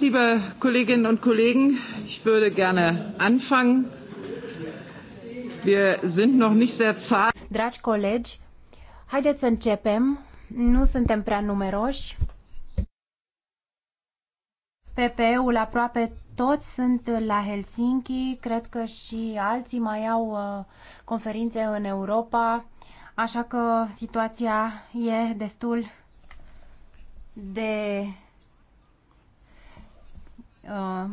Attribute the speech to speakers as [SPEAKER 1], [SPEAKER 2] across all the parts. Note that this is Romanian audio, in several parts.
[SPEAKER 1] Liebe Kolleginnen und Kollegen, ich würde gerne anfangen. Wir sind noch nicht sehr zahl. Dragi colegi, haideți să începem. Nu suntem prea numeroși. PPE-ul aproape toți sunt la Helsinki, cred că și alții mai au uh, conferințe în Europa, așa că situația e destul de Uh,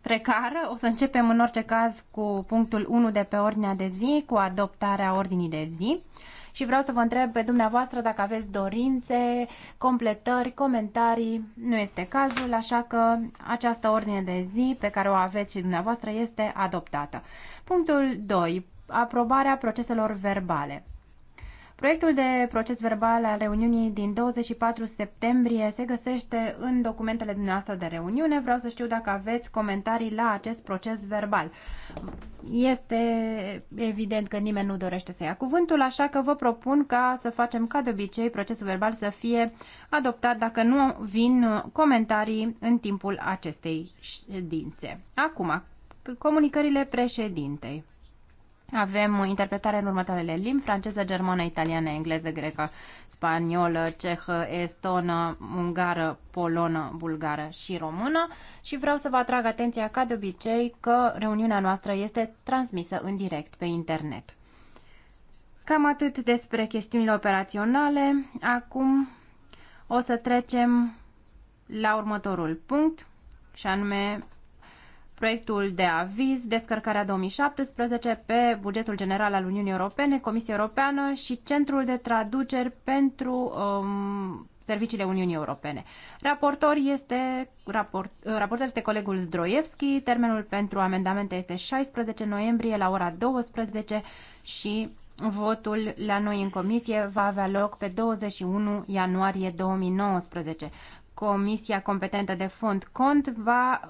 [SPEAKER 1] precară. O să începem în orice caz cu punctul 1 de pe ordinea de zi, cu adoptarea ordinii de zi. Și vreau să vă întreb pe dumneavoastră dacă aveți dorințe, completări, comentarii. Nu este cazul, așa că această ordine de zi pe care o aveți și dumneavoastră este adoptată. Punctul 2. Aprobarea proceselor verbale. Proiectul de proces verbal al reuniunii din 24 septembrie se găsește în documentele dumneavoastră de reuniune. Vreau să știu dacă aveți comentarii la acest proces verbal. Este evident că nimeni nu dorește să ia cuvântul, așa că vă propun ca să facem ca de obicei procesul verbal să fie adoptat dacă nu vin comentarii în timpul acestei ședințe. Acum, comunicările președintei. Avem interpretare în următoarele limbi, franceză, germană, italiană, engleză, grecă, spaniolă, cehă, estonă, ungară, polonă, bulgară și română. Și vreau să vă atrag atenția, ca de obicei, că reuniunea noastră este transmisă în direct pe internet. Cam atât despre chestiunile operaționale. Acum o să trecem la următorul punct, și anume proiectul de aviz, descărcarea 2017 pe bugetul general al Uniunii Europene, Comisia Europeană și Centrul de Traduceri pentru um, Serviciile Uniunii Europene. Raportor este, raport, raportor este colegul Zdroievski, termenul pentru amendamente este 16 noiembrie la ora 12 și Votul la noi în comisie va avea loc pe 21 ianuarie 2019. Comisia competentă de fond cont va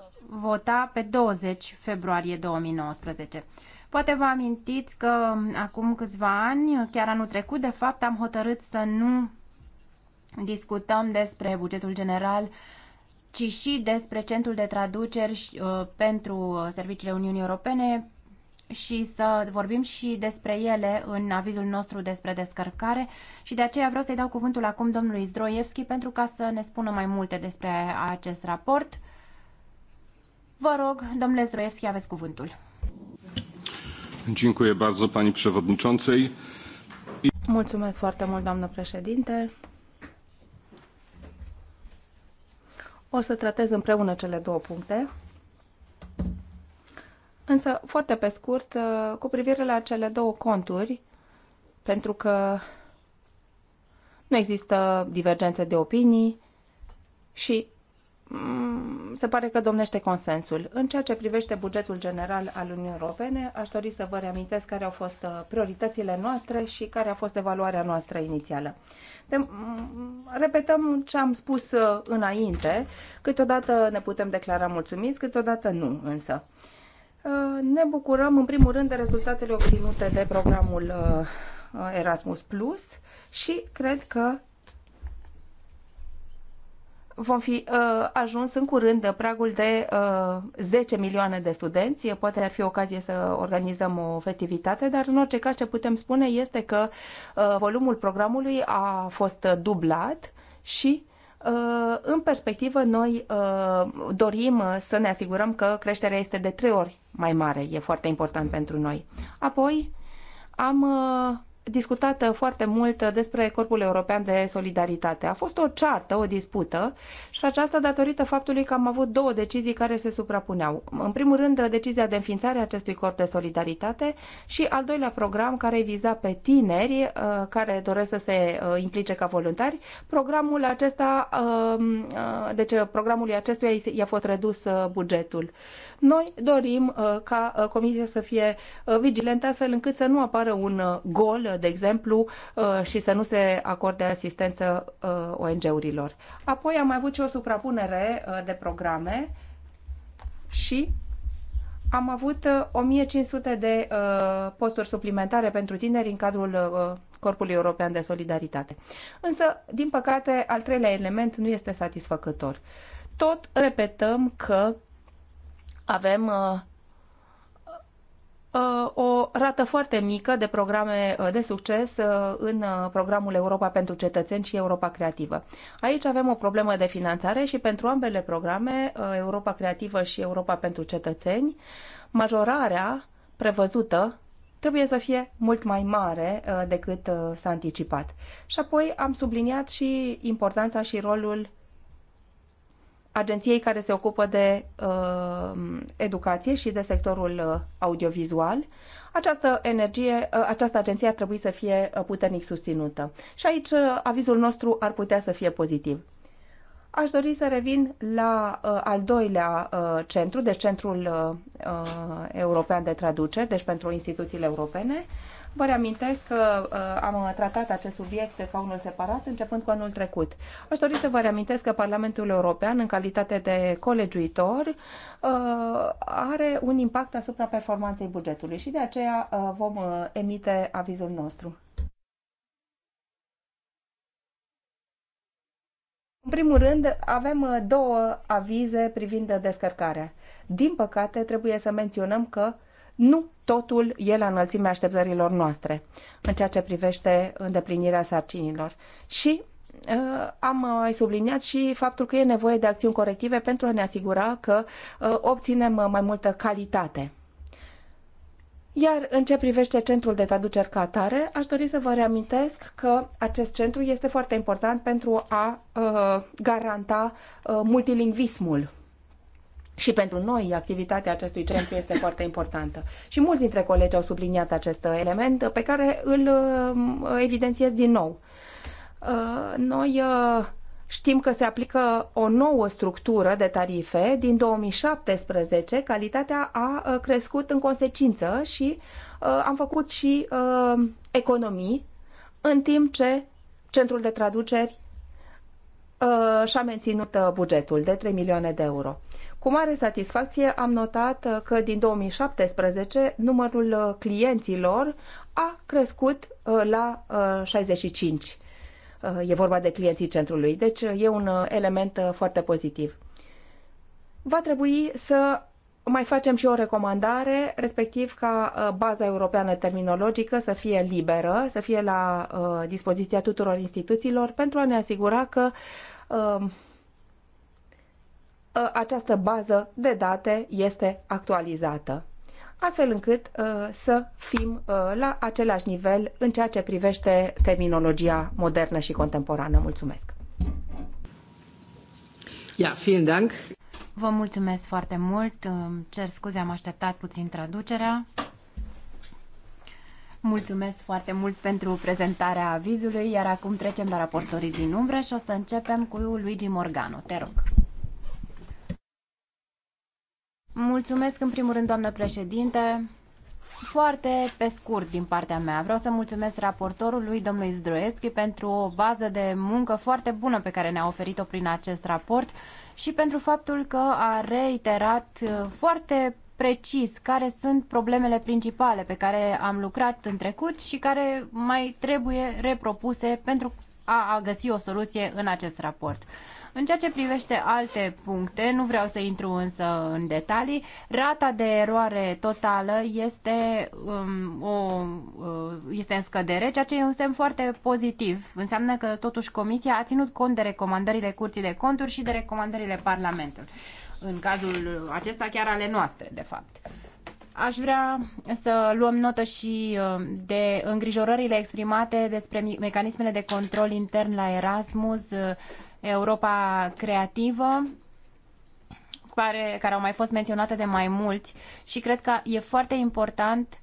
[SPEAKER 1] vota pe 20 februarie 2019. Poate vă amintiți că acum câțiva ani, chiar anul trecut, de fapt, am hotărât să nu discutăm despre bugetul general, ci și despre centrul de traduceri uh, pentru serviciile Uniunii Europene și să vorbim și despre ele în avizul nostru despre descărcare și de aceea vreau să-i dau cuvântul acum domnului Zdroievski pentru ca să ne spună mai multe despre acest raport Vă rog, domnule Zroevski, aveți cuvântul.
[SPEAKER 2] Dziękuję bardzo pani przewodniczącej. Mulțumesc foarte mult, doamnă președinte. O să tratez împreună cele două puncte. Însă, foarte pe scurt, uh, cu privire la cele două conturi, pentru că nu există divergențe de opinii și Mm, se pare că domnește consensul. În ceea ce privește bugetul general al Uniunii Europene, aș dori să vă reamintesc care au fost uh, prioritățile noastre și care a fost evaluarea noastră inițială. De, mm, repetăm ce am spus uh, înainte, câteodată ne putem declara mulțumiți, câteodată nu însă. Uh, ne bucurăm în primul rând de rezultatele obținute de programul Erasmus Plus și cred că vom fi uh, ajuns în curând de pragul de uh, 10 milioane de studenți. Poate ar fi ocazie să organizăm o festivitate, dar în orice caz ce putem spune este că uh, volumul programului a fost dublat și uh, în perspectivă noi uh, dorim să ne asigurăm că creșterea este de trei ori mai mare. E foarte important pentru noi. Apoi am uh, discutat foarte mult despre Corpul European de Solidaritate. A fost o ceartă, o dispută și aceasta datorită faptului că am avut două decizii care se suprapuneau. În primul rând, decizia de înființare a acestui Corp de Solidaritate și al doilea program care viza pe tineri uh, care doresc să se uh, implice ca voluntari. Programul acesta, uh, deci programului acestuia i-a fost redus bugetul. Noi dorim ca Comisia să fie vigilentă astfel încât să nu apară un gol de exemplu, uh, și să nu se acorde asistență uh, ONG-urilor. Apoi am mai avut și o suprapunere uh, de programe și am avut 1500 de posturi suplimentare pentru tineri în cadrul Corpului European de Solidaritate. Însă, din păcate, al treilea element nu este satisfăcător. Tot repetăm că avem Uh, o rată foarte mică de programe uh, de succes uh, în programul Europa pentru cetățeni și Europa Creativă. Aici avem o problemă de finanțare și pentru ambele programe, Europa Creativă și Europa pentru cetățeni, majorarea prevăzută trebuie să fie mult mai mare decât s-a anticipat. Și apoi am subliniat și importanța și rolul agenției care se ocupă de uh, educație și de sectorul uh, audiovizual. Această, energie, uh, această agenție ar trebui să fie uh, puternic susținută. Și aici uh, avizul nostru ar putea să fie pozitiv. Aș dori să revin la uh, al doilea uh, centru, deci Centrul uh, uh European de Traduceri, deci pentru instituțiile europene. Vă reamintesc că uh, am uh, tratat acest subiect ca unul separat începând cu anul trecut. Aș dori să vă reamintesc că Parlamentul European, în calitate de colegiuitor, uh, are un impact asupra performanței bugetului și de aceea vom emite avizul nostru. În primul rând, avem două avize privind descărcarea. Din păcate, trebuie să menționăm că uh, nu totul e la înălțimea așteptărilor noastre în ceea ce privește îndeplinirea sarcinilor. Și uh, am mai uh, subliniat și faptul că e nevoie de acțiuni corective pentru a ne asigura că uh, obținem mai multă calitate. Iar în ce privește centrul de traduceri ca atare, aș dori să vă reamintesc că acest centru este foarte important pentru a uh, garanta uh, multilingvismul și pentru noi, activitatea acestui centru este foarte importantă. Și mulți dintre colegi au subliniat acest element pe care îl uh, evidențiez din nou. Uh, noi uh, Știm că se aplică o nouă structură de tarife. Din 2017, calitatea a crescut în consecință și am făcut și economii, în timp ce centrul de traduceri și-a menținut bugetul de 3 milioane de euro. Cu mare satisfacție am notat uh, că din 2017 numărul uh, clienților a crescut uh, la 65. E vorba de clienții centrului, deci e un element foarte pozitiv. Va trebui să mai facem și o recomandare, respectiv ca baza europeană terminologică să fie liberă, să fie la dispoziția tuturor instituțiilor pentru a ne asigura că Ă, această bază de date este actualizată, astfel încât ă, să fim ă, la același nivel în ceea ce privește terminologia modernă și contemporană. Mulțumesc!
[SPEAKER 3] Ja, vielen Dank.
[SPEAKER 1] Vă mulțumesc foarte mult. cer scuze, am așteptat puțin traducerea. Mulțumesc foarte mult pentru prezentarea avizului, iar acum trecem la raportorii din umbră și o să începem cu Luigi Morgano. Te rog. Mulțumesc în primul rând, doamnă președinte. Foarte pe scurt din partea mea. Vreau să mulțumesc raportorului, domnului Zdroeschi, pentru o bază de muncă foarte bună pe care ne-a oferit-o prin acest raport și pentru faptul că a reiterat uh, foarte precis care sunt problemele principale pe care am lucrat în trecut și care mai trebuie repropuse pentru a găsi o soluție în acest raport. În ceea ce privește alte puncte, nu vreau să intru însă în detalii, rata de eroare totală este, um, o, uh, este în scădere, ceea ce e un semn foarte pozitiv. Înseamnă că totuși Comisia a ținut cont de recomandările Curții de Conturi și de recomandările Parlamentului. În cazul acesta chiar ale noastre, de fapt. Aș vrea să luăm notă și uh, de îngrijorările exprimate despre mecanismele de control intern la Erasmus, uh, Europa Creativă, care, care au mai fost menționate de mai mulți și cred că e foarte important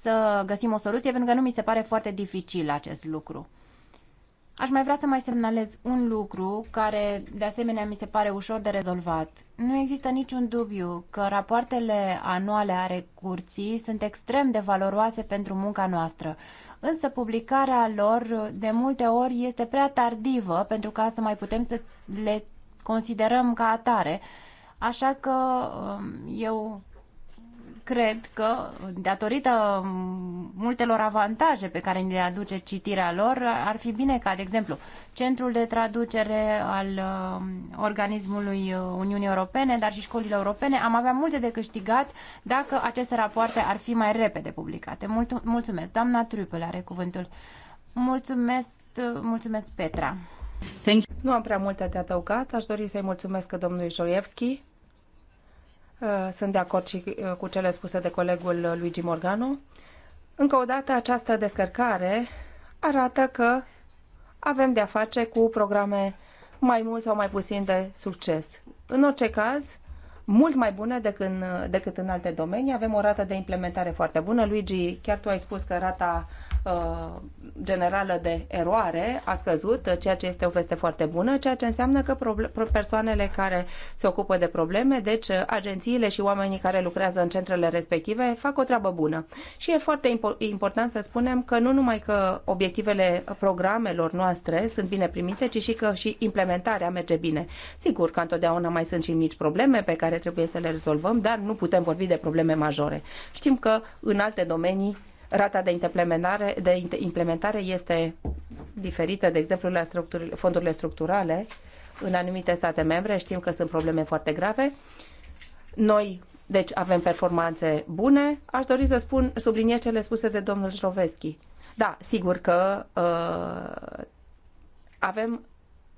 [SPEAKER 1] să găsim o soluție, pentru că nu mi se pare foarte dificil acest lucru. Aș mai vrea să mai semnalez un lucru care, de asemenea, mi se pare ușor de rezolvat. Nu există niciun dubiu că rapoartele anuale ale curții sunt extrem de valoroase pentru munca noastră însă publicarea lor de multe ori este prea tardivă pentru ca să mai putem să le considerăm ca atare. Așa că um, eu cred că, datorită multelor avantaje pe care ni le aduce citirea lor, ar fi bine ca, de exemplu, Centrul de Traducere al um, Organismului uh, Uniunii Europene, dar și școlile europene, am avea multe de câștigat dacă aceste rapoarte ar fi mai repede publicate. Mulțumesc. Doamna Trupel are cuvântul. Mulțumesc, uh, mulțumesc
[SPEAKER 2] Petra. Thank you. Nu am prea multe de adăugat. Aș dori să-i mulțumesc domnului Joievski Uh, sunt de acord și uh, cu cele spuse de colegul Luigi Morgano. Încă o dată, această descărcare arată că avem de-a face cu programe mai mult sau mai puțin de succes. În orice caz, mult mai bune decât în, uh, decât în alte domenii. Avem o rată de implementare foarte bună. Luigi, chiar tu ai spus că rata Uh, generală de eroare a scăzut, ceea ce este o veste foarte bună, ceea ce înseamnă că persoanele care se ocupă de probleme, deci uh, agențiile și oamenii care lucrează în centrele respective, fac o treabă bună. Și e foarte important să spunem că nu numai că obiectivele programelor noastre sunt bine primite, ci și că și implementarea merge bine. Sigur că întotdeauna mai sunt și mici probleme pe care trebuie să le rezolvăm, dar nu putem vorbi de probleme majore. Știm că în alte domenii Rata de implementare, de implementare este diferită, de exemplu, la fondurile structurale. În anumite state membre știm că sunt probleme foarte grave. Noi, deci, avem performanțe bune. Aș dori să spun, subliniez cele spuse de domnul Jroveschi. Da, sigur că uh, avem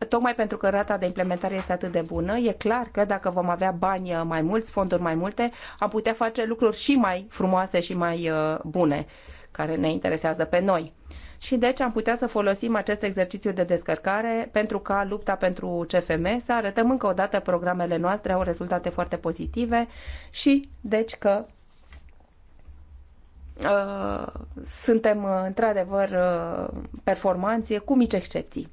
[SPEAKER 2] tocmai pentru că rata de implementare este atât de bună, e clar că dacă vom avea bani uh, mai mulți, fonduri mai multe, am putea face lucruri și mai frumoase și mai uh, bune, care ne interesează pe noi. Și deci am putea să folosim acest exercițiu de descărcare pentru ca lupta pentru CFM să arătăm încă o dată programele noastre au rezultate foarte pozitive și deci că uh, suntem uh, într-adevăr uh, performanțe cu mici excepții.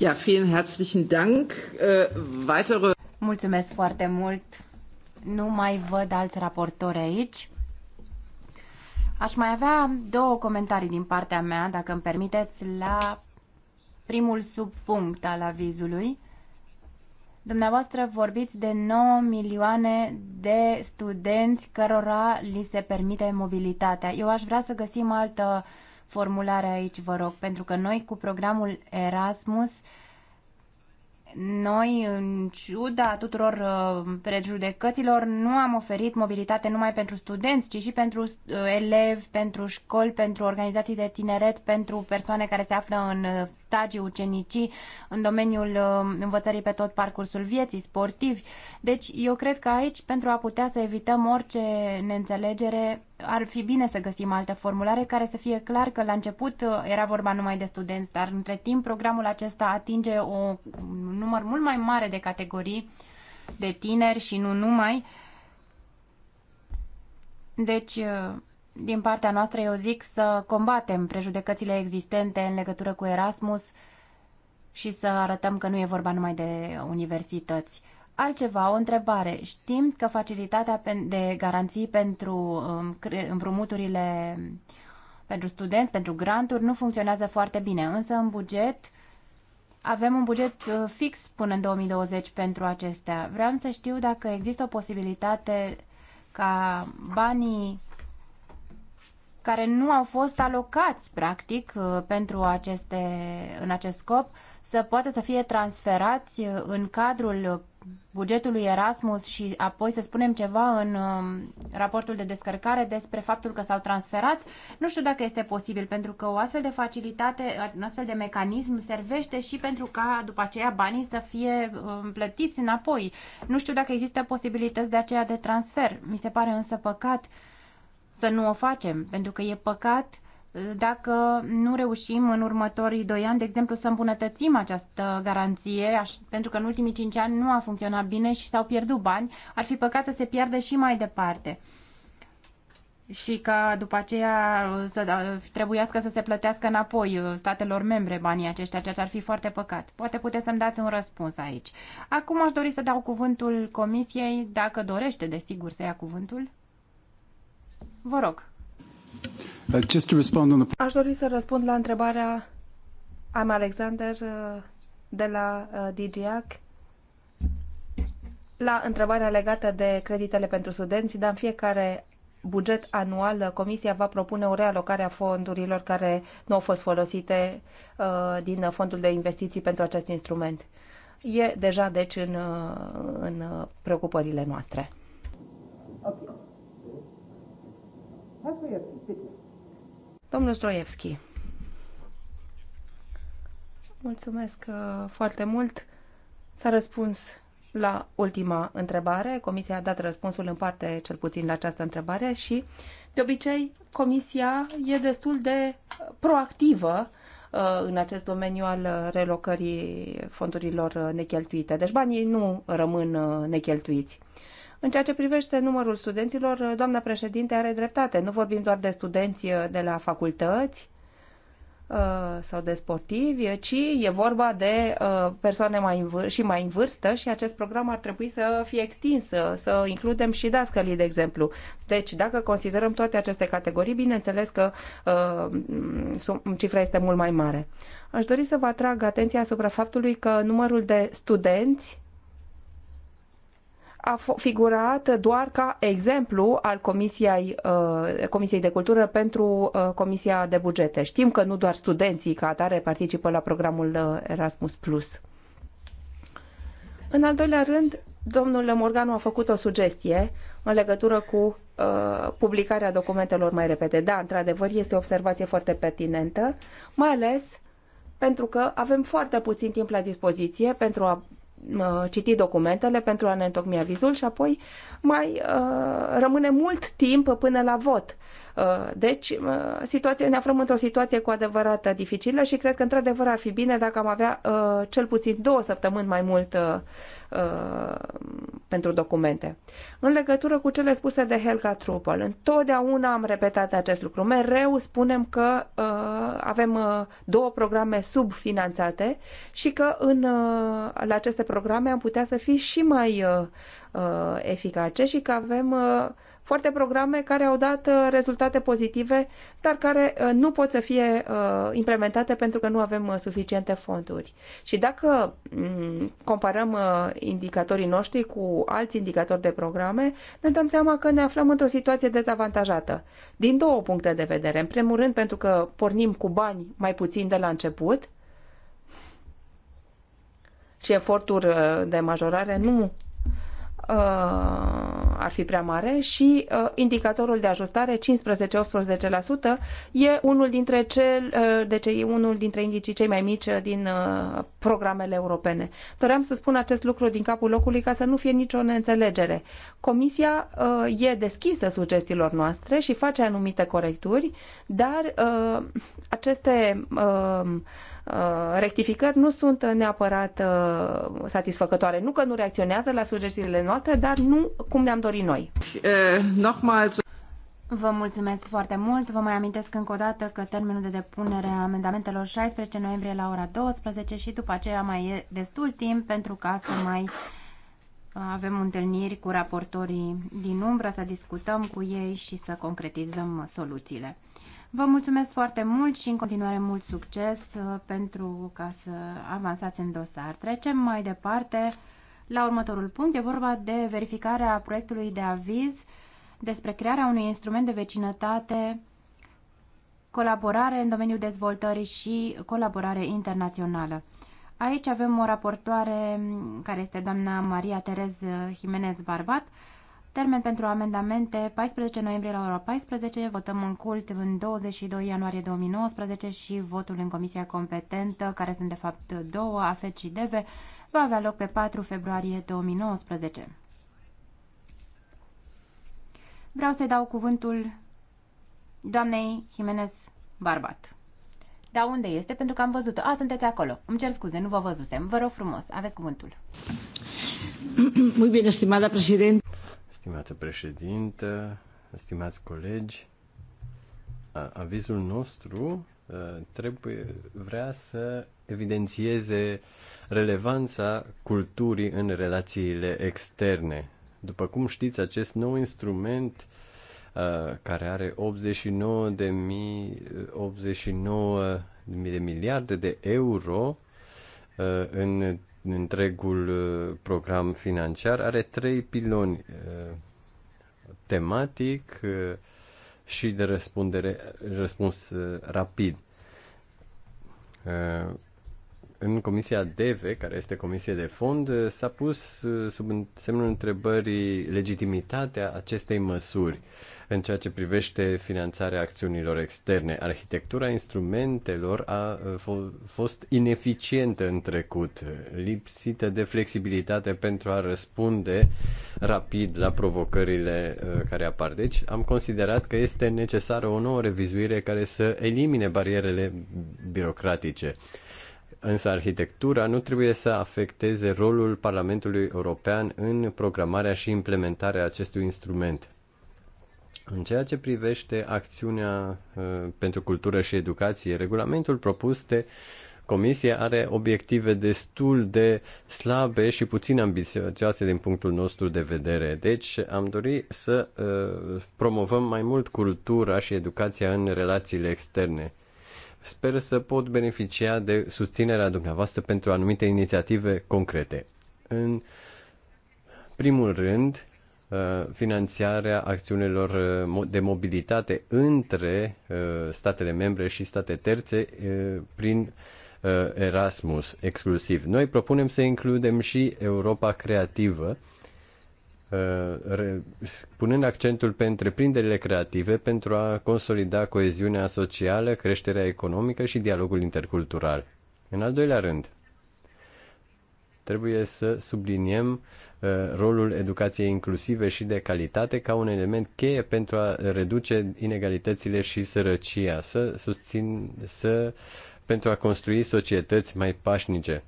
[SPEAKER 1] Ja, vielen herzlichen Dank. Äh, weitere... Mulțumesc foarte mult. Nu mai văd alți raportori aici. Aș mai avea două comentarii din partea mea, dacă îmi permiteți, la primul subpunct al avizului. Dumneavoastră vorbiți de 9 milioane de studenți cărora li se permite mobilitatea. Eu aș vrea să găsim altă uh, formularea aici, vă rog, pentru că noi cu programul Erasmus noi, în ciuda tuturor uh, prejudecăților, nu am oferit mobilitate numai pentru studenți, ci și pentru uh, elevi, pentru școli, pentru organizații de tineret, pentru persoane care se află în uh, stagii ucenicii, în domeniul uh, învățării pe tot parcursul vieții, sportivi. Deci, eu cred că aici, pentru a putea să evităm orice neînțelegere, ar fi bine să găsim alte formulare care să fie clar că la început uh, era vorba numai de studenți, dar între timp programul acesta atinge o, un număr mult mai mare de categorii de tineri și nu numai. Deci, uh, din partea noastră, eu zic să combatem prejudecățile existente în legătură cu Erasmus și să arătăm că nu e vorba numai de universități. Altceva, o întrebare. Știm că facilitatea de garanții pentru um, împrumuturile pentru studenți, pentru granturi, nu funcționează foarte bine, însă în buget avem un buget uh, fix până în 2020 pentru acestea. Vreau să știu dacă există o posibilitate ca banii care nu au fost alocați, practic, uh, pentru aceste, în acest scop, să poată să fie transferați uh, în cadrul bugetului Erasmus și apoi să spunem ceva în um, raportul de descărcare despre faptul că s-au transferat, nu știu dacă este posibil, pentru că o astfel de facilitate, un astfel de mecanism servește și pentru ca după aceea banii să fie um, plătiți înapoi. Nu știu dacă există posibilități de aceea de transfer. Mi se pare însă păcat să nu o facem, pentru că e păcat dacă nu reușim în următorii doi ani, de exemplu, să îmbunătățim această garanție, pentru că în ultimii cinci ani nu a funcționat bine și s-au pierdut bani, ar fi păcat să se pierdă și mai departe și ca după aceea să da, trebuiască să se plătească înapoi uh, statelor membre banii aceștia, ceea ce ar fi foarte păcat. Poate puteți să-mi dați un răspuns aici. Acum aș dori să dau cuvântul comisiei, dacă dorește, desigur, să ia cuvântul. Vă rog.
[SPEAKER 2] Uh, Aș dori să răspund la întrebarea am Alexander uh, de la uh, DGAC la întrebarea legată de creditele pentru studenți, dar în fiecare buget anual Comisia va propune o realocare a fondurilor care nu au fost folosite din fondul de investiții pentru acest instrument. E deja, deci, în, în preocupările noastre. Okay. Domnul Stroievski. Mulțumesc uh, foarte mult. S-a răspuns la ultima întrebare. Comisia a dat răspunsul în parte, cel puțin, la această întrebare și, de obicei, Comisia e destul de proactivă uh, în acest domeniu al relocării fondurilor necheltuite. Deci banii nu rămân uh, necheltuiți. În ceea ce privește numărul studenților, doamna președinte are dreptate. Nu vorbim doar de studenți uh, de la facultăți uh, sau de sportivi, uh, ci e vorba de persoane mai în vâr- și mai în vârstă și acest program ar trebui să fie extins, să includem și dascălii, de exemplu. Deci, dacă considerăm toate aceste categorii, bineînțeles că uh, cifra este mult mai mare. Aș dori să vă atrag atenția asupra faptului că numărul de studenți a figurat doar ca exemplu al Comisiei, uh, Comisiei de Cultură pentru uh, Comisia de Bugete. Știm că nu doar studenții ca atare participă la programul uh, Erasmus+. În al doilea rând, domnul Morganu a făcut o sugestie în legătură cu publicarea documentelor mai repede. Da, într-adevăr, este o observație foarte pertinentă, mai ales pentru că avem foarte puțin timp la dispoziție pentru a Uh, citi documentele, pentru a ne întocmi avizul și apoi mai uh, rămâne mult timp până la vot. Uh, deci, uh, situația ne aflăm într-o situație cu adevărat dificilă și cred că, într-adevăr, ar fi bine dacă am avea uh, cel puțin două săptămâni mai mult pentru documente. În legătură cu cele spuse de Helga Trupel, întotdeauna am repetat acest lucru. Mereu spunem că uh, avem uh, două programe subfinanțate și că în, uh, la aceste programe am putea să fi și mai uh, uh, eficace și că avem uh, foarte programe care au dat uh, rezultate pozitive, dar care uh, nu pot să fie uh, implementate pentru că nu avem suficiente fonduri. Și dacă mm, comparăm indicatorii noștri cu alți indicatori de programe, ne dăm seama că ne aflăm într-o situație dezavantajată. Din două puncte de vedere. În primul rând, pentru că pornim cu bani mai puțin de la început, și eforturi de majorare nu Uh, ar fi prea mare și uh, indicatorul de ajustare 15-18% e unul dintre cel, uh, deci e unul dintre indicii cei mai mici din programele europene. Doream să spun acest lucru din capul locului ca să nu fie nicio neînțelegere. Comisia e deschisă sugestiilor noastre și face anumite corecturi, dar aceste Uh, rectificări nu sunt neapărat uh, satisfăcătoare. Nu că nu reacționează la sugestiile noastre, dar nu cum ne-am dorit noi. Eh, Vă mulțumesc foarte mult.
[SPEAKER 1] Vă mai amintesc încă o dată că termenul de depunere a amendamentelor 16 noiembrie la ora 12 și după aceea mai e destul timp pentru ca să mai uh, avem întâlniri cu raportorii din umbră, să discutăm cu ei și să concretizăm soluțiile. Vă mulțumesc foarte mult și în continuare mult succes uh, pentru ca să avansați în dosar. Trecem mai departe la următorul punct. E vorba de verificarea proiectului de aviz despre crearea unui instrument de vecinătate, colaborare în domeniul dezvoltării și colaborare internațională. Aici avem o raportoare mm, care este doamna Maria Terez uh, Jimenez Barbat, Termen pentru amendamente 14 noiembrie la ora 14, votăm în cult în 22 ianuarie 2019 și votul în comisia competentă, care sunt de fapt două, AFET și DEVE, va avea loc pe 4 februarie 2019. Vreau să-i dau cuvântul doamnei Jimenez Barbat. Da, unde este? Pentru că am văzut-o. A, sunteți acolo. Îmi cer scuze, nu vă văzusem. Vă rog frumos, aveți cuvântul.
[SPEAKER 3] Muy bine, estimada președinte. Stimată președintă, stimați colegi, avizul nostru trebuie, vrea să evidențieze relevanța culturii în relațiile externe. După cum știți, acest nou instrument care are 89 de, mii, 89 de miliarde de euro în întregul uh, program financiar are trei piloni uh, tematic uh, și de răspundere, răspuns rapid în Comisia DEVE, care este comisie de fond, s-a pus uh, sub semnul întrebării legitimitatea acestei măsuri în ceea ce privește finanțarea acțiunilor externe. Arhitectura instrumentelor a uh, fost ineficientă în trecut, lipsită de flexibilitate pentru a răspunde rapid la provocările uh, care apar. Deci am considerat că este necesară o nouă revizuire care să elimine barierele birocratice. Însă arhitectura nu trebuie să afecteze rolul Parlamentului European în programarea și implementarea acestui instrument. În ceea ce privește acțiunea uh, pentru cultură și educație, regulamentul propus de Comisie are obiective destul de slabe și puțin ambițioase din punctul nostru de vedere. Deci am dorit să uh, promovăm mai mult cultura și educația în relațiile externe. Sper să pot beneficia de susținerea dumneavoastră pentru anumite inițiative concrete. În primul rând, uh, finanțarea acțiunilor uh, de mobilitate între uh, statele membre și state terțe prin Erasmus exclusiv. Noi propunem să includem și Europa creativă Uh, punând accentul pe întreprinderile creative pentru a consolida coeziunea socială, creșterea economică și dialogul intercultural. În al doilea rând, trebuie să subliniem uh, rolul educației inclusive și de calitate ca un element cheie pentru a reduce inegalitățile și sărăcia, să susțin, să, pentru a construi societăți mai pașnice.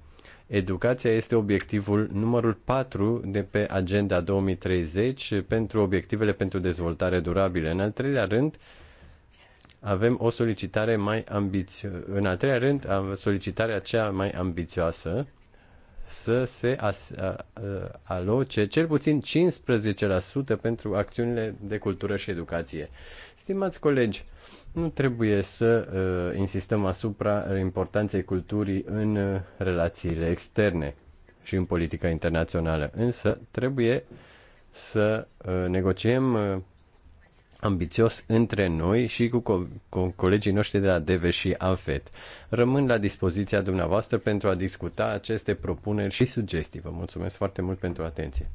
[SPEAKER 3] Educația este obiectivul numărul 4 de pe Agenda 2030 pentru obiectivele pentru dezvoltare durabilă. În al treilea rând, avem o solicitare mai ambițioasă. În al treilea rând, solicitarea cea mai ambițioasă să se aloce cel puțin 15% pentru acțiunile de cultură și educație. Stimați colegi, nu trebuie să uh, insistăm asupra importanței culturii în uh, relațiile externe și în politica internațională, însă trebuie să uh, negociem uh, ambițios între noi și cu, co- cu colegii noștri de la DV și AFET. Rămân la dispoziția dumneavoastră pentru a discuta aceste propuneri și sugestii. Vă mulțumesc foarte mult pentru atenție.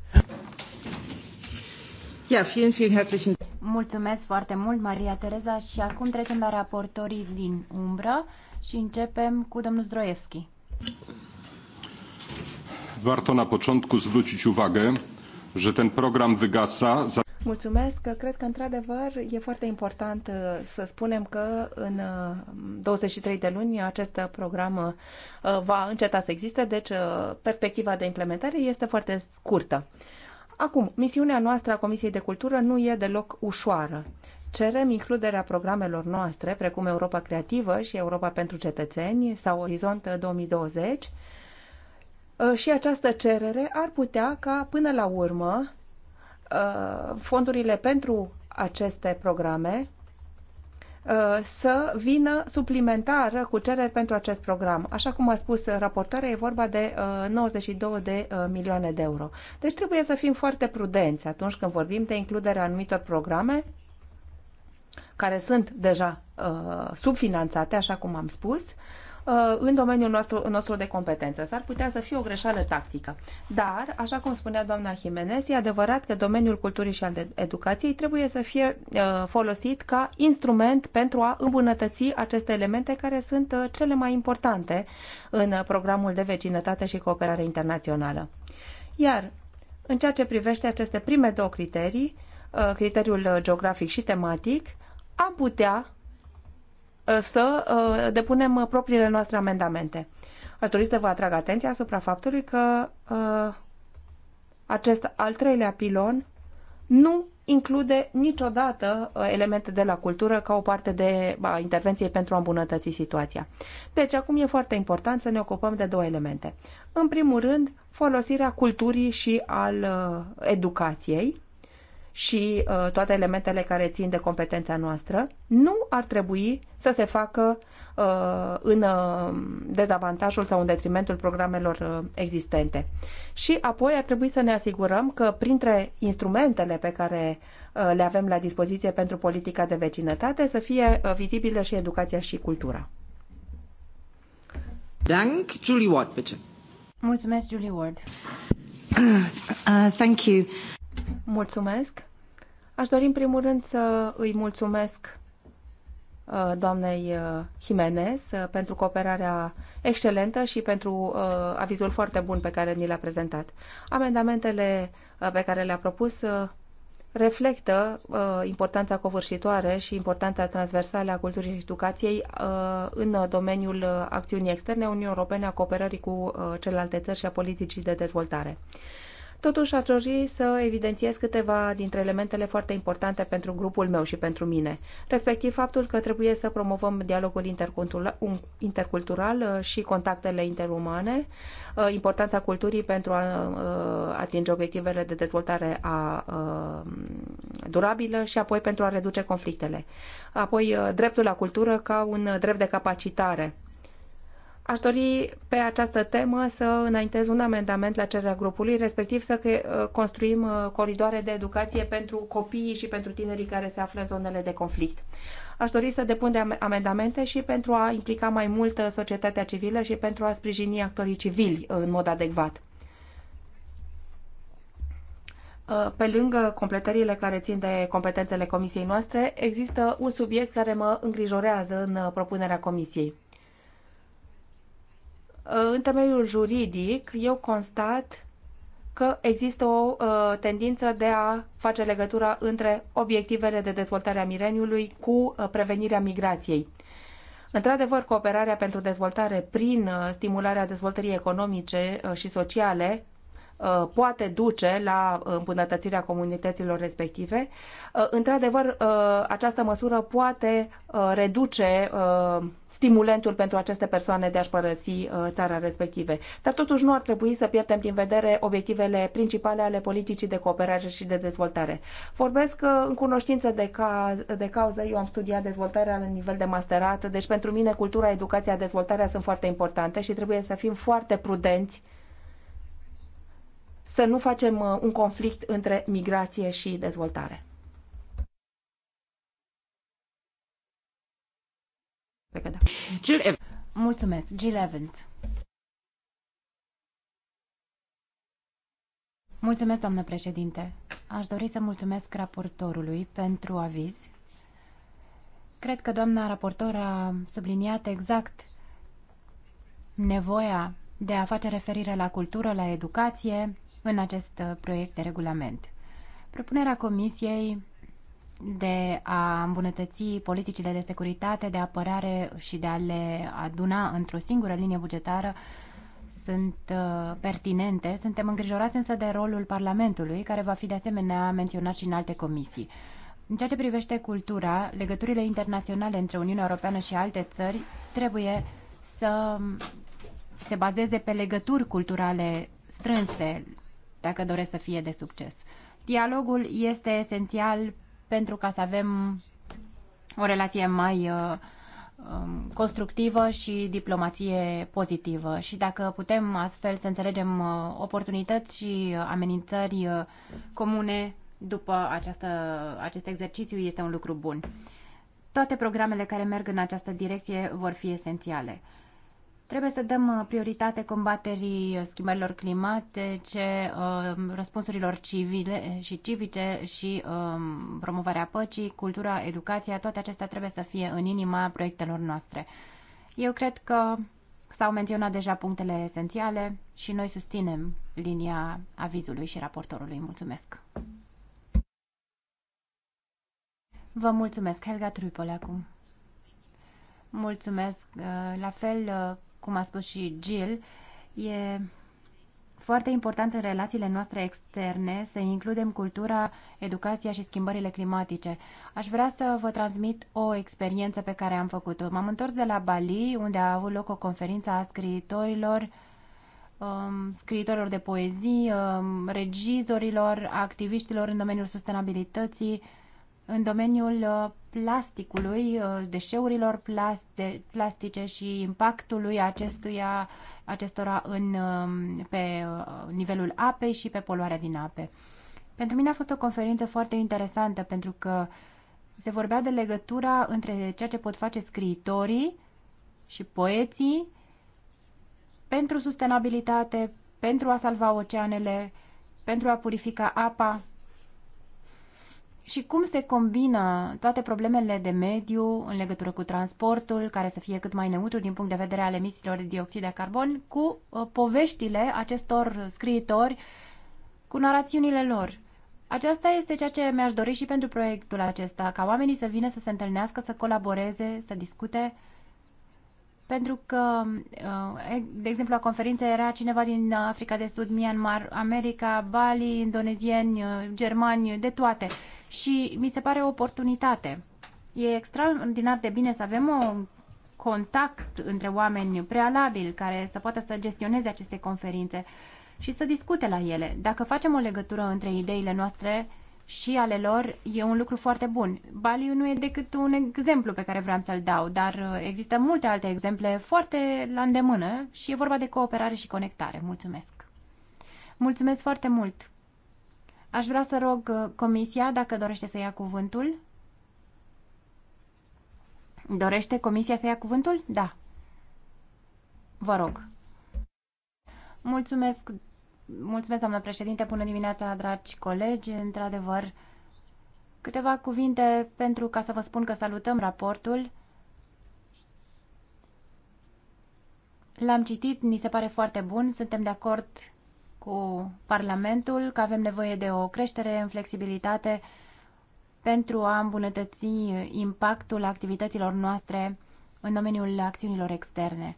[SPEAKER 1] Ja, vielen, vielen herzlichen Mulțumesc foarte mult, Maria Tereza, și acum trecem la raportorii din umbră și începem cu domnul Zdroievski.
[SPEAKER 2] Warto na początku zwrócić uwagę, że ten program wygasa. Za... Mulțumesc. Cred că, într-adevăr, e foarte important uh, să spunem că în 23 uh, de luni acest program uh, va înceta să existe, deci perspectiva de implementare este foarte scurtă. Acum, misiunea noastră a Comisiei de Cultură nu e deloc ușoară. Cerem includerea programelor noastre, precum Europa Creativă și Europa pentru Cetățeni sau Orizont 2020, și această cerere ar putea ca, până la urmă, Uh, fondurile pentru aceste programe uh, să vină suplimentar cu cereri pentru acest program. Așa cum a spus raportarea, e vorba de 92 uh, de milioane de euro. Deci trebuie să fim foarte prudenți atunci când vorbim de includerea anumitor programe care sunt deja subfinanțate, așa cum am spus, Uh, în domeniul nostru, nostru de competență. S-ar putea să fie o greșeală tactică. Dar, așa cum spunea doamna Jimenez, e adevărat că domeniul culturii și al educației trebuie să fie uh, folosit ca instrument pentru a îmbunătăți aceste elemente care sunt uh, cele mai importante în programul de vecinătate și cooperare internațională. Iar, în ceea ce privește aceste prime două criterii, criteriul geografic și tematic, am putea Uh, să uh, depunem propriile noastre amendamente. Aș dori să vă atrag atenția asupra faptului că uh, acest al treilea pilon nu include niciodată elemente de la cultură ca o parte de ba, intervenție pentru a îmbunătăți situația. Deci acum e foarte important să ne ocupăm de două elemente. În primul rând, folosirea culturii și al uh, educației și uh, toate elementele care țin de competența noastră, nu ar trebui să se facă uh, în uh, dezavantajul sau în detrimentul programelor uh, existente. Și apoi ar trebui să ne asigurăm că printre instrumentele pe care uh, le avem la dispoziție pentru politica de vecinătate să fie uh, vizibilă și educația și cultura. Dank, Julie Ward, bitte. Mulțumesc, Julie Ward.
[SPEAKER 1] Uh, uh, thank you.
[SPEAKER 2] Mulțumesc. Aș dori în primul rând să îi mulțumesc uh, doamnei uh, Jimenez uh, pentru cooperarea excelentă și pentru avizul foarte bun pe care ni l-a prezentat. Amendamentele pe care le-a propus reflectă importanța covârșitoare și importanța transversală a culturii și educației în domeniul acțiunii externe a Uniunii Europene, a cooperării cu celelalte țări și a politicii de dezvoltare. Totuși, aș dori să evidențiez câteva dintre elementele foarte importante pentru grupul meu și pentru mine, respectiv faptul că trebuie să promovăm dialogul intercultural uh, și contactele interumane, uh, importanța culturii pentru a uh, atinge obiectivele de dezvoltare a durabilă și apoi pentru a reduce conflictele. Apoi, dreptul la cultură ca un drept de capacitare Aș dori pe această temă să înaintez un amendament la cererea grupului, respectiv să uh, construim uh, coridoare de educație pentru copiii și pentru tinerii care se află în zonele de conflict. Aș dori să depun amendamente și pentru a implica mai mult uh, societatea civilă și pentru a sprijini actorii civili în mod adecvat. Pe lângă completările care țin de competențele comisiei noastre, există un subiect care mă îngrijorează în propunerea comisiei în temeiul juridic, eu constat că există o uh, tendință de a face legătura între obiectivele de dezvoltare a Mireniului cu uh, prevenirea migrației. Într-adevăr, cooperarea pentru dezvoltare prin uh, stimularea dezvoltării economice uh, și sociale Uh, poate duce la uh, îmbunătățirea comunităților respective. Uh, într-adevăr, această măsură poate reduce stimulentul pentru aceste persoane de a-și părăsi țara respective. Dar totuși nu ar trebui să pierdem din vedere obiectivele principale ale politicii de cooperare și de dezvoltare. Vorbesc în cunoștință de, ca, de cauză, eu am studiat dezvoltarea la nivel de masterat, deci pentru mine cultura, educația, dezvoltarea sunt foarte importante și trebuie să fim foarte prudenți uh, să nu facem uh, un conflict între migrație și dezvoltare.
[SPEAKER 1] Jill Mulțumesc, Jill Evans. Mulțumesc, doamnă președinte. Aș dori să mulțumesc raportorului pentru aviz. Cred că doamna raportor a subliniat exact nevoia de a face referire la cultură, la educație, în acest uh, proiect de regulament. Propunerea Comisiei de a îmbunătăți politicile de securitate, de apărare și de a le aduna într-o singură linie bugetară sunt uh, pertinente. Suntem îngrijorați însă de rolul Parlamentului, care va fi de asemenea menționat și în alte comisii. În ceea ce privește cultura, legăturile internaționale între Uniunea Europeană și alte țări trebuie să se bazeze pe legături culturale strânse dacă doresc să fie de succes. Dialogul este esențial pentru ca să avem o relație mai uh, um, constructivă și diplomație pozitivă și dacă putem astfel să înțelegem uh, oportunități și amenințări uh, comune după această, acest exercițiu este un lucru bun. Toate programele care merg în această direcție vor fi esențiale. Trebuie să dăm uh, prioritate combaterii uh, schimbărilor climatice, uh, răspunsurilor civile eh, și civice și um, promovarea păcii, cultura, educația, toate acestea trebuie să fie în inima proiectelor noastre. Eu cred că s-au menționat deja punctele esențiale și noi susținem linia avizului și raportorului. Mulțumesc! Vă mulțumesc, Helga Trupol, acum. Mulțumesc. La fel, cum a spus și Jill, e foarte important în relațiile noastre externe să includem cultura, educația și schimbările climatice. Aș vrea să vă transmit o experiență pe care am făcut-o. M-am întors de la Bali, unde a avut loc o conferință a scriitorilor, um, scriitorilor de poezii, um, regizorilor, activiștilor în domeniul sustenabilității, în domeniul uh, plasticului, uh, deșeurilor plastice și impactului acestuia, acestora în, um, pe uh, nivelul apei și pe poluarea din ape. Pentru mine a fost o conferință foarte interesantă pentru că se vorbea de legătura între ceea ce pot face scriitorii și poeții pentru sustenabilitate, pentru a salva oceanele, pentru a purifica apa și cum se combină toate problemele de mediu în legătură cu transportul, care să fie cât mai neutru din punct de vedere al emisiilor de dioxid de carbon, cu uh, poveștile acestor scriitori, cu narațiunile lor. Aceasta este ceea ce mi-aș dori și pentru proiectul acesta, ca oamenii să vină să se întâlnească, să colaboreze, să discute, pentru că, uh, de exemplu, la conferință era cineva din Africa de Sud, Myanmar, America, Bali, indonezieni, uh, germani, de toate și mi se pare o oportunitate. E extraordinar de bine să avem un contact între oameni prealabil care să poată să gestioneze aceste conferințe și să discute la ele. Dacă facem o legătură între ideile noastre și ale lor, e un lucru foarte bun. Baliu nu e decât un exemplu pe care vreau să-l dau, dar există multe alte exemple foarte la îndemână și e vorba de cooperare și conectare. Mulțumesc! Mulțumesc foarte mult! Aș vrea să rog uh, Comisia dacă dorește să ia cuvântul. Dorește Comisia să ia cuvântul? Da. Vă rog. Mulțumesc, mulțumesc doamnă președinte. până dimineața, dragi colegi. Într-adevăr, câteva cuvinte pentru ca să vă spun că salutăm raportul. L-am citit, ni se pare foarte bun, suntem de acord cu Parlamentul că avem nevoie de o creștere în flexibilitate pentru a îmbunătăți impactul activităților noastre în domeniul acțiunilor externe.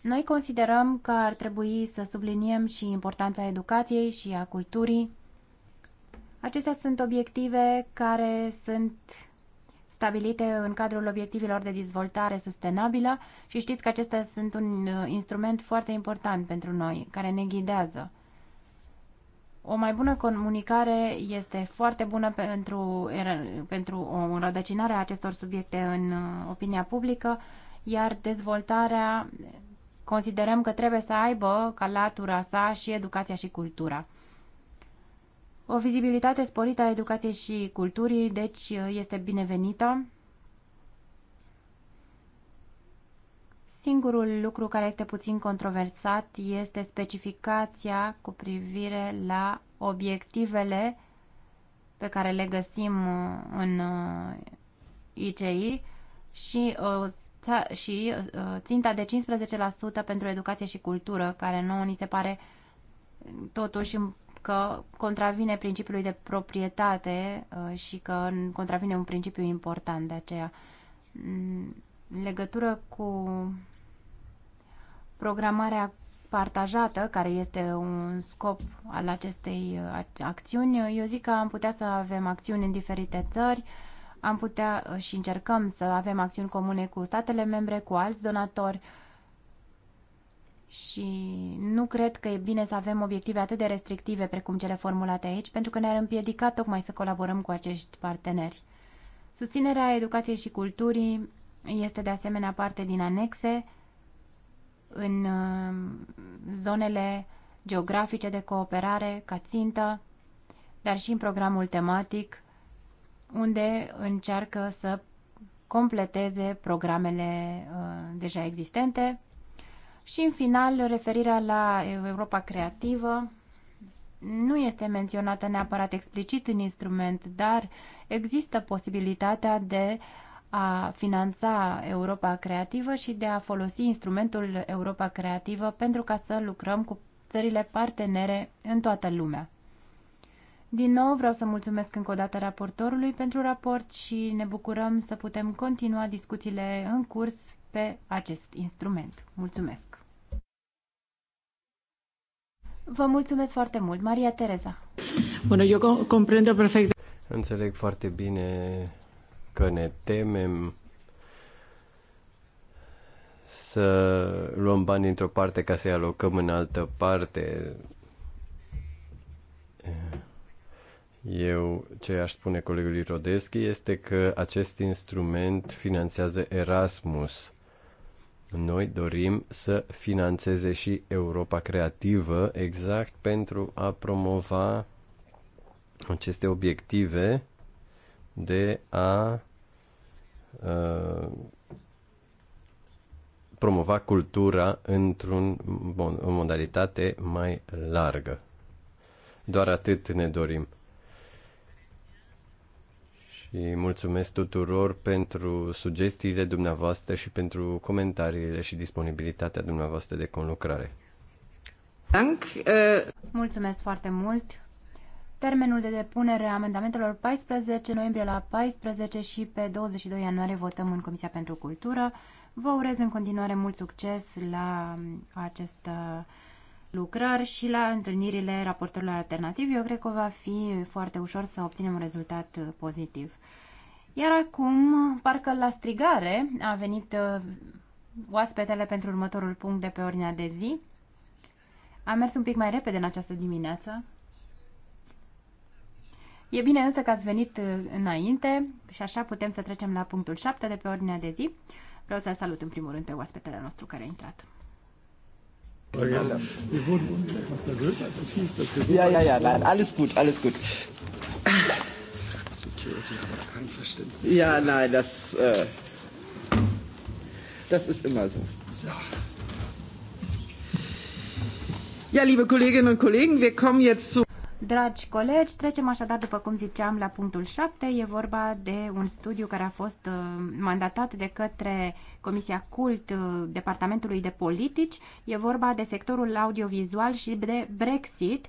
[SPEAKER 1] Noi considerăm că ar trebui să subliniem și importanța educației și a culturii. Acestea sunt obiective care sunt stabilite în cadrul obiectivelor de dezvoltare sustenabilă și știți că acestea sunt un uh, instrument foarte important pentru noi, care ne ghidează. O mai bună comunicare este foarte bună pentru, pentru o înrădăcinare a acestor subiecte în uh, opinia publică, iar dezvoltarea considerăm că trebuie să aibă ca latura sa și educația și cultura. O vizibilitate sporită a educației și culturii, deci, uh, este binevenită. Singurul lucru care este puțin controversat este specificația cu privire la obiectivele pe care le găsim uh, în ICI uh, și, și ținta de 15% pentru educație și cultură, care nouă ni se pare totuși că contravine principiului de proprietate uh, și că contravine un principiu important de aceea. În mm, legătură cu programarea partajată, care este un scop al acestei uh, acțiuni, eu zic că am putea să avem acțiuni în diferite țări, am putea uh, și încercăm să avem acțiuni comune cu statele membre, cu alți donatori, și nu cred că e bine să avem obiective atât de restrictive precum cele formulate aici, pentru că ne-ar împiedica tocmai să colaborăm cu acești parteneri. Susținerea educației și culturii este de asemenea parte din anexe în uh, zonele geografice de cooperare ca țintă, dar și în programul tematic, unde încearcă să completeze programele uh, deja existente și în final, referirea la Europa Creativă nu este menționată neapărat explicit în instrument, dar există posibilitatea de a finanța Europa Creativă și de a folosi instrumentul Europa Creativă pentru ca să lucrăm cu țările partenere în toată lumea. Din nou vreau să mulțumesc încă o dată raportorului pentru raport și ne bucurăm să putem continua discuțiile în curs pe acest instrument. Mulțumesc! Vă mulțumesc foarte mult, Maria Tereza.
[SPEAKER 3] Bună, eu comprendă perfect. Înțeleg foarte bine că ne temem să luăm bani dintr-o parte ca să-i alocăm în altă parte. Eu ce aș spune colegului Rodeschi este că acest instrument finanțează Erasmus noi dorim să financeze și Europa Creativă exact pentru a promova aceste obiective de a uh, promova cultura într-un, modalitate mai largă. Doar atât ne dorim. Și mulțumesc tuturor pentru sugestiile dumneavoastră și pentru comentariile și disponibilitatea dumneavoastră de conlucrare.
[SPEAKER 1] Uh, mulțumesc foarte mult! Termenul de depunere a amendamentelor 14 noiembrie la 14 și pe 22 ianuarie votăm în Comisia pentru Cultură. Vă urez în continuare mult succes la um, acest uh, lucrări și la întâlnirile raportorilor alternativi. Eu cred că va fi foarte ușor să obținem un rezultat uh, pozitiv. Iar acum, parcă la strigare, a venit uh, oaspetele pentru următorul punct de pe ordinea de zi. A mers un pic mai repede în această dimineață. E bine însă că ați venit uh, înainte și așa putem să trecem la punctul 7 de pe ordinea de zi. Vreau să salut în primul rând pe oaspetele nostru care a intrat.
[SPEAKER 3] Wir
[SPEAKER 2] wurden etwas nervös, als es hieß, dass wir so. Ja, ja, ja, nein, alles gut, alles gut.
[SPEAKER 3] Security haben wir kein Verständnis. Ja, nein, das, äh, das ist immer so. So.
[SPEAKER 1] Ja, liebe Kolleginnen und Kollegen, wir kommen jetzt zu Dragi colegi, trecem așadar, după cum ziceam, la punctul 7. E vorba de un studiu care a fost uh, mandatat de către Comisia Cult uh, Departamentului de Politici. E vorba de sectorul audiovizual și de Brexit.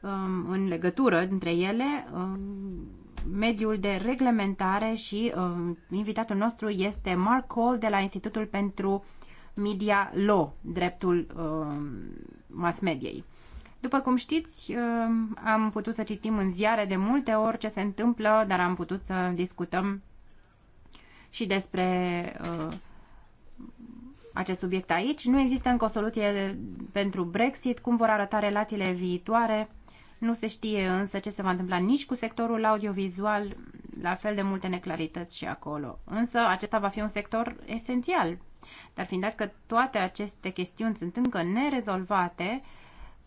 [SPEAKER 1] Um, în legătură dintre ele um, mediul de reglementare și um, invitatul nostru este Mark Cole de la Institutul pentru Media Law, dreptul mass mediei. După cum știți, am putut să citim în ziare de multe ori ce se întâmplă, dar am putut să discutăm și despre uh, acest subiect aici. Nu există încă o soluție pentru Brexit, cum vor arăta relațiile viitoare nu se știe însă ce se va întâmpla nici cu sectorul audiovizual, la fel de multe neclarități și acolo. Însă acesta va fi un sector esențial. Dar fiind dat că toate aceste chestiuni sunt încă nerezolvate,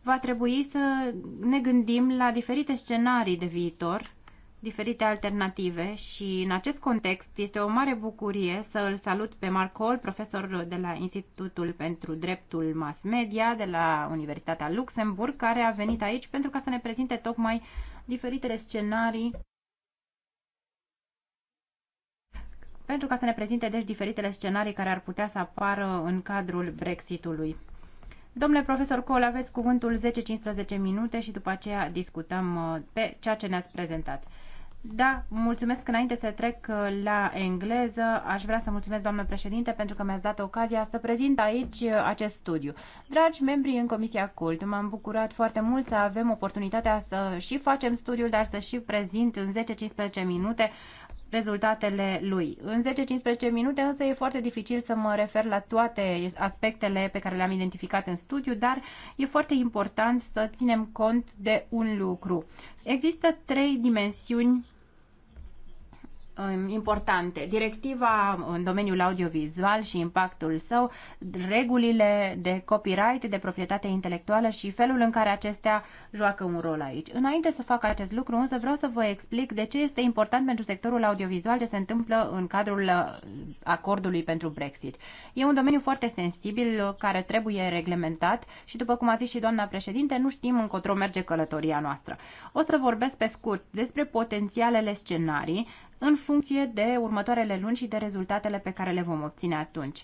[SPEAKER 1] va trebui să ne gândim la diferite scenarii de viitor diferite alternative și în acest context este o mare bucurie să îl salut pe Mark Hall, profesor de la Institutul pentru Dreptul Mass Media de la Universitatea Luxemburg, care a venit aici pentru ca să ne prezinte tocmai diferitele scenarii pentru ca să ne prezinte deci diferitele scenarii care ar putea să apară în cadrul Brexitului. Domnule profesor Cole, aveți cuvântul 10-15 minute și după aceea discutăm uh, pe ceea ce ne-ați prezentat. Da, mulțumesc. Înainte să trec uh, la engleză, aș vrea să mulțumesc, doamnă președinte, pentru că mi-ați dat ocazia să prezint aici uh, acest studiu. Dragi membri în Comisia Cult, m-am bucurat foarte mult să avem oportunitatea să și facem studiul, dar să și prezint în 10-15 minute rezultatele lui. În 10-15 minute însă e foarte dificil să mă refer la toate aspectele pe care le-am identificat în studiu, dar e foarte important să ținem cont de un lucru. Există trei dimensiuni Um, importante. Directiva în domeniul audiovizual și impactul său, regulile de copyright, de proprietate intelectuală și felul în care acestea joacă un rol aici. Înainte să fac acest lucru, însă vreau să vă explic de ce este important pentru sectorul audiovizual ce se întâmplă în cadrul uh, acordului pentru Brexit. E un domeniu foarte sensibil uh, care trebuie reglementat și, după cum a zis și doamna președinte, nu știm încotro merge călătoria noastră. O să vorbesc pe scurt despre potențialele scenarii în funcție de următoarele luni și de rezultatele pe care le vom obține atunci.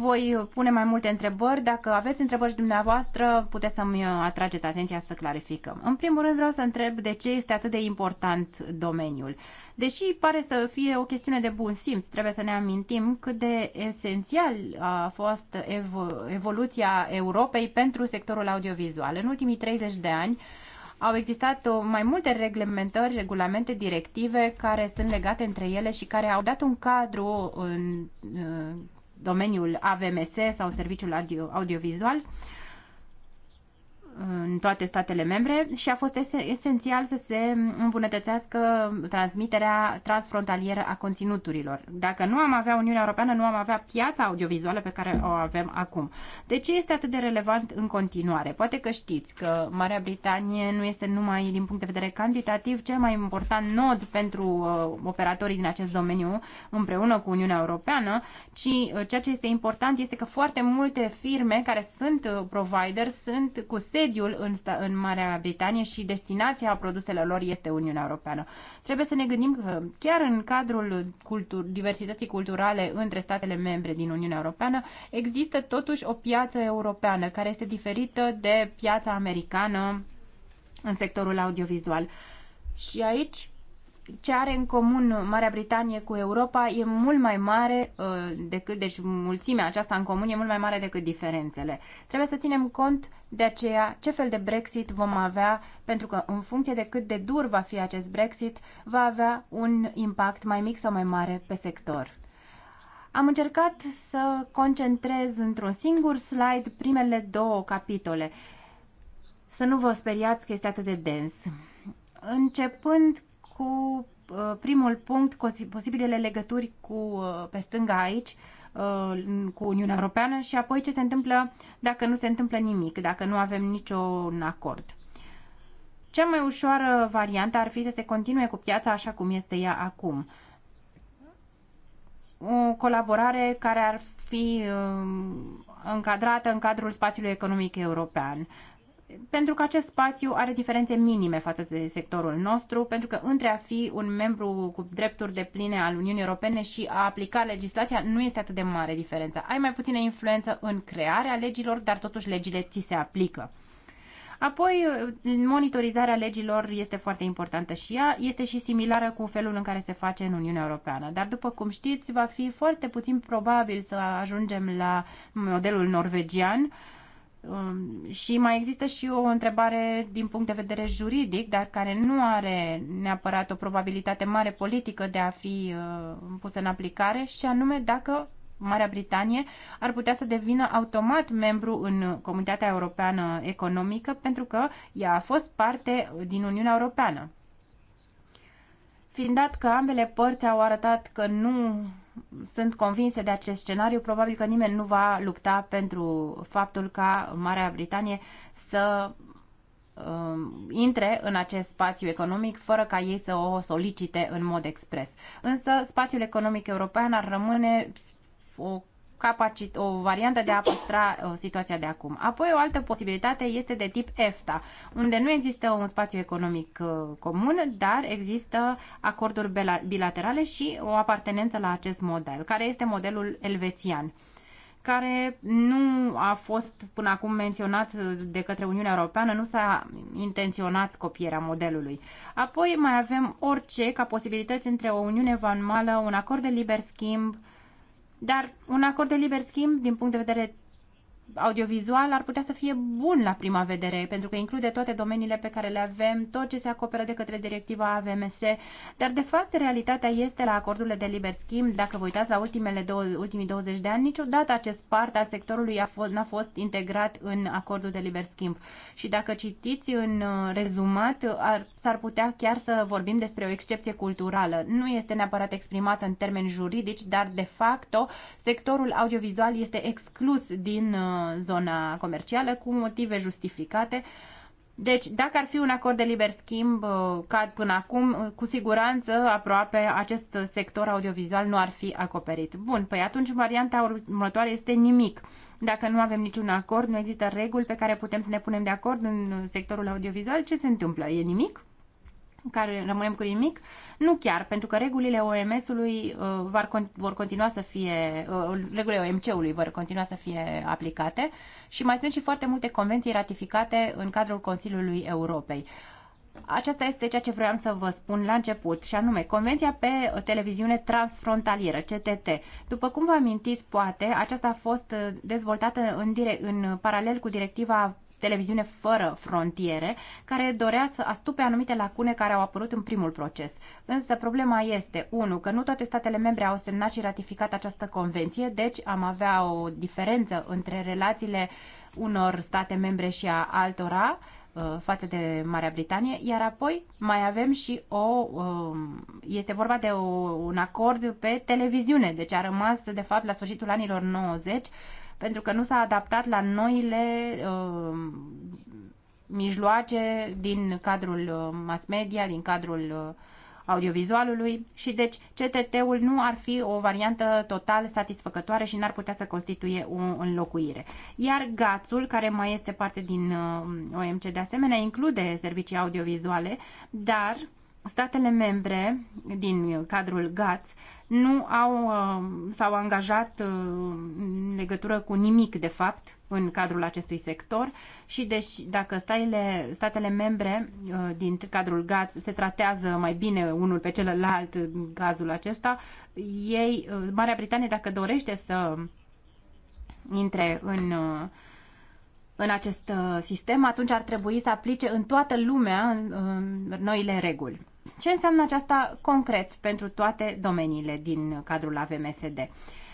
[SPEAKER 1] Voi pune mai multe întrebări. Dacă aveți întrebări și dumneavoastră, puteți să-mi uh, atrageți atenția să clarificăm. În primul rând vreau să întreb de ce este atât de important domeniul. Deși pare să fie o chestiune de bun simț, trebuie să ne amintim cât de esențial a fost evo- evoluția Europei pentru sectorul audiovizual. În ultimii 30 de ani, au existat o, uh, mai multe reglementări, regulamente, directive care sunt legate între ele și care au dat un cadru în, în uh, domeniul AVMS sau serviciul audio, audiovizual în toate statele membre și a fost esențial să se îmbunătățească transmiterea transfrontalieră a conținuturilor. Dacă nu am avea Uniunea Europeană, nu am avea piața audiovizuală pe care o avem acum. De ce este atât de relevant în continuare? Poate că știți că Marea Britanie nu este numai din punct de vedere cantitativ cel mai important nod pentru uh, operatorii din acest domeniu împreună cu Uniunea Europeană, ci uh, ceea ce este important este că foarte multe firme care sunt uh, provider sunt cu sediu sediul în, în Marea Britanie și destinația produselor lor este Uniunea Europeană. Trebuie să ne gândim că chiar în cadrul cultur, diversității culturale între statele membre din Uniunea Europeană există totuși o piață europeană care este diferită de piața americană în sectorul audiovizual. Și aici ce are în comun Marea Britanie cu Europa e mult mai mare uh, decât, deci mulțimea aceasta în comun e mult mai mare decât diferențele. Trebuie să ținem cont de aceea ce fel de Brexit vom avea, pentru că în funcție de cât de dur va fi acest Brexit, va avea un impact mai mic sau mai mare pe sector. Am încercat să concentrez într-un singur slide primele două capitole. Să nu vă speriați că este atât de dens. Începând cu uh, primul punct, cu posibilele legături cu, uh, pe stânga aici, uh, cu Uniunea Europeană și apoi ce se întâmplă dacă nu se întâmplă nimic, dacă nu avem niciun acord. Cea mai ușoară variantă ar fi să se continue cu piața așa cum este ea acum. O colaborare care ar fi încadrată în cadrul spațiului economic european pentru că acest spațiu are diferențe minime față de sectorul nostru, pentru că între a fi un membru cu drepturi de pline al Uniunii Europene și a aplica legislația nu este atât de mare diferența. Ai mai puțină influență în crearea legilor, dar totuși legile ți se aplică. Apoi, monitorizarea legilor este foarte importantă și ea este și similară cu felul în care se face în Uniunea Europeană. Dar, după cum știți, va fi foarte puțin probabil să ajungem la modelul norvegian, uh, Um, și mai există și o întrebare din punct de vedere juridic, dar care nu are neapărat o probabilitate mare politică de a fi uh, pusă în aplicare, și anume dacă Marea Britanie ar putea să devină automat membru în Comunitatea Europeană Economică pentru că ea a fost parte din Uniunea Europeană. Fiind dat că ambele părți au arătat că nu sunt convinse de acest scenariu, probabil că nimeni nu va lupta pentru faptul ca Marea Britanie să um, intre în acest spațiu economic fără ca ei să o solicite în mod expres. Însă spațiul economic european ar rămâne o capacit- o variantă de a păstra uh, situația de acum. Apoi o altă posibilitate este de tip EFTA, unde nu există un spațiu economic uh, comun, dar există acorduri bilaterale și o apartenență la acest model, care este modelul elvețian care nu a fost până acum menționat uh, de către Uniunea Europeană, nu s-a intenționat copierea modelului. Apoi mai avem orice ca posibilități între o Uniune Vanmală, un acord de liber schimb, uh, dar un acord de liber schimb, din punct de vedere audiovizual ar putea să fie bun la prima vedere, pentru că include toate domeniile pe care le avem, tot ce se acoperă de către directiva AVMS, dar de fapt realitatea este la acordurile de liber schimb, dacă vă uitați la ultimele două, ultimii 20 de ani, niciodată acest part al sectorului a fost, n-a fost integrat în acordul de liber schimb. Și dacă citiți în uh, rezumat, ar, s-ar putea chiar să vorbim despre o excepție culturală. Nu este neapărat exprimată în termeni juridici, dar de facto sectorul audiovizual este exclus din uh, zona comercială cu motive justificate. Deci, dacă ar fi un acord de liber schimb uh, ca până acum, uh, cu siguranță aproape acest sector audiovizual nu ar fi acoperit. Bun, păi atunci varianta următoare este nimic. Dacă nu avem niciun acord, nu există reguli pe care putem să ne punem de acord în sectorul audiovizual, ce se întâmplă? E nimic? care rămânem cu nimic? Nu chiar, pentru că regulile OMS-ului uh, vor continua să fie, uh, regulile OMC-ului vor continua să fie aplicate și mai sunt și foarte multe convenții ratificate în cadrul Consiliului Europei. Aceasta este ceea ce vreau să vă spun la început, și anume Convenția pe televiziune transfrontalieră, CTT. După cum vă amintiți, poate, aceasta a fost uh, dezvoltată în, direct, în paralel cu directiva televiziune fără frontiere, care dorea să astupe anumite lacune care au apărut în primul proces. Însă problema este, unu, că nu toate statele membre au semnat și ratificat această convenție, deci am avea o diferență între relațiile unor state membre și a altora uh, față de Marea Britanie, iar apoi mai avem și o, um, este vorba de un acord pe televiziune, deci a rămas de fapt la sfârșitul anilor 90 pentru că nu s-a adaptat la noile uh, mijloace din cadrul uh, mass media, din cadrul uh, audiovizualului și deci CTT-ul nu ar fi o variantă total satisfăcătoare și n-ar putea să constituie o înlocuire. Iar gațul, care mai este parte din uh, OMC de asemenea, include servicii audiovizuale, dar statele membre din cadrul GATS nu au, uh, s-au angajat uh, în legătură cu nimic, de fapt, în cadrul acestui sector și deși dacă statele, statele membre uh, din cadrul GATS se tratează mai bine unul pe celălalt în cazul acesta, ei, Marea Britanie, dacă dorește să intre în în acest sistem, atunci ar trebui să aplice în toată lumea în, în noile reguli. Ce înseamnă aceasta concret pentru toate domeniile din cadrul AVMSD?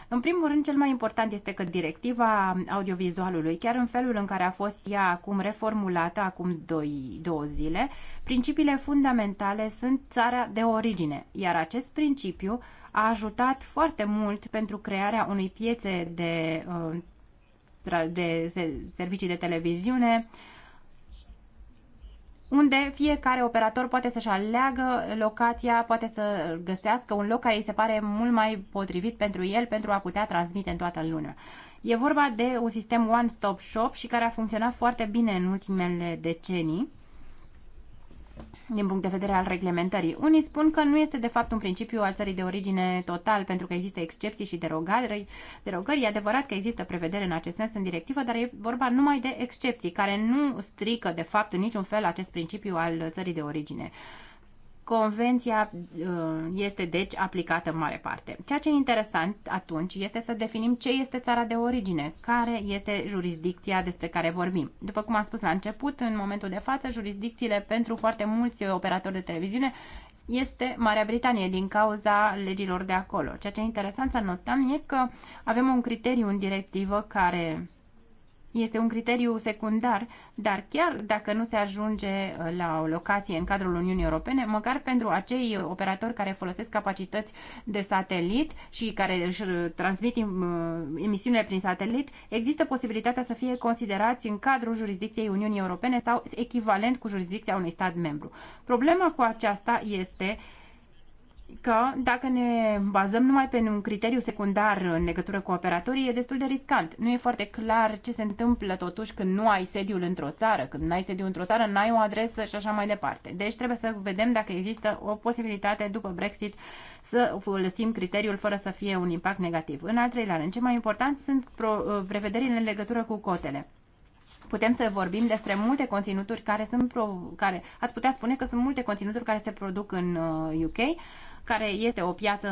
[SPEAKER 1] În primul rând, cel mai important este că directiva audiovizualului, chiar în felul în care a fost ea acum reformulată, acum doi, două zile, principiile fundamentale sunt țara de origine, iar acest principiu a ajutat foarte mult pentru crearea unei piețe de, uh, de servicii de televiziune, unde fiecare operator poate să-și aleagă locația, poate să găsească un loc care îi se pare mult mai potrivit pentru el pentru a putea transmite în toată lumea. E vorba de un sistem one-stop shop și care a funcționat foarte bine în ultimele decenii din punct de vedere al reglementării. Unii spun că nu este de fapt un principiu al țării de origine total, pentru că există excepții și derogări. derogări. E adevărat că există prevedere în acest sens în directivă, dar e vorba numai de excepții, care nu strică de fapt în niciun fel acest principiu al țării de origine. Convenția uh, este deci aplicată în mare parte. Ceea ce e interesant atunci este să definim ce este țara de origine, care este jurisdicția despre care vorbim. După cum am spus la început, în momentul de față, jurisdicțiile pentru foarte mulți operatori de televiziune este Marea Britanie din cauza legilor de acolo. Ceea ce e interesant să notăm e că avem un criteriu în directivă care este un criteriu secundar, dar chiar dacă nu se ajunge uh, la o locație în cadrul Uniunii Europene, măcar pentru acei operatori care folosesc capacități de satelit și care își uh, transmit uh, emisiunile prin satelit, există posibilitatea să fie considerați în cadrul jurisdicției Uniunii Europene sau echivalent cu jurisdicția unui stat membru. Problema cu aceasta este că dacă ne bazăm numai pe un criteriu secundar în legătură cu operatorii, e destul de riscant. Nu e foarte clar ce se întâmplă totuși când nu ai sediul într-o țară, când n-ai sediul într-o țară, n-ai o adresă și așa mai departe. Deci trebuie să vedem dacă există o posibilitate după Brexit să folosim criteriul fără să fie un impact negativ. În al treilea rând, ce mai important sunt uh, prevederile în legătură cu cotele putem să vorbim despre multe conținuturi care sunt pro, care ați putea spune că sunt multe conținuturi care se produc în UK, uh, care este o piață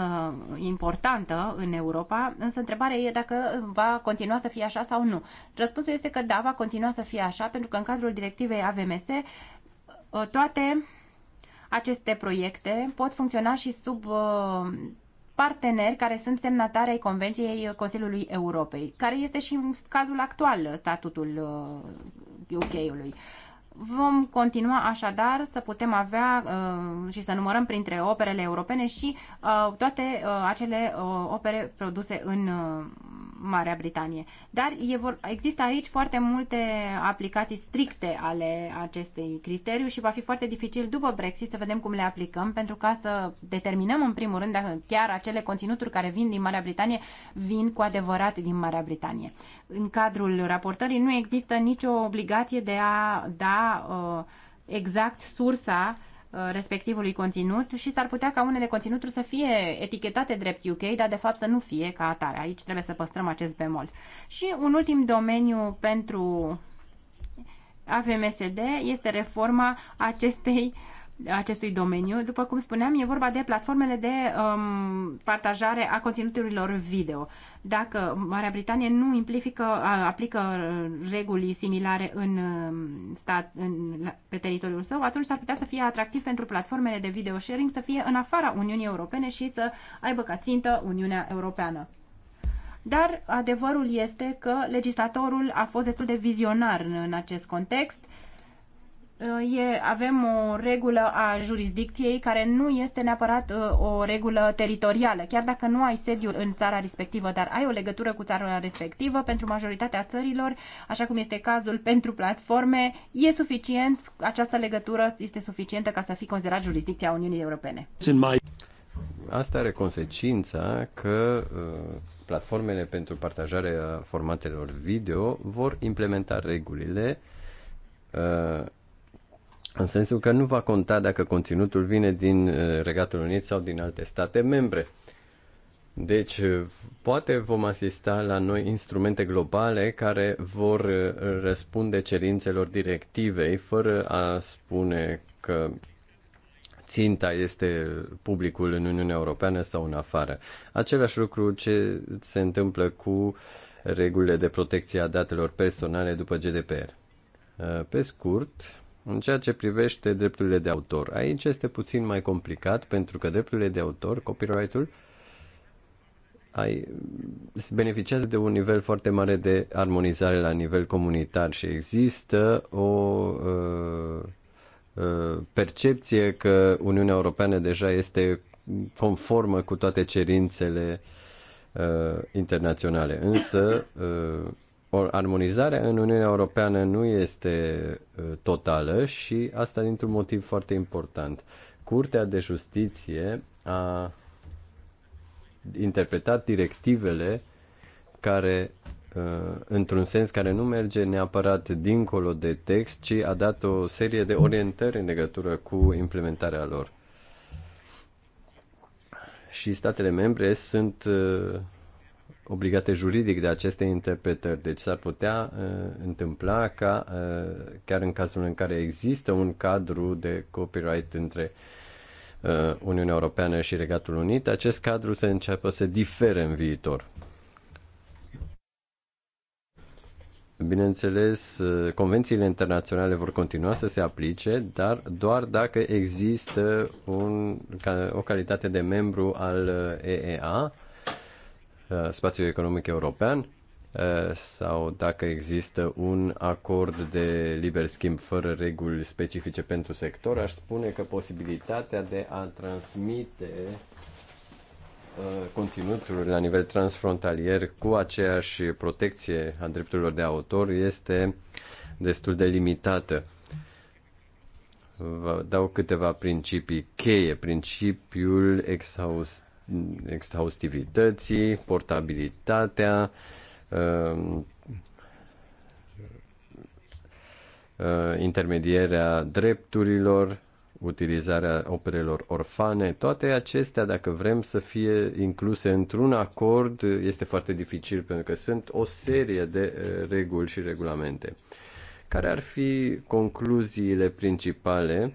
[SPEAKER 1] importantă în Europa, însă întrebarea e dacă va continua să fie așa sau nu. Răspunsul este că da, va continua să fie așa, pentru că în cadrul directivei AVMS uh, toate aceste proiecte pot funcționa și sub uh, parteneri care sunt semnatari ai Convenției Consiliului Europei, care este și în cazul actual statutul UK-ului. Uh, Vom continua așadar să putem avea uh, și să numărăm printre operele europene și uh, toate uh, acele opere produse în Marea Britanie. Dar e vor, există aici foarte multe aplicații stricte ale acestei criteriu și va fi foarte dificil după Brexit să vedem cum le aplicăm pentru ca să determinăm în primul rând dacă chiar acele conținuturi care vin din Marea Britanie vin cu adevărat din Marea Britanie. În cadrul raportării nu există nicio obligație de a da uh, exact sursa uh, Uh, respectivului conținut și s-ar putea ca unele conținuturi să fie etichetate drept UK, dar de fapt să nu fie ca atare. Aici trebuie să păstrăm acest bemol. Și un ultim domeniu pentru AVMSD este reforma acestei acestui domeniu. După cum spuneam, e vorba de platformele de um, partajare a conținuturilor video. Dacă Marea Britanie nu implică, aplică reguli similare în um, stat, în, pe teritoriul său, atunci s-ar putea să fie atractiv pentru platformele de video sharing să fie în afara Uniunii Europene și să aibă ca țintă Uniunea Europeană. Dar adevărul este că legislatorul a fost destul de vizionar în acest context e, avem o regulă a jurisdicției care nu este neapărat uh, o regulă teritorială. Chiar dacă nu ai sediu în țara respectivă, dar ai o legătură cu țara respectivă, pentru majoritatea țărilor, așa cum este cazul pentru platforme, e suficient, această legătură este suficientă ca să fie considerat jurisdicția Uniunii Europene.
[SPEAKER 3] Asta are consecința că uh, platformele pentru partajarea formatelor video vor implementa regulile uh, în sensul că nu va conta dacă conținutul vine din uh, Regatul Unit sau din alte state membre. Deci, uh, poate vom asista la noi instrumente globale care vor uh, răspunde cerințelor directivei fără a spune că ținta este publicul în Uniunea Europeană sau în afară. Același lucru ce se întâmplă cu regulile de protecție a datelor personale după GDPR. Pe scurt, în ceea ce privește drepturile de autor, aici este puțin mai complicat pentru că drepturile de autor, copyright-ul, ai, se beneficiază de un nivel foarte mare de armonizare la nivel comunitar și există o uh, uh, percepție că Uniunea Europeană deja este conformă cu toate cerințele uh, internaționale. Însă, uh, armonizarea în Uniunea Europeană nu este uh, totală și asta dintr-un motiv foarte important. Curtea de Justiție a interpretat directivele care uh, într-un sens care nu merge neapărat dincolo de text, ci a dat o serie de orientări în legătură cu implementarea lor. Și statele membre sunt uh, obligate juridic de aceste interpretări. Deci s-ar putea uh, întâmpla ca, uh, chiar în cazul în care există un cadru de copyright între uh, Uniunea Europeană și Regatul Unit, acest cadru să înceapă să difere în viitor. Bineînțeles, uh, convențiile internaționale vor continua să se aplice, dar doar dacă există un, o calitate de membru al uh, EEA Uh, spațiul economic european uh, sau dacă există un acord de liber schimb fără reguli specifice pentru sector, aș spune că posibilitatea de a transmite uh, conținuturi la nivel transfrontalier cu aceeași protecție a drepturilor de autor este destul de limitată. Vă dau câteva principii cheie. Principiul exhaust exhaustivității, portabilitatea, um, uh, intermedierea drepturilor, utilizarea operelor orfane, toate acestea, dacă vrem să fie incluse într-un acord, este foarte dificil pentru că sunt o serie de uh, reguli și regulamente. Care ar fi concluziile principale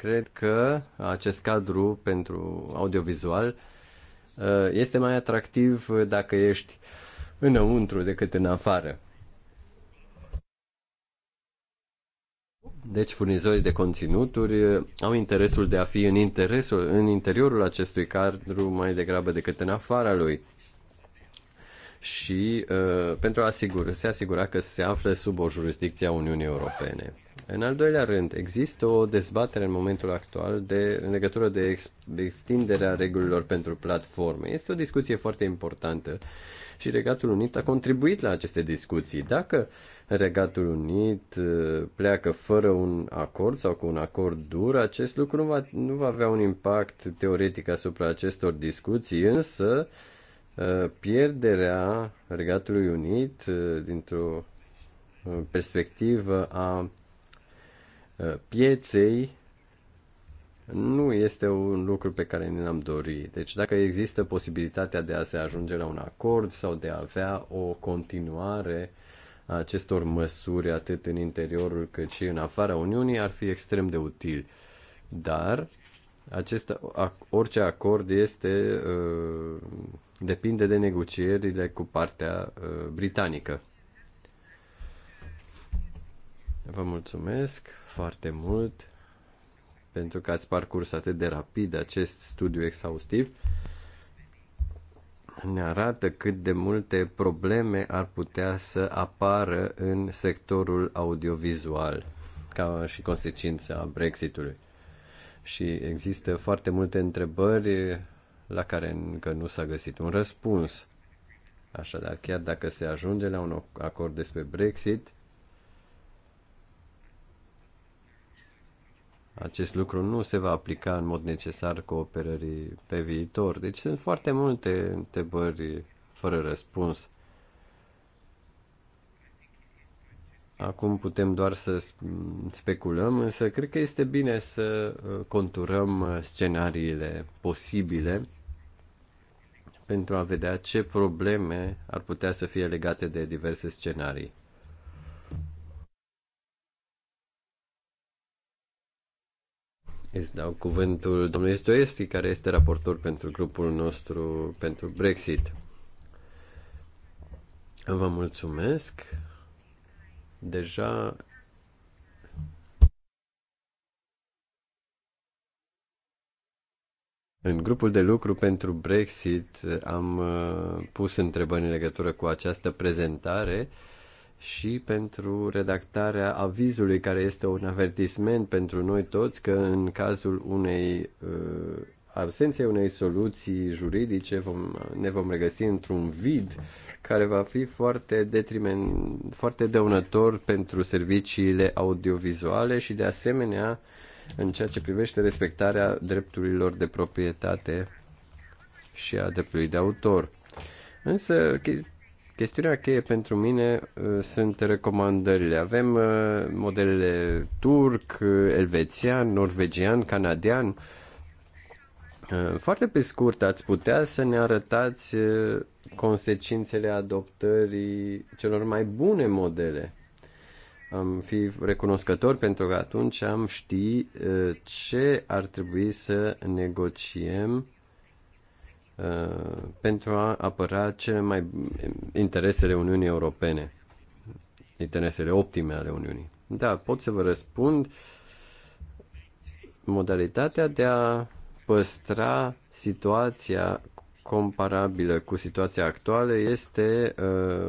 [SPEAKER 3] Cred că acest cadru pentru audiovizual uh, este mai atractiv dacă ești înăuntru decât în afară. Deci furnizorii de conținuturi uh, au interesul de a fi în, interesul, în interiorul acestui cadru mai degrabă decât în afara lui. Și uh, pentru a asigura, se asigura că se află sub o jurisdicție a Uniunii Europene. În al doilea rând, există o dezbatere în momentul actual de, în legătură de, ex, extinderea regulilor pentru platforme. Este o discuție foarte importantă și Regatul Unit a contribuit la aceste discuții. Dacă Regatul Unit uh, pleacă fără un acord sau cu un acord dur, acest lucru nu va, nu va avea un impact teoretic asupra acestor discuții, însă uh, pierderea Regatului Unit uh, dintr-o perspectivă a Uh, pieței nu este un lucru pe care ne l-am dorit. Deci dacă există posibilitatea de a se ajunge la un acord sau de a avea o continuare a acestor măsuri atât în interiorul cât și în afara Uniunii ar fi extrem de util. Dar acesta, orice acord este uh, depinde de negocierile cu partea uh, britanică. Vă mulțumesc foarte mult pentru că ați parcurs atât de rapid acest studiu exhaustiv. Ne arată cât de multe probleme ar putea să apară în sectorul audiovizual ca și consecința Brexitului. Și există foarte multe întrebări la care încă nu s-a găsit un răspuns. Așadar, chiar dacă se ajunge la un acord despre Brexit, acest lucru nu se va aplica în mod necesar cooperării pe viitor. Deci sunt foarte multe întrebări fără răspuns. Acum putem doar să speculăm, însă cred că este bine să uh, conturăm uh, scenariile posibile pentru a vedea ce probleme ar putea să fie legate de diverse scenarii. Îți dau cuvântul domnului Stoievski, care este raportor pentru grupul nostru pentru Brexit. Vă mulțumesc. Deja În grupul de lucru pentru Brexit am uh, pus întrebări în legătură cu această prezentare și pentru redactarea avizului care este un avertisment pentru noi toți că în cazul unei uh, absenței unei soluții juridice vom, ne vom regăsi într-un vid care va fi foarte detriment, foarte dăunător pentru serviciile audiovizuale și de asemenea în ceea ce privește respectarea drepturilor de proprietate și a dreptului de autor. Însă Chestiunea cheie pentru mine uh, sunt recomandările. Avem uh, modelele turc, uh, elvețian, norvegian, canadian. Foarte pe scurt, ați putea să ne arătați consecințele adoptării celor mai bune modele. Am fi recunoscător pentru că atunci am ști ce ar trebui să negociem Uh, pentru a apăra cele mai interesele Uniunii Europene, interesele optime ale Uniunii. Da, pot să vă răspund modalitatea de a păstra situația comparabilă cu situația actuală este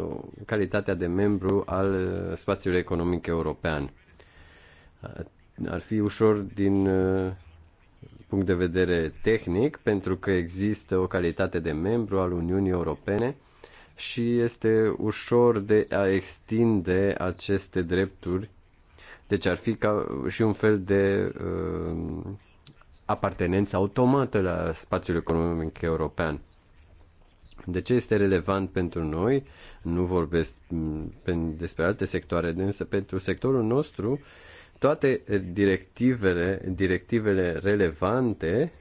[SPEAKER 3] uh, calitatea de membru al spațiului economic european. Ar fi ușor din uh, punct de vedere tehnic, pentru că există o calitate de membru al Uniunii Europene și este ușor de a extinde aceste drepturi. Deci ar fi ca și un fel de uh, apartenență automată la spațiul economic european. De ce este relevant pentru noi? Nu vorbesc mm, despre alte sectoare, însă pentru sectorul nostru uh, toate eh, directivele, directivele relevante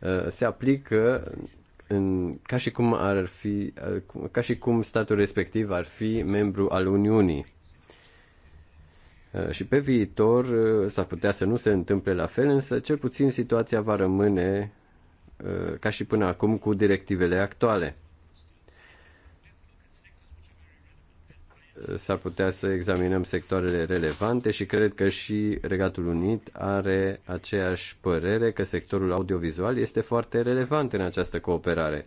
[SPEAKER 3] eh, se aplică în, ca și cum ar fi, eh, ca și cum statul respectiv ar fi membru al Uniunii. Și pe viitor s-ar putea să nu se întâmple la fel, însă cel puțin situația va rămâne ca și până acum cu directivele actuale. s-ar putea să examinăm sectoarele relevante și cred că și Regatul Unit are aceeași părere că sectorul audiovizual este foarte relevant în această cooperare.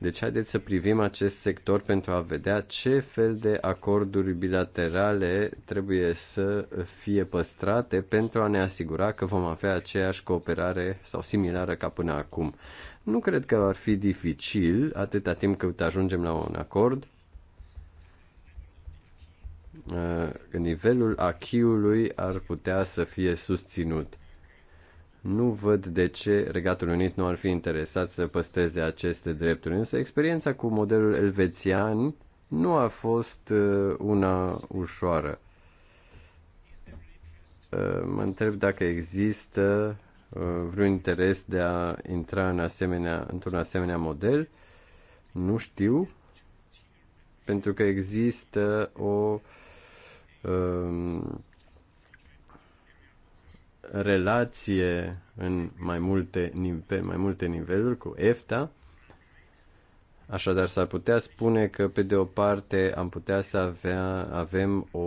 [SPEAKER 3] Deci haideți să privim acest sector pentru a vedea ce fel de acorduri bilaterale trebuie să fie păstrate pentru a ne asigura că vom avea aceeași cooperare sau similară ca până acum. Nu cred că ar fi dificil atâta timp cât ajungem la un acord Uh, nivelul achiului ar putea să fie susținut. Nu văd de ce Regatul Unit nu ar fi interesat să păstreze aceste drepturi, însă experiența cu modelul elvețian nu a fost uh, una ușoară. Uh, mă întreb dacă există vreun interes de a intra în asemenea, într-un asemenea model. Nu știu, pentru că există o uh, Um, relație în mai multe, pe mai multe niveluri cu EFTA. Așadar, s-ar putea spune că, pe de o parte, am putea să avea, avem o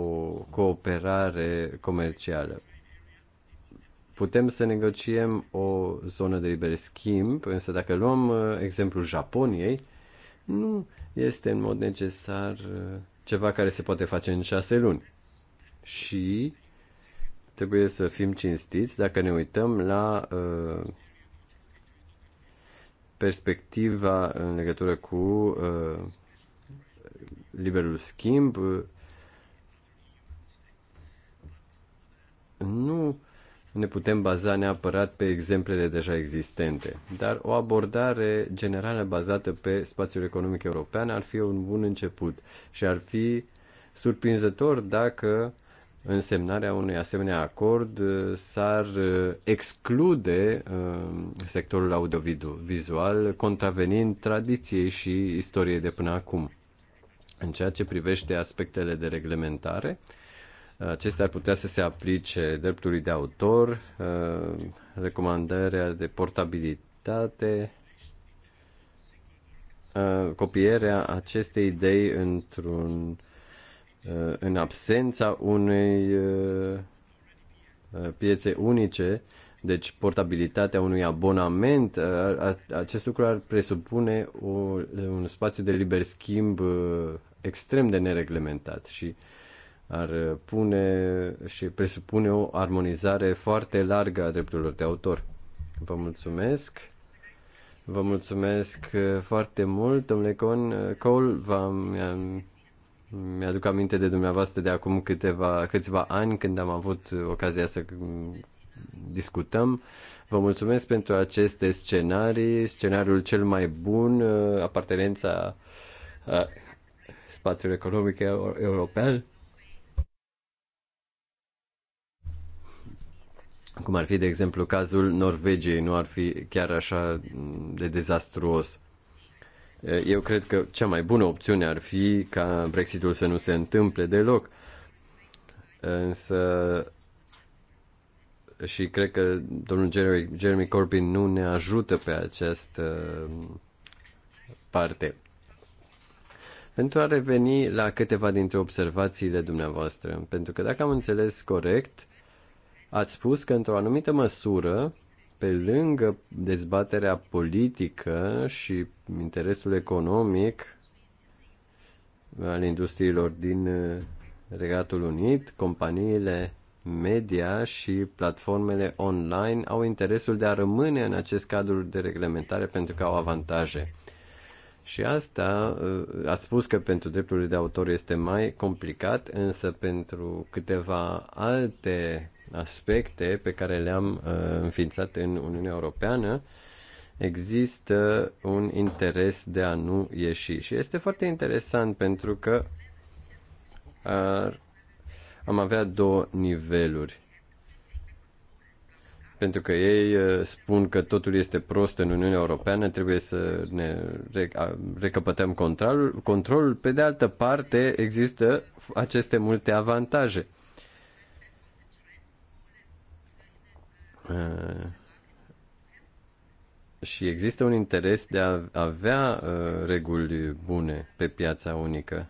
[SPEAKER 3] cooperare comercială. Putem să negociem o zonă de liber schimb, însă dacă luăm uh, exemplul Japoniei, nu este în mod necesar uh, ceva care se poate face în șase luni și trebuie să fim cinstiți dacă ne uităm la uh, perspectiva în legătură cu uh, liberul schimb. Nu ne putem baza neapărat pe exemplele deja existente, dar o abordare generală bazată pe spațiul economic european ar fi un bun început și ar fi surprinzător dacă însemnarea unui asemenea acord uh, s-ar uh, exclude uh, sectorul audiovizual, contravenind tradiției și istoriei de până acum. În ceea ce privește aspectele de reglementare, acestea ar putea să se aplice dreptului de autor, recomandarea de portabilitate, copierea acestei idei într-un Uh, în absența unei uh, uh, piețe unice, deci portabilitatea unui abonament, acest lucru ar presupune o, un spațiu de liber schimb extrem de nereglementat și ar pune și presupune o armonizare foarte largă a drepturilor de autor. Vă mulțumesc. Vă mulțumesc foarte mult, domnule Con. Cole, v-am mi-aduc aminte de dumneavoastră de acum câteva, câțiva ani când am avut ocazia să discutăm. Vă mulțumesc pentru aceste scenarii, scenariul cel mai bun, uh, apartenența uh, spațiului economic european, cum ar fi, de exemplu, cazul Norvegiei, nu ar fi chiar așa de dezastruos. Eu cred că cea mai bună opțiune ar fi ca Brexitul să nu se întâmple deloc. Însă și cred că domnul Jeremy, Jeremy Corbyn nu ne ajută pe această uh, parte. Pentru a reveni la câteva dintre observațiile dumneavoastră, pentru că dacă am înțeles corect, ați spus că într-o anumită măsură pe lângă dezbaterea politică și interesul economic al industriilor din uh, Regatul Unit, companiile media și platformele online au interesul de a rămâne în acest cadru de reglementare pentru că au avantaje. Și asta, uh, ați spus că pentru drepturile de autor este mai complicat, însă pentru câteva alte aspecte pe care le-am uh, înființat în Uniunea Europeană, există un interes de a nu ieși. Și este foarte interesant pentru că ar, uh, am avea două niveluri. Pentru că ei uh, spun că totul este prost în Uniunea Europeană, trebuie să ne rec- a, recăpătăm controlul, controlul. Pe de altă parte, există aceste multe avantaje Uh, și există un interes de a avea uh, reguli bune pe piața unică.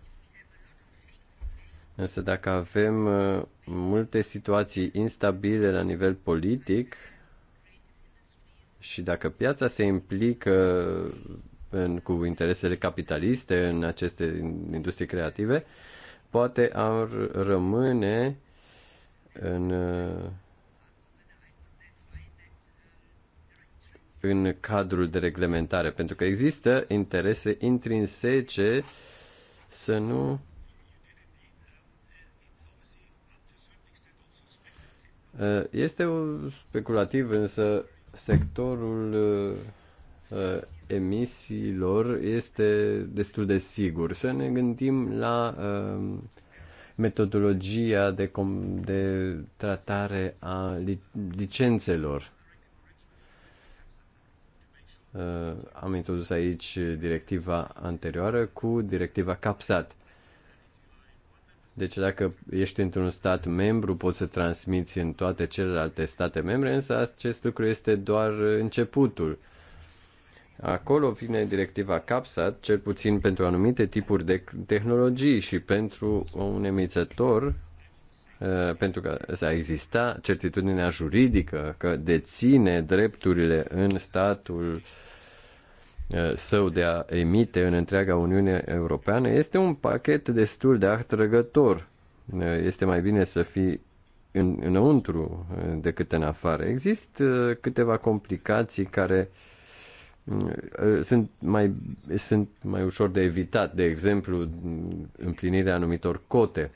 [SPEAKER 3] Însă dacă avem uh, multe situații instabile la nivel politic și dacă piața se implică în, cu interesele capitaliste în aceste industrie creative, poate ar rămâne în în cadrul de reglementare, pentru că există interese intrinsece să nu uh, Este o speculativ, însă sectorul uh, uh, emisiilor este destul de sigur. Să ne gândim la metodologia de, de tratare a licențelor. Uh, am introdus aici directiva anterioară cu directiva CAPSAT. Deci dacă ești într-un stat membru, poți să transmiți în toate celelalte state membre, însă acest lucru este doar începutul. Acolo vine directiva CAPSAT, cel puțin pentru anumite tipuri de tehnologii și pentru un emițător Uh, pentru că să exista certitudinea juridică că deține drepturile în statul uh, său de a emite în întreaga Uniune Europeană este un pachet destul de atrăgător. Uh, este mai bine să fii în, înăuntru decât în afară. Există câteva complicații care mm, sunt mai, sunt mai ușor de evitat, de exemplu, mm, împlinirea anumitor cote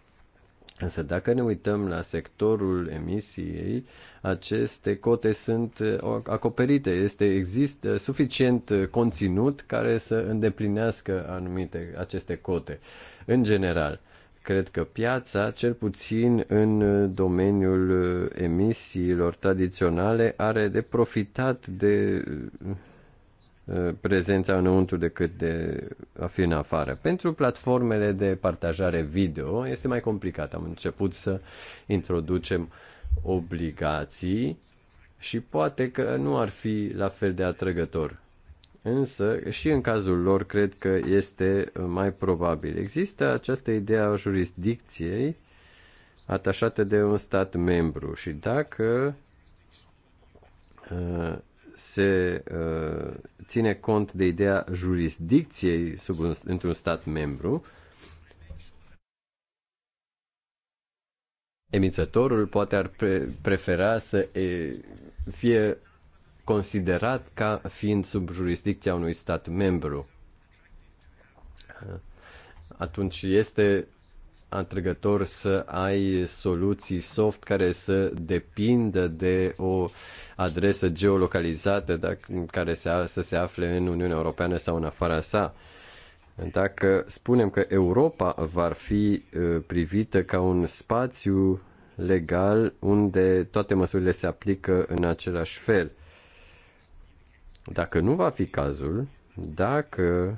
[SPEAKER 3] Însă dacă ne uităm la sectorul emisiei, aceste cote sunt uh, acoperite, este există suficient uh, conținut care să îndeplinească anumite aceste cote. În general, cred că piața, cel puțin în uh, domeniul emisiilor tradiționale, are de profitat de Eh, prezența înăuntru decât de a fi în afară. Pentru platformele de partajare video este mai complicat. Am început să introducem obligații și poate că nu ar fi la fel de atrăgător. Însă, și în cazul lor, cred că este eh, mai probabil. Există această idee a jurisdicției atașată de un stat membru și dacă eh, se uh, ține cont de ideea jurisdicției sub un, într-un stat membru, emițătorul poate ar pre- prefera să e, fie considerat ca fiind sub jurisdicția unui stat membru. Atunci este atrăgător să ai soluții soft care să depindă de o adresă geolocalizată dacă, care se, să se afle în Uniunea Europeană sau în afara sa. Dacă spunem că Europa va fi ă, privită ca un spațiu legal unde toate măsurile se aplică în același fel. Dacă nu va fi cazul, dacă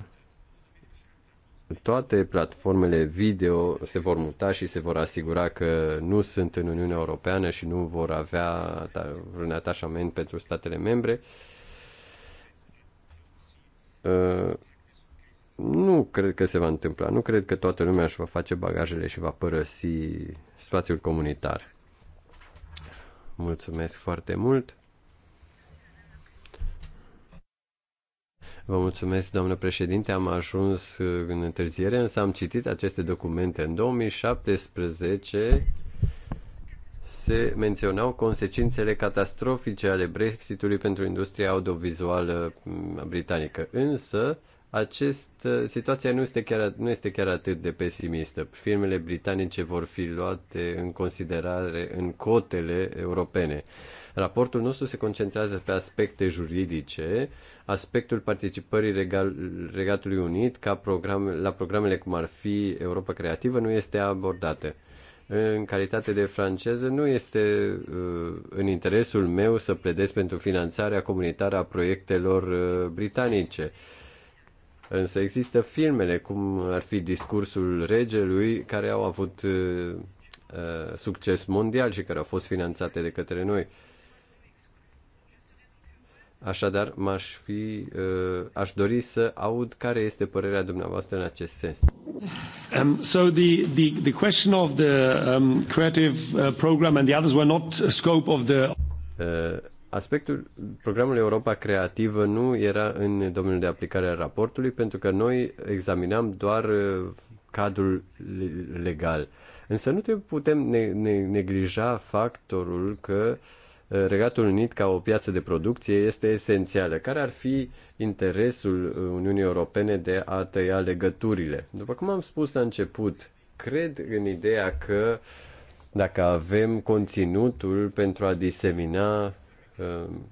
[SPEAKER 3] toate platformele video se vor muta și se vor asigura că nu sunt în Uniunea Europeană și nu vor avea vreun atașament pentru statele membre. Uh, nu cred că se va întâmpla. Nu cred că toată lumea își va face bagajele și va părăsi spațiul comunitar. Mulțumesc foarte mult. Vă mulțumesc, doamnă președinte, am ajuns uh, în întârziere, însă am citit aceste documente. În 2017 se menționau consecințele catastrofice ale Brexitului pentru industria audiovizuală mm, britanică, însă acest, uh, situația nu este, chiar, nu este chiar atât de pesimistă. Firmele britanice vor fi luate în considerare în cotele europene. Raportul nostru se concentrează pe aspecte juridice, aspectul participării regal, Regatului Unit ca program, la programele cum ar fi Europa Creativă nu este abordată. În calitate de franceză, nu este uh, în interesul meu să pledez pentru finanțarea comunitară a proiectelor uh, britanice. Uh, Însă există filmele, cum ar fi Discursul Regelui, care au avut uh, uh, succes mondial și care au fost finanțate de către noi. Așadar, m-aș fi, uh, aș dori să aud care este părerea dumneavoastră în acest sens. Um, so the, the, the question of the um, creative uh, program and the others were not scope of the... Uh, Aspectul programului Europa Creativă nu era în domeniul de aplicare al raportului, pentru că noi examinam doar uh, cadrul legal. Însă nu trebuie putem ne- ne- neglija factorul că uh, Regatul Unit ca o piață de producție este esențială. Care ar fi interesul uh, Uniunii Europene de a tăia legăturile? După cum am spus la început, cred în ideea că dacă avem conținutul pentru a disemina Ehm,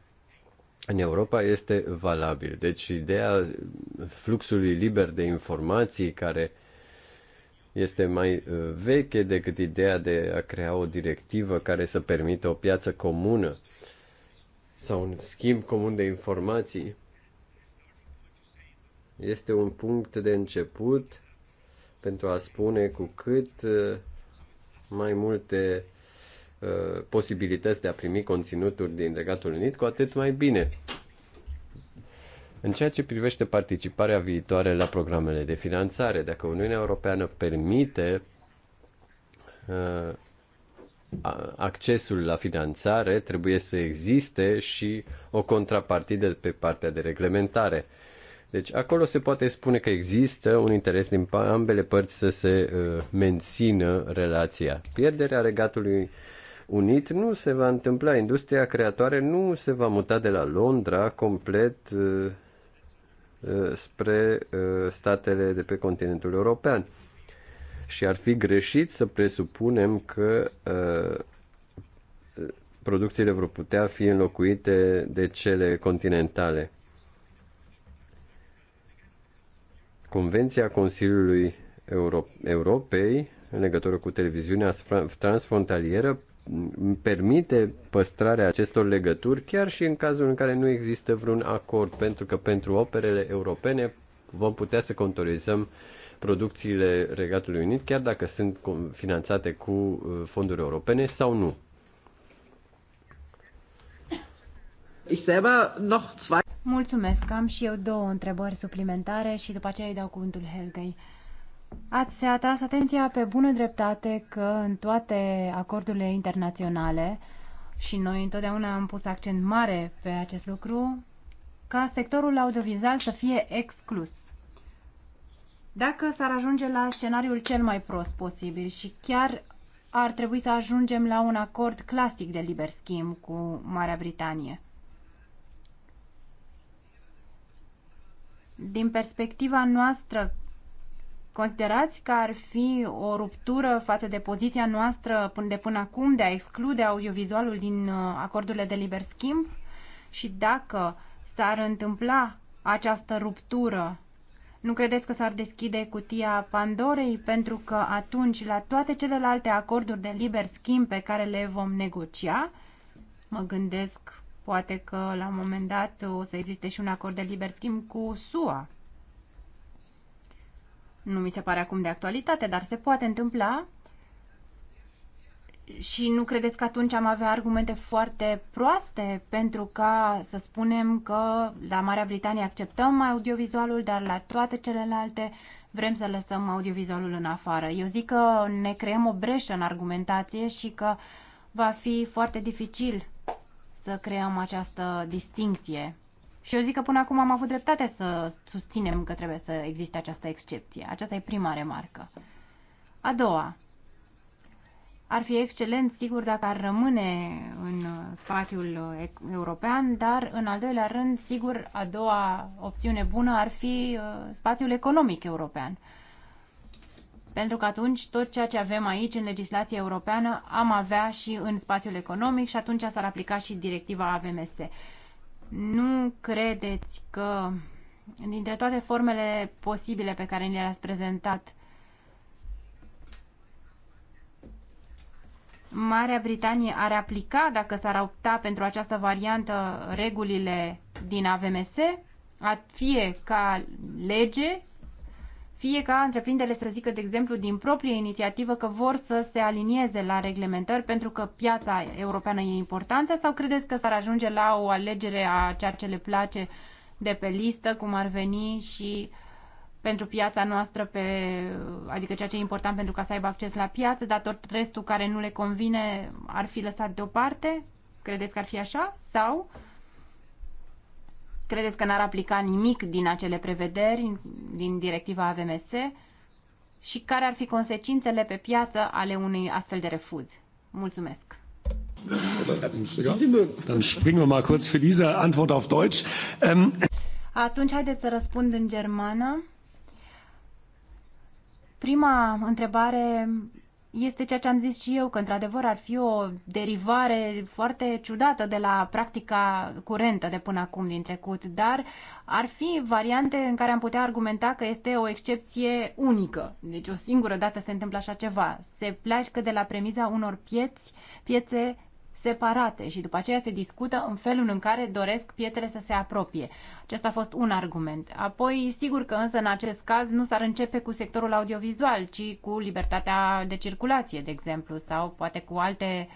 [SPEAKER 3] în Europa este valabil. Deci ideea fluxului liber de informații care este mai eh, veche decât ideea de a crea o directivă care să permită o piață comună sau un schimb comun de informații. Este un punct de început pentru a spune cu cât eh, mai multe Uh, posibilități de a primi conținuturi din Regatul Unit, cu atât mai bine. În ceea ce privește participarea viitoare la programele de finanțare, dacă Uniunea Europeană permite uh, accesul la finanțare, trebuie să existe și o contrapartidă pe partea de reglementare. Deci acolo se poate spune că există un interes din ambele părți să se uh, mențină relația. Pierderea regatului uh, unit nu se va întâmpla. Industria creatoare nu se va muta de la Londra complet uh, uh, spre uh, statele de pe continentul european. Și ar fi greșit să presupunem că producțiile vor putea fi înlocuite de cele continentale. Convenția Consiliului Europei în legătură cu televiziunea transfrontalieră permite păstrarea acestor legături chiar și în cazul în care nu există vreun acord, pentru că pentru operele europene vom putea să contorizăm producțiile Regatului Unit, chiar dacă sunt finanțate cu uh, fonduri europene sau nu.
[SPEAKER 1] Mulțumesc, am și eu două întrebări suplimentare și după aceea îi dau cuvântul Helgei. Ați atras atenția pe bună dreptate că în toate acordurile internaționale și noi întotdeauna am pus accent mare pe acest lucru, ca sectorul audiovizual să fie exclus. Dacă s-ar ajunge la scenariul cel mai prost posibil și chiar ar trebui să ajungem la un acord clasic de liber schimb cu Marea Britanie. Din perspectiva noastră Considerați că ar fi o ruptură față de poziția noastră până de până acum de a exclude audiovizualul din uh, acordurile de liber schimb? Și dacă s-ar întâmpla această ruptură, nu credeți că s-ar deschide cutia Pandorei? Pentru că atunci, la toate celelalte acorduri de liber schimb pe care le vom negocia, mă gândesc poate că la un moment dat o să existe și un acord de liber schimb cu SUA nu mi se pare acum de actualitate, dar se poate întâmpla și nu credeți că atunci am avea argumente foarte proaste pentru ca să spunem că la Marea Britanie acceptăm audiovizualul, dar la toate celelalte vrem să lăsăm audiovizualul în afară. Eu zic că ne creăm o breșă în argumentație și că va fi foarte dificil să creăm această distincție și eu zic că până acum am avut dreptate să susținem că trebuie să existe această excepție. Aceasta e prima remarcă. A doua, ar fi excelent, sigur, dacă ar rămâne în spațiul european, dar, în al doilea rând, sigur, a doua opțiune bună ar fi uh, spațiul economic european. Pentru că atunci tot ceea ce avem aici în legislația europeană am avea și în spațiul economic și atunci s-ar aplica și directiva AVMS. Nu credeți că dintre toate formele posibile pe care ni le-ați prezentat, Marea Britanie ar aplica, dacă s-ar opta pentru această variantă, regulile din AVMS, fie ca lege, fie ca întreprinderile să zică, de exemplu, din proprie inițiativă că vor să se alinieze la reglementări pentru că piața europeană e importantă sau credeți că s-ar ajunge la o alegere a ceea ce le place de pe listă, cum ar veni și pentru piața noastră, pe, adică ceea ce e important pentru ca să aibă acces la piață, dar tot restul care nu le convine ar fi lăsat deoparte? Credeți că ar fi așa? Sau credeți că n-ar aplica nimic din acele prevederi, din directiva AVMS și care ar fi consecințele pe piață ale unui astfel de refuz? Mulțumesc! Ähm, Atunci haideți să răspund în germană. Prima întrebare este ceea ce am zis și eu, că într-adevăr ar fi o derivare foarte ciudată de la practica curentă de până acum din trecut, dar ar fi variante în care am putea argumenta că este o excepție unică. Deci o singură dată se întâmplă așa ceva. Se pleacă de la premiza unor pieți, piețe separate și după aceea se discută în felul în care doresc pietrele să se apropie. Acesta a fost un argument. Apoi, sigur că însă în acest caz nu s-ar începe cu sectorul audiovizual, ci cu libertatea de circulație, de exemplu, sau poate cu alte uh,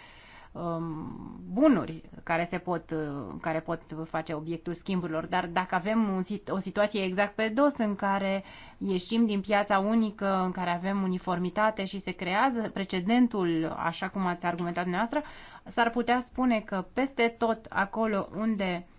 [SPEAKER 1] Um, bunuri care, se pot, uh, care pot face obiectul schimburilor, dar dacă avem un, o situație exact pe dos în care ieșim din piața unică, în care avem uniformitate și se creează precedentul, așa cum ați argumentat dumneavoastră, s-ar putea spune că peste tot acolo unde uh,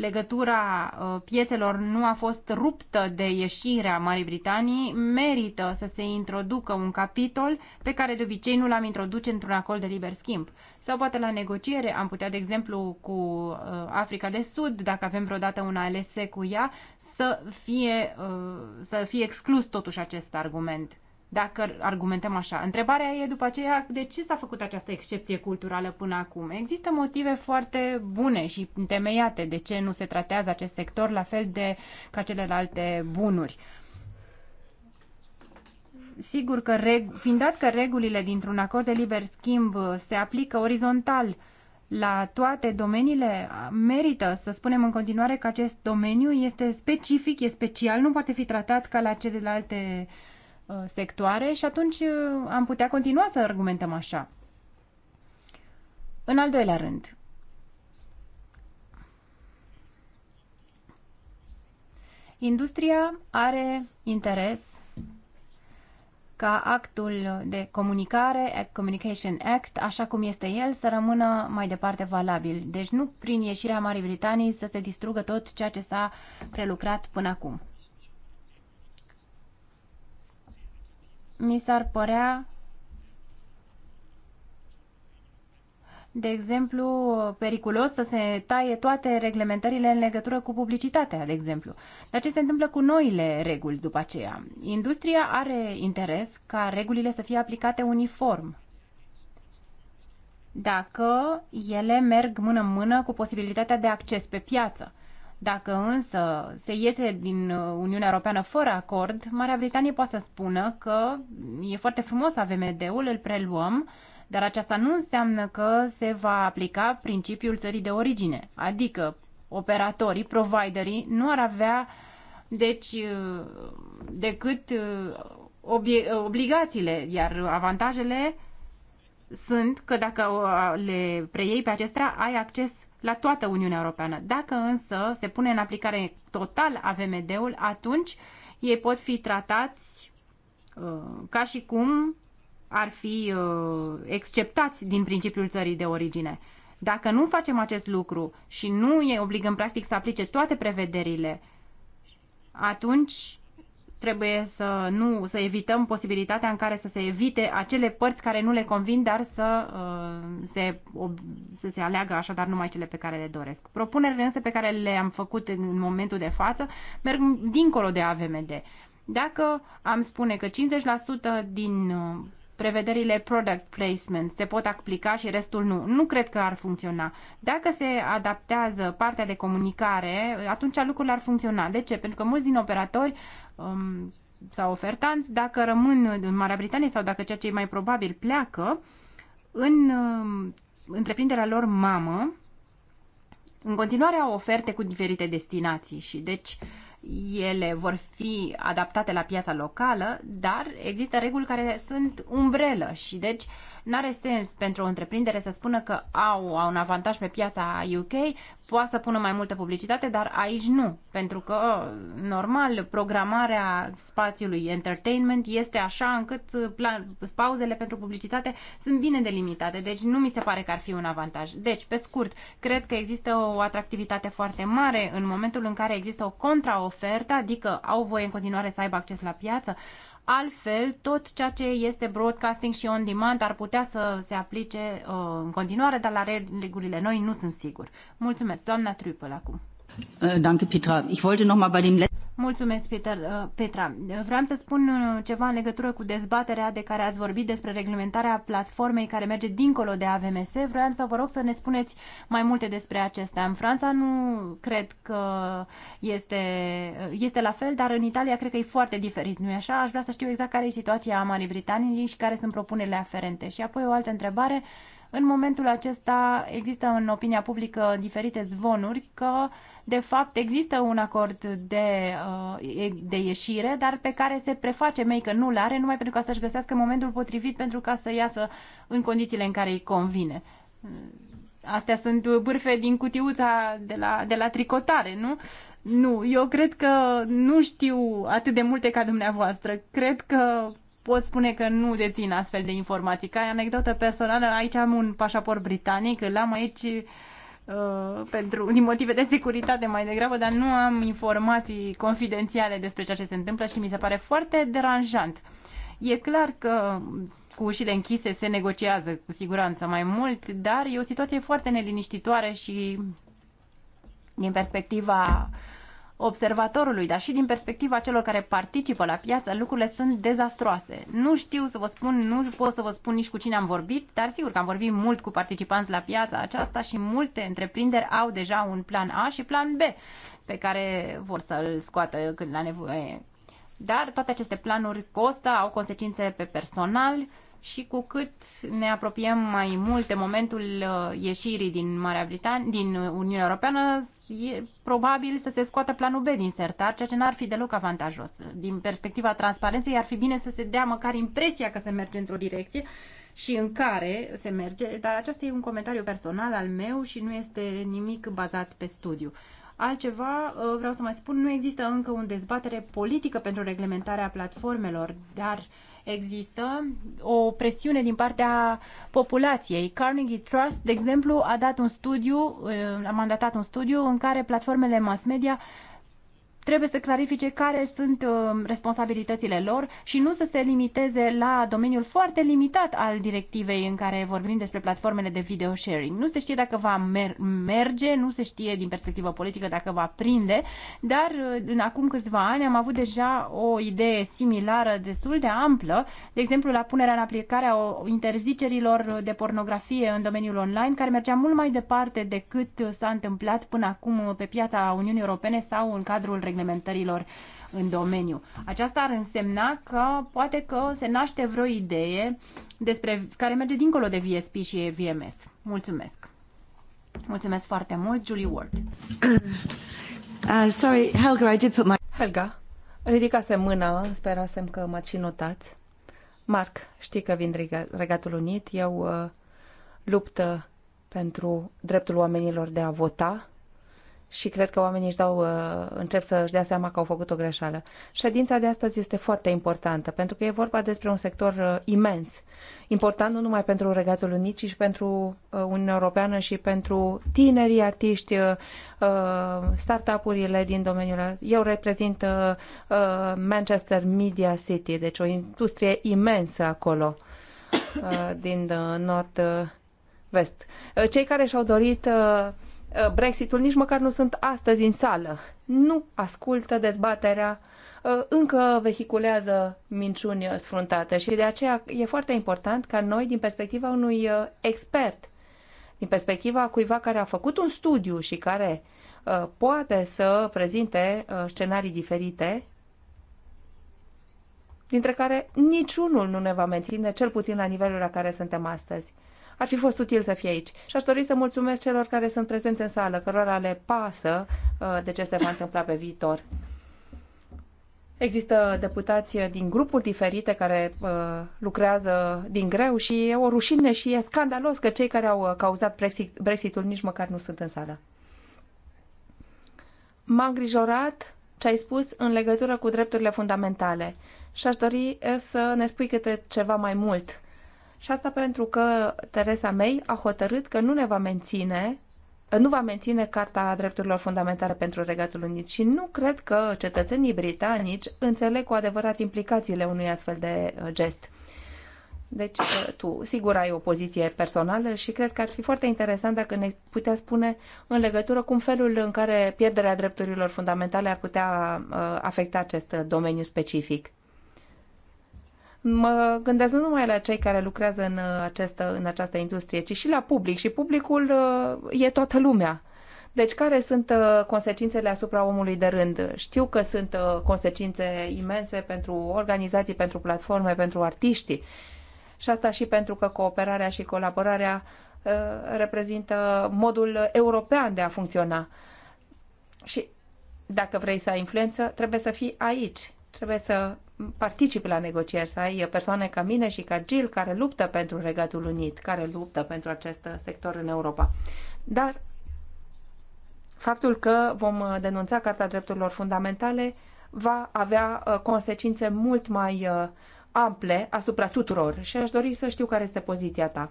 [SPEAKER 1] legătura uh, piețelor nu a fost ruptă de ieșirea Marii Britanii, merită să se introducă un capitol pe care de obicei nu l-am introduce într-un acord de liber schimb. Sau poate la negociere am putea, de exemplu, cu uh, Africa de Sud, dacă avem vreodată un ALS cu ea, să fie, uh, să fie exclus totuși acest argument dacă argumentăm așa. Întrebarea e după aceea de ce s-a făcut această excepție culturală până acum. Există motive foarte bune și întemeiate de ce nu se tratează acest sector la fel de ca celelalte bunuri. Sigur că, reg- fiind dat că regulile dintr-un acord de liber schimb uh, se aplică orizontal la toate domeniile, merită să spunem în continuare că acest domeniu este specific, e special, nu poate fi tratat ca la celelalte uh, Uh, sectoare și atunci uh, am putea continua să argumentăm așa. În al doilea rând, industria are interes ca actul de comunicare, Communication Act, așa cum este el, să rămână mai departe valabil. Deci nu prin ieșirea Marii Britanii să se distrugă tot ceea ce s-a prelucrat până acum. mi s-ar părea, de exemplu, periculos să se taie toate reglementările în legătură cu publicitatea, de exemplu. Dar ce se întâmplă cu noile reguli după aceea? Industria are interes ca regulile să fie aplicate uniform. Dacă ele merg mână-mână cu posibilitatea de acces pe piață. Dacă însă se iese din uh, Uniunea Europeană fără acord, Marea Britanie poate să spună că e foarte frumos ed ul îl preluăm, dar aceasta nu înseamnă că se va aplica principiul țării de origine, adică operatorii, providerii nu ar avea deci uh, decât uh, obligațiile, iar avantajele sunt că dacă le preiei pe acestea, ai acces la toată Uniunea Europeană. Dacă însă se pune în aplicare total AVMD-ul, atunci ei pot fi tratați uh, ca și cum ar fi uh, exceptați din principiul țării de origine. Dacă nu facem acest lucru și nu îi obligăm practic să aplice toate prevederile, atunci trebuie să nu să evităm posibilitatea în care să se evite acele părți care nu le convin, dar să, uh, se, să se aleagă așadar numai cele pe care le doresc. Propunerile însă pe care le-am făcut în momentul de față merg dincolo de AVMD. Dacă am spune că 50% din uh, prevederile product placement se pot aplica și restul nu. Nu cred că ar funcționa. Dacă se adaptează partea de comunicare, atunci lucrurile ar funcționa. De ce? Pentru că mulți din operatori um, sau ofertanți, dacă rămân în Marea Britanie sau dacă ceea ce e mai probabil pleacă, în um, întreprinderea lor mamă, în continuare au oferte cu diferite destinații și deci uh, ele vor fi adaptate la piața locală, dar există reguli care sunt umbrelă și deci n are sens pentru o întreprindere să spună că au, au un avantaj pe piața UK, poate să pună mai multă publicitate, dar aici nu, pentru că, normal, programarea spațiului entertainment este așa încât plan, pauzele pentru publicitate sunt bine delimitate, deci nu mi se pare că ar fi un avantaj. Deci, pe scurt, cred că există o atractivitate foarte mare în momentul în care există o contraofertă oferta, adică au voie în continuare să aibă acces la piață, Altfel, tot ceea ce este broadcasting și on demand ar putea să se aplice uh, în continuare, dar la regulile noi nu sunt sigur. Mulțumesc, doamna Trupel, acum. Äh, danke, Petra. Ich wollte noch mal bei dem Mulțumesc, Peter, uh, Petra. Vreau să spun uh, ceva în legătură cu dezbaterea de care ați vorbit despre reglementarea platformei care merge dincolo de AVMS. Vreau să vă rog să ne spuneți mai multe despre acestea. În Franța nu cred că este, uh, este la fel, dar în Italia cred că e foarte diferit, nu-i așa? Aș vrea să știu exact care e situația a Marii Britanii și care sunt propunerile aferente. Și apoi o altă întrebare în momentul acesta există în opinia publică diferite zvonuri că, de fapt, există un acord de, uh, de ieșire, dar pe care se preface mei că nu-l are, numai pentru ca să-și găsească momentul potrivit pentru ca să iasă în condițiile în care îi convine. Astea sunt bârfe din cutiuța de la, de la tricotare, nu? Nu, eu cred că nu știu atât de multe ca dumneavoastră. Cred că pot spune că nu dețin astfel de informații. Ca anecdotă personală, aici am un pașaport britanic, îl am aici uh, pentru, din motive de securitate mai degrabă, dar nu am informații confidențiale despre ceea ce se întâmplă și mi se pare foarte deranjant. E clar că cu ușile închise se negociază cu siguranță mai mult, dar e o situație foarte neliniștitoare și din perspectiva uh, observatorului, dar și din perspectiva celor care participă la piață, lucrurile sunt dezastroase. Nu știu să vă spun, nu pot să vă spun nici cu cine am vorbit, dar sigur că am vorbit mult cu participanți la piața aceasta și multe întreprinderi au deja un plan A și plan B pe care vor să-l scoată când la nevoie. Dar toate aceste planuri costă, au consecințe pe personal, și cu cât ne apropiem mai mult de momentul uh, ieșirii din Marea Britan- din Uniunea Europeană, e probabil să se scoată planul B din sertar, ceea ce n-ar fi deloc avantajos. Din perspectiva transparenței, ar fi bine să se dea măcar impresia că se merge într-o direcție și în care se merge, dar acesta e un comentariu personal al meu și nu este nimic bazat pe studiu. Altceva, uh, vreau să mai spun, nu există încă o dezbatere politică pentru reglementarea platformelor, dar există o presiune din partea populației. Carnegie Trust, de exemplu, a dat un studiu, uh, a mandatat un studiu în care platformele mass media trebuie să clarifice care sunt um, responsabilitățile lor și nu să se limiteze la domeniul foarte limitat al directivei în care vorbim despre platformele de video sharing. Nu se știe dacă va mer- merge, nu se știe din perspectivă politică dacă va prinde, dar uh, în acum câțiva ani am avut deja o idee similară destul de amplă, de exemplu la punerea în aplicare a interzicerilor de pornografie în domeniul online, care mergea mult mai departe decât s-a întâmplat până acum pe piața Uniunii Europene sau în cadrul reglementărilor în domeniu. Aceasta ar însemna că poate că se naște vreo idee despre care merge dincolo de VSP și VMS. Mulțumesc! Mulțumesc foarte mult, Julie Ward.
[SPEAKER 2] Uh, sorry, Helga, I did put my... Helga, ridicase mâna, sperasem că m-ați și notat. Marc, știi că vin Regatul Unit, eu uh, luptă pentru dreptul oamenilor de a vota și cred că oamenii își dau, uh, încep să își dea seama că au făcut o greșeală. Ședința de astăzi este foarte importantă, pentru că e vorba despre un sector uh, imens. Important nu numai pentru Regatul Unit, ci și pentru uh, Uniunea Europeană și pentru tinerii artiști, startup-urile din domeniul. Eu reprezint Manchester Media City, deci o industrie imensă acolo, din nord-vest. Cei care și-au dorit Uh, Brexitul nici măcar nu sunt astăzi în sală. Nu ascultă dezbaterea, uh, încă vehiculează minciuni uh, sfruntate și de aceea e foarte important ca noi, din perspectiva unui expert, din perspectiva cuiva care a făcut un studiu și care poate să prezinte scenarii diferite, dintre care niciunul nu ne va menține, cel puțin la nivelul la care suntem astăzi ar fi fost util să fie aici. Și aș dori să mulțumesc celor care sunt prezenți în sală, cărora le pasă uh, de ce se va întâmpla pe viitor. Există deputați din grupuri diferite care uh, lucrează din greu și e o rușine și e scandalos că cei care au uh, cauzat Brexit, Brexitul nici măcar nu sunt în sală. M-a îngrijorat ce ai spus în legătură cu drepturile fundamentale și aș dori uh, să ne spui câte ceva mai mult și asta pentru că Teresa May a hotărât că nu ne va menține nu va menține Carta Drepturilor Fundamentale pentru Regatul Unit și nu cred că cetățenii britanici înțeleg cu adevărat implicațiile unui astfel de uh, gest. Deci, uh, tu, sigur, ai o poziție personală și cred că ar fi foarte interesant dacă ne putea spune în legătură cu felul în care pierderea drepturilor fundamentale ar putea uh, afecta acest domeniu specific mă gândesc nu numai la cei care lucrează în, uh, această, uh, în această industrie, ci și la public. Și publicul uh, e toată lumea. Deci care sunt consecințele asupra omului de rând? Știu că sunt consecințe imense pentru organizații, pentru platforme, pentru artiști. Și asta și pentru că cooperarea și colaborarea reprezintă modul european de a funcționa. Și dacă vrei să ai influență, trebuie să fii aici. Trebuie să participe la negocieri, să ai persoane ca mine și ca Gil care luptă pentru Regatul Unit, care luptă pentru acest sector în Europa. Dar faptul că vom denunța Carta Drepturilor Fundamentale va avea uh, consecințe mult mai uh, ample asupra tuturor și aș dori să știu care este poziția ta.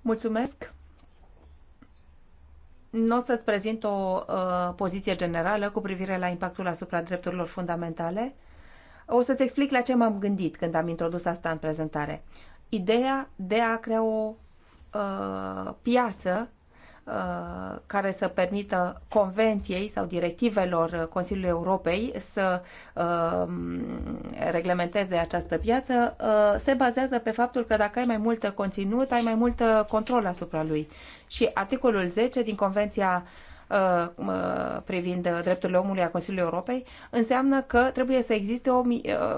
[SPEAKER 2] Mulțumesc! Nu o să-ți prezint o uh, poziție generală cu privire la impactul asupra drepturilor fundamentale, o să-ți explic la ce m-am gândit când am introdus asta în prezentare. Ideea de a crea o uh, piață uh, care să permită convenției sau directivelor Consiliului Europei să uh, reglementeze această piață uh, se bazează pe faptul că dacă ai mai mult conținut, ai mai mult control asupra lui. Și articolul 10 din Convenția uh, Uh, privind uh, drepturile omului a Consiliului Europei, înseamnă că trebuie să existe o, uh,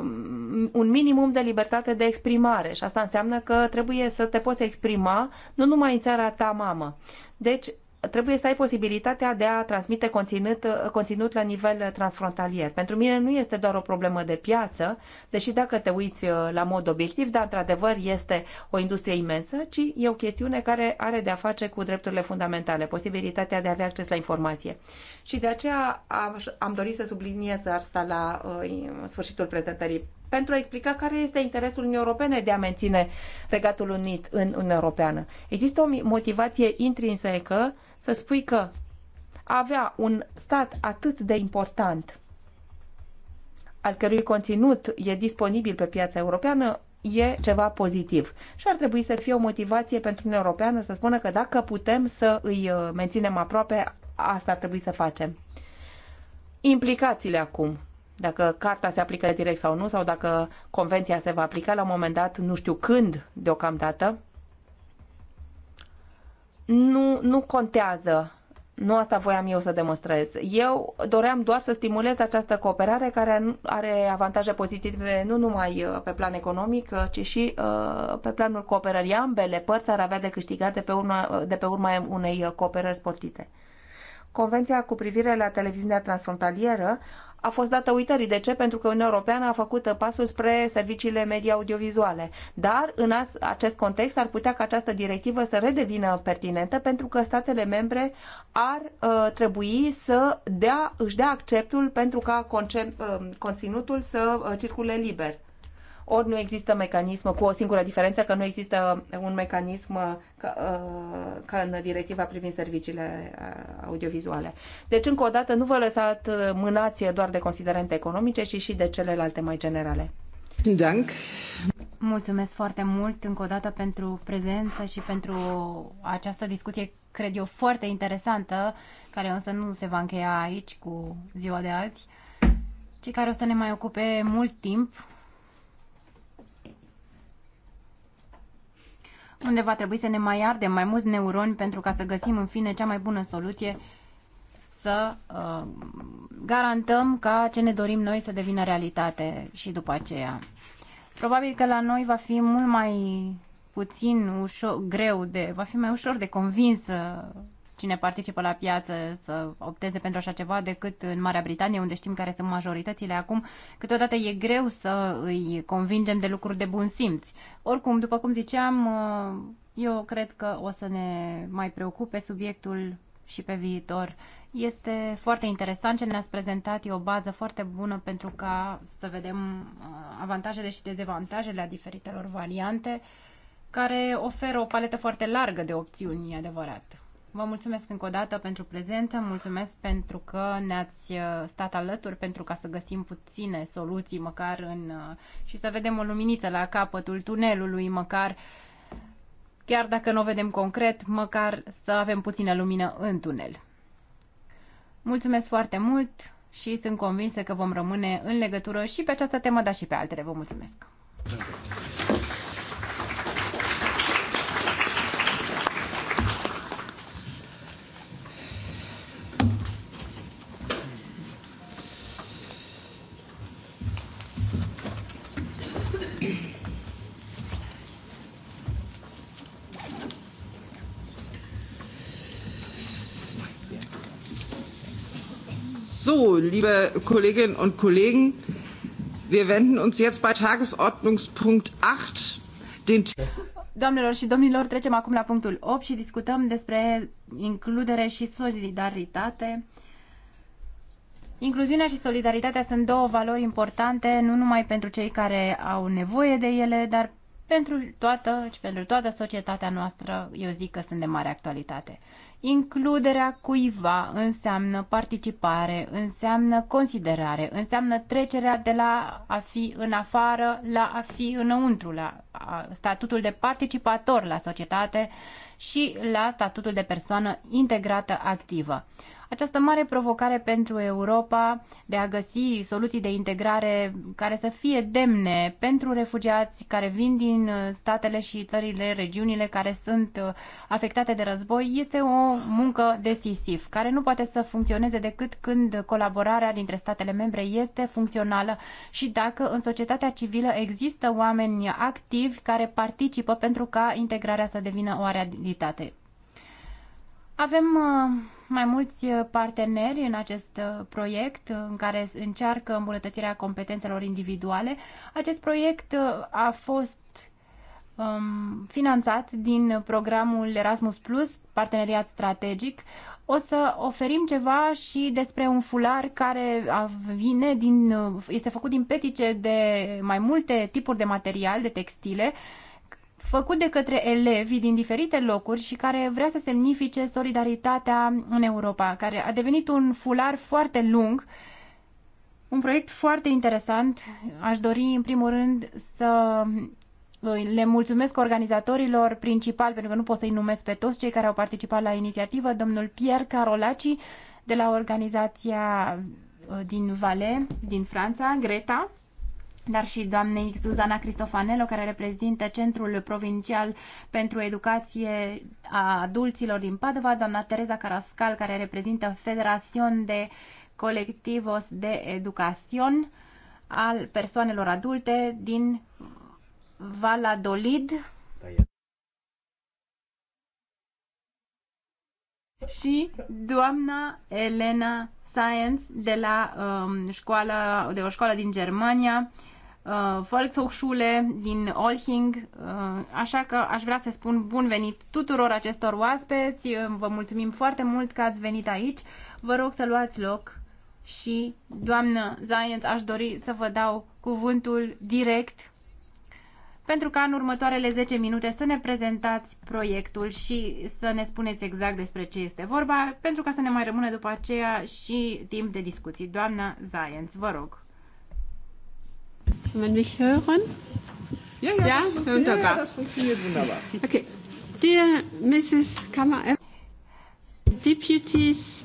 [SPEAKER 2] un minimum de libertate de exprimare și asta înseamnă că trebuie să te poți exprima nu numai în țara ta mamă. Deci trebuie să ai posibilitatea de a transmite conținut, conținut la nivel transfrontalier. Pentru mine nu este doar o problemă de piață, deși dacă te uiți uh, la mod obiectiv, dar într-adevăr este o industrie imensă, ci e o chestiune care are de a face cu drepturile fundamentale, posibilitatea de a avea acces la informație. Și de aceea am, am dorit să subliniez asta la uh, sfârșitul prezentării pentru a explica care este interesul Uniunii Europene de a menține Regatul Unit în Uniunea Europeană. Există o motivație intrinsecă să spui că avea un stat atât de important al cărui conținut e disponibil pe piața europeană, e ceva pozitiv. Și ar trebui să fie o motivație pentru Uniunea Europeană să spună că dacă putem să îi uh, menținem aproape, asta ar trebui să facem. Implicațiile acum dacă carta se aplică direct sau nu, sau dacă convenția se va aplica la un moment dat, nu știu când deocamdată, nu, nu contează. Nu asta voiam eu să demonstrez. Eu doream doar să stimulez această cooperare care are avantaje pozitive nu numai uh, pe plan economic, uh, ci și uh, pe planul cooperării. Ambele părți ar avea de câștigat de pe urma, de pe urma unei cooperări sportite. Convenția cu privire la televiziunea transfrontalieră a fost dată uitării. De ce? Pentru că Uniunea Europeană a făcut pasul spre serviciile media audiovizuale. Dar, în acest context, ar putea ca această directivă să redevină pertinentă pentru că statele membre ar uh, trebui să dea, își dea acceptul pentru ca uh, conținutul să uh, circule liber ori nu există mecanism, cu o singură diferență, că nu există un mecanism uh, ca, uh, ca în directiva privind serviciile uh, audiovizuale. Deci, încă o dată, nu vă lăsați mânați doar de considerente economice, ci și de celelalte mai generale. Dank.
[SPEAKER 1] Mulțumesc foarte mult încă o dată pentru prezență și pentru această discuție, cred eu, foarte interesantă, care însă nu se va încheia aici cu ziua de azi, ci care o să ne mai ocupe mult timp unde va trebui să ne mai ardem mai mulți neuroni pentru ca să găsim în fine cea mai bună soluție să uh, garantăm ca ce ne dorim noi să devină realitate și după aceea. Probabil că la noi va fi mult mai puțin ușor, greu de, va fi mai ușor de convins uh, cine participă la piață să opteze pentru așa ceva decât în Marea Britanie, unde știm care sunt majoritățile acum. Câteodată e greu să îi convingem de lucruri de bun simț. Oricum, după cum ziceam, uh, eu cred că o să ne mai preocupe subiectul și pe viitor. Este foarte interesant ce ne-ați prezentat, e o bază foarte bună pentru ca să vedem uh, avantajele și dezavantajele a diferitelor variante, care oferă o paletă foarte largă de opțiuni, e adevărat. Vă mulțumesc încă o dată pentru prezență, mulțumesc pentru că ne-ați uh, stat alături pentru ca să găsim puține soluții măcar în, uh, și să vedem o luminiță la capătul tunelului măcar, chiar dacă nu o vedem concret, măcar să avem puțină lumină în tunel. Mulțumesc foarte mult și sunt convinsă că vom rămâne în legătură și pe această temă, dar și pe altele. Vă mulțumesc!
[SPEAKER 2] So, liebe
[SPEAKER 1] Kolleginnen und Kollegen, wir wenden uns jetzt bei Tagesordnungspunkt 8 den Doamnelor și domnilor, trecem acum la punctul 8 și discutăm despre includere și solidaritate. Incluziunea și solidaritatea sunt două valori importante, nu numai pentru cei care au nevoie de ele, dar pentru toată, pentru toată societatea noastră, eu zic că sunt de mare actualitate. Includerea cuiva înseamnă participare, înseamnă considerare, înseamnă trecerea de la a fi în afară la a fi înăuntru, la statutul de participator la societate și la statutul de persoană integrată activă această mare provocare pentru Europa de a găsi soluții de integrare care să fie demne pentru refugiați care vin din uh, statele și țările, regiunile care sunt uh, afectate de război, este o muncă decisiv, care nu poate să funcționeze decât când colaborarea dintre statele membre este funcțională și dacă în societatea civilă există oameni activi care participă pentru ca integrarea să devină o realitate. Avem uh, mai mulți uh, parteneri în acest uh, proiect uh, în care încearcă îmbunătățirea competențelor individuale. Acest proiect a fost um, finanțat din programul Erasmus Plus, parteneriat strategic. O să oferim ceva și despre un fular care vine din, este făcut din petice de mai multe tipuri de material, de textile, făcut de către elevii din diferite locuri și care vrea să semnifice solidaritatea în Europa, care a devenit un fular foarte lung, un proiect foarte interesant. Aș dori, în primul rând, să le mulțumesc organizatorilor principali, pentru că nu pot să-i numesc pe toți cei care au participat la inițiativă, domnul Pierre Carolaci de la organizația uh, din Valais, din Franța, Greta, dar și doamnei Zuzana Cristofanelo, care reprezintă Centrul Provincial pentru Educație a Adulților din Padova, doamna Tereza Carascal, care reprezintă Federațion de Colectivos de Educațion al persoanelor adulte din Valladolid, și doamna Elena Science de la um, școala, de o școală din Germania uh, Volkshochschule din Olching, uh, așa că aș vrea să spun bun venit tuturor acestor oaspeți, uh, vă mulțumim foarte mult că ați venit aici, vă rog să luați loc și, doamnă Zayens, aș dori să vă dau cuvântul direct pentru ca în următoarele 10 minute să ne prezentați proiectul și să ne spuneți exact despre ce este vorba, pentru ca să ne mai rămână după aceea și timp de discuții. Doamna Zayens, vă rog. Kann man mich hören? Ja, ja, ja, das, funktioniert, wunderbar. ja das funktioniert wunderbar. Okay. Dear Mrs. Kammer, deputies,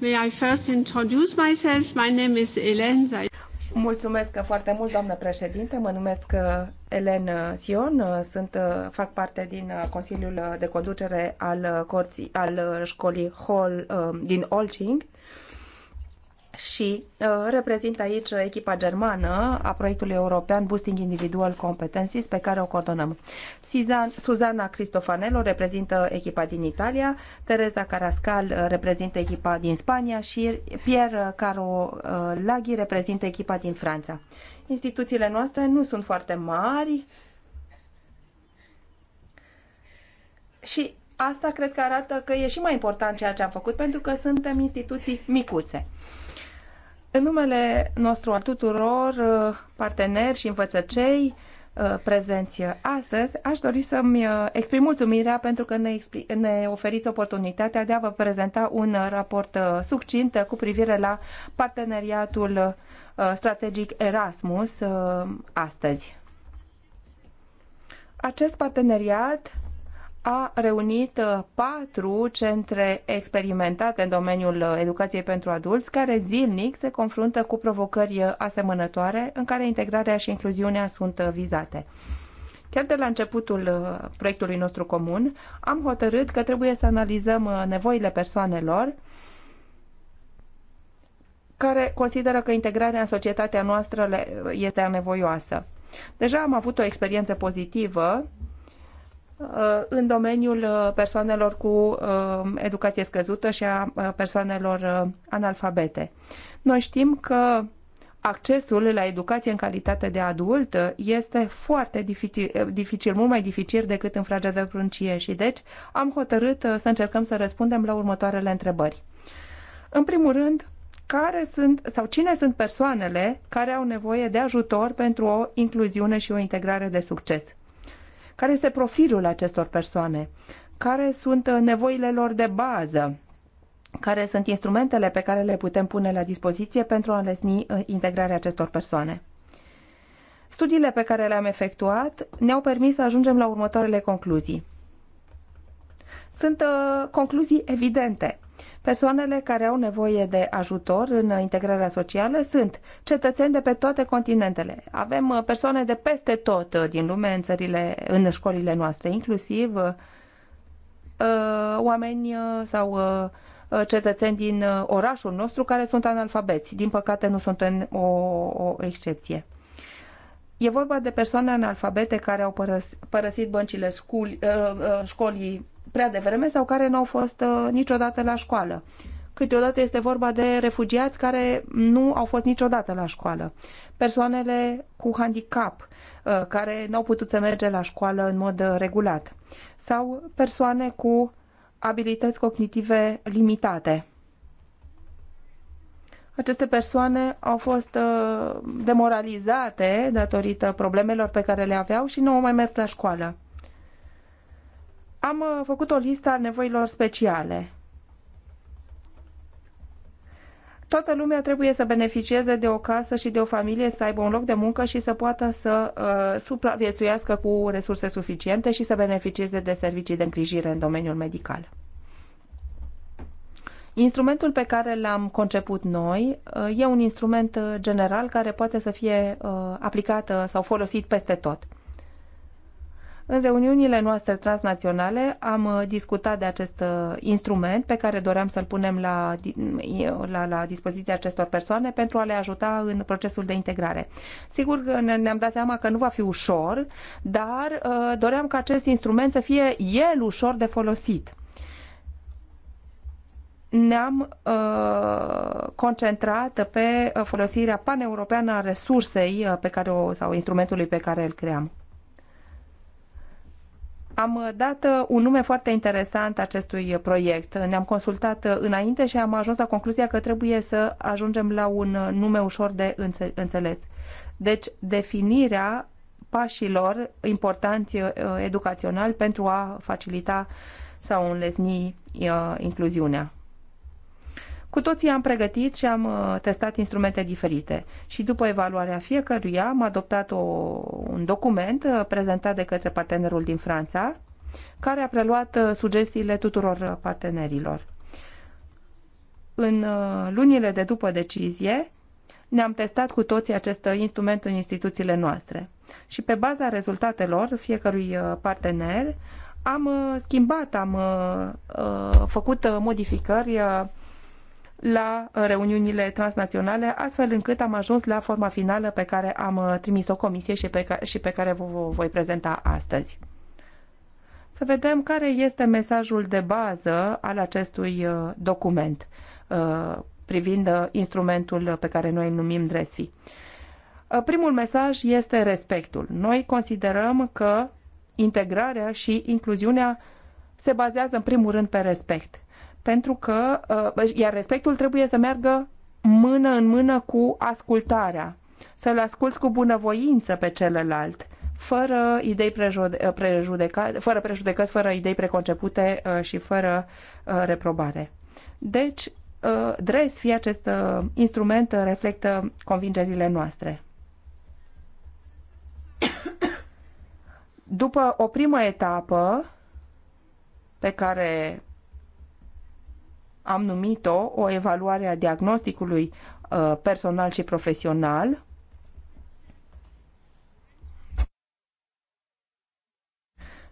[SPEAKER 1] may I first introduce myself? My name is
[SPEAKER 2] Elen Zay. Mulțumesc foarte mult, doamnă președinte. Mă numesc uh, Elen Sion, uh, sunt, uh, fac parte din Consiliul de Conducere al, corții, al școlii Hall din Olching și uh, reprezint aici echipa germană a proiectului european Boosting Individual Competencies pe care o coordonăm. Suzana Cristofanello reprezintă echipa din Italia, Teresa Carascal reprezintă echipa din Spania și Pierre Caro uh, Laghi reprezintă echipa din Franța. Instituțiile noastre nu sunt foarte mari și asta cred că arată că e și mai important ceea ce am făcut pentru că suntem instituții micuțe. În numele nostru al tuturor uh, parteneri și învățăcei uh, prezenți astăzi, aș dori să-mi uh, exprim mulțumirea pentru că ne, expli- ne oferiți oportunitatea de a vă prezenta un raport succint cu privire la parteneriatul strategic Erasmus astăzi. Acest parteneriat a reunit uh, patru centre experimentate în domeniul uh, educației pentru adulți, care zilnic se confruntă cu provocări uh, asemănătoare în care integrarea și incluziunea sunt vizate. Chiar de la începutul proiectului nostru comun, am hotărât că trebuie să analizăm nevoile persoanelor care consideră că integrarea în societatea noastră este anevoioasă. Deja am avut o experiență pozitivă Uh, în domeniul uh, persoanelor cu uh, educație scăzută și a persoanelor analfabete. Noi știm că accesul la educație în calitate de adult este foarte dificil, dificil, mult mai dificil decât în fragea de pruncie și deci am hotărât să încercăm să răspundem la următoarele întrebări. În primul rând, care sunt sau cine sunt persoanele care au nevoie de ajutor pentru o incluziune și o integrare de succes? care este profilul acestor persoane, care sunt uh, nevoile lor de bază, care sunt instrumentele pe care le putem pune la dispoziție pentru a lesni uh, integrarea acestor persoane. Studiile pe care le-am efectuat ne-au permis să ajungem la următoarele concluzii. Sunt uh, concluzii evidente. Persoanele care au nevoie de ajutor în integrarea socială sunt cetățeni de pe toate continentele. Avem uh, persoane de peste tot uh, din lume în țările, în școlile noastre, inclusiv uh, oameni sau cetățeni din orașul nostru care sunt analfabeți. Din păcate nu sunt o, o excepție. E vorba de persoane analfabete care au părăs, părăsit băncile școli, școlii prea devreme sau care nu au fost uh, niciodată la școală. Câteodată este vorba de refugiați care nu au fost niciodată la școală. Persoanele cu handicap uh, care nu au putut să merge la școală în mod uh, regulat. Sau persoane cu abilități cognitive limitate. Aceste persoane au fost demoralizate datorită problemelor pe care le aveau și nu au mai mers la școală. Am uh, făcut o listă a nevoilor speciale. Toată lumea trebuie să beneficieze de o casă și de o familie, să aibă un loc de muncă și să poată să uh, supraviețuiască cu resurse suficiente și să beneficieze de servicii de îngrijire în domeniul medical. Instrumentul pe care l-am conceput noi uh, e un instrument uh, general care poate să fie aplicat sau folosit peste tot. În reuniunile noastre transnaționale am uh, discutat de acest uh, instrument pe care doream să-l punem la, mm, la, la dispoziția acestor persoane pentru a le ajuta în procesul de integrare. Sigur că ne-am dat seama că nu va fi ușor, dar uh, doream ca acest instrument să fie el ușor de folosit ne-am uh, concentrat pe folosirea paneuropeană a resursei pe care o, sau instrumentului pe care îl cream. Am uh, dat uh, un nume foarte interesant acestui uh, proiect. Ne-am consultat înainte și am ajuns la concluzia că trebuie să ajungem la un nume ușor de înțeles. Deci, definirea pașilor importanți educațional pentru a facilita sau înlesni incluziunea. Cu toții am pregătit și am uh, testat instrumente diferite și după evaluarea fiecăruia am adoptat o, un document uh, prezentat de către partenerul din Franța, care a preluat uh, sugestiile tuturor partenerilor. În lunile de după decizie, ne-am testat cu toții acest instrument în instituțiile noastre și pe baza rezultatelor fiecărui partener am schimbat, am făcut modificări la reuniunile transnaționale, astfel încât am ajuns la forma finală pe care am uh, trimis-o comisie și pe, ca- și pe care vă voi prezenta astăzi. Să vedem care este mesajul de bază al acestui uh, document uh, privind instrumentul pe care noi îl numim DRESFI. Primul mesaj este respectul. Noi considerăm că integrarea și incluziunea se bazează în primul rând pe respect pentru că, uh, iar respectul trebuie să meargă mână în mână cu ascultarea, să-l asculți cu bunăvoință pe celălalt, fără idei uh, prejudecate, fără prejudecăți, fără idei preconcepute uh, și fără reprobare. Deci, dres, fie acest instrument, reflectă convingerile noastre. După o primă etapă pe care am numit-o o evaluare a diagnosticului uh, personal și profesional.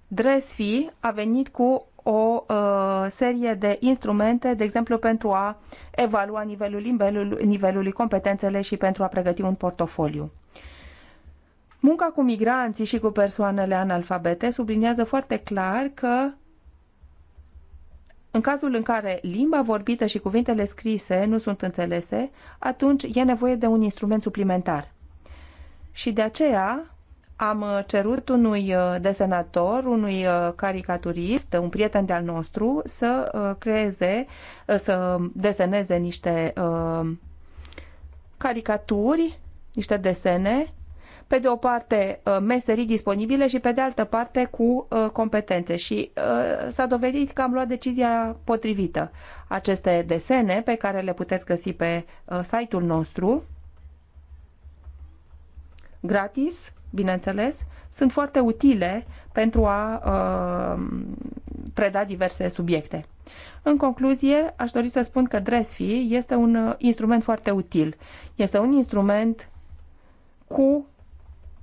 [SPEAKER 2] Dresfi a venit cu o uh, serie de instrumente, de exemplu, pentru a evalua nivelul nivelului, nivelului competențele și pentru a pregăti un portofoliu. Munca cu migranții și cu persoanele analfabete subliniază foarte clar că în cazul în care limba vorbită și cuvintele scrise nu sunt înțelese, atunci e nevoie de un instrument suplimentar. Și de aceea am uh, cerut unui uh, desenator, unui uh, caricaturist, un prieten de-al nostru, să creeze, să deseneze niște caricaturi, niște desene pe de o parte uh, meserii disponibile și pe de altă parte cu uh, competențe și uh, s-a dovedit că am luat decizia potrivită. Aceste desene pe care le puteți găsi pe site-ul nostru gratis, bineînțeles, sunt foarte utile pentru a uh, preda diverse subiecte. În concluzie, aș dori să spun că DRESFI este un instrument foarte util. Este un instrument cu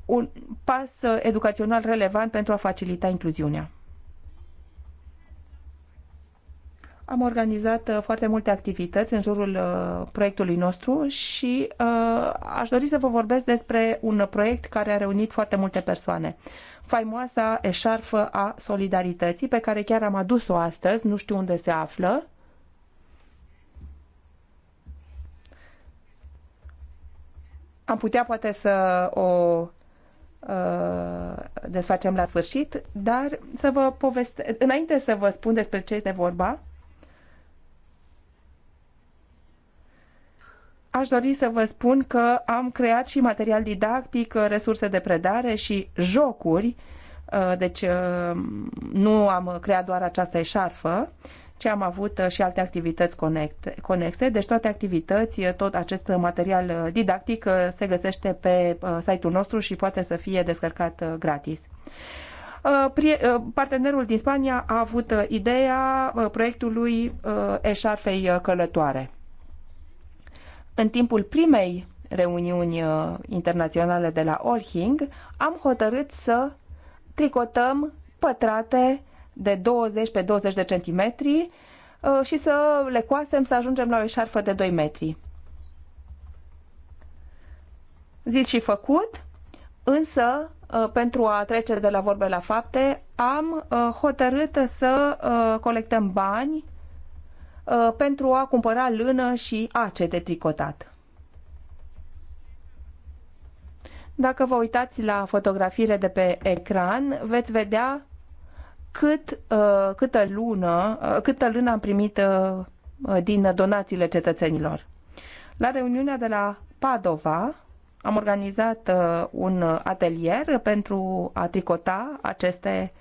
[SPEAKER 2] un pas uh, educațional relevant pentru a facilita incluziunea. Am organizat uh, foarte multe activități în jurul uh, proiectului nostru și aș dori să vă vorbesc despre un proiect care a reunit foarte multe persoane. Faimoasa eșarfă a solidarității, pe care chiar am adus-o astăzi, nu știu unde se află. Am putea poate să o Uh, desfacem la sfârșit, dar să vă poveste... înainte să vă spun despre ce este vorba, aș dori să vă spun că am creat și material didactic, resurse de predare și jocuri, uh, deci uh, nu am creat doar această eșarfă, ce am avut uh, și alte activități conexe, deci toate activități, uh, tot acest uh, material didactic se găsește pe site-ul nostru și poate să fie descărcat gratis. Partenerul din Spania a avut ideea proiectului eșarfei călătoare. În timpul primei reuniuni internaționale de la Olhing, am hotărât să tricotăm pătrate de 20 pe 20 de centimetri uh, și să le coasem să ajungem la o eșarfă de 2 metri. Zis și făcut, însă uh, pentru a trece de la vorbe la fapte, am uh, hotărât să colectăm bani pentru a cumpăra lână și ace de tricotat. Dacă vă uitați la fotografiile de pe ecran, veți vedea cât, uh, câtă, lună, uh, câtă lună am primit uh, uh, din donațiile cetățenilor. La reuniunea de la Padova am organizat uh, un atelier pentru a tricota aceste,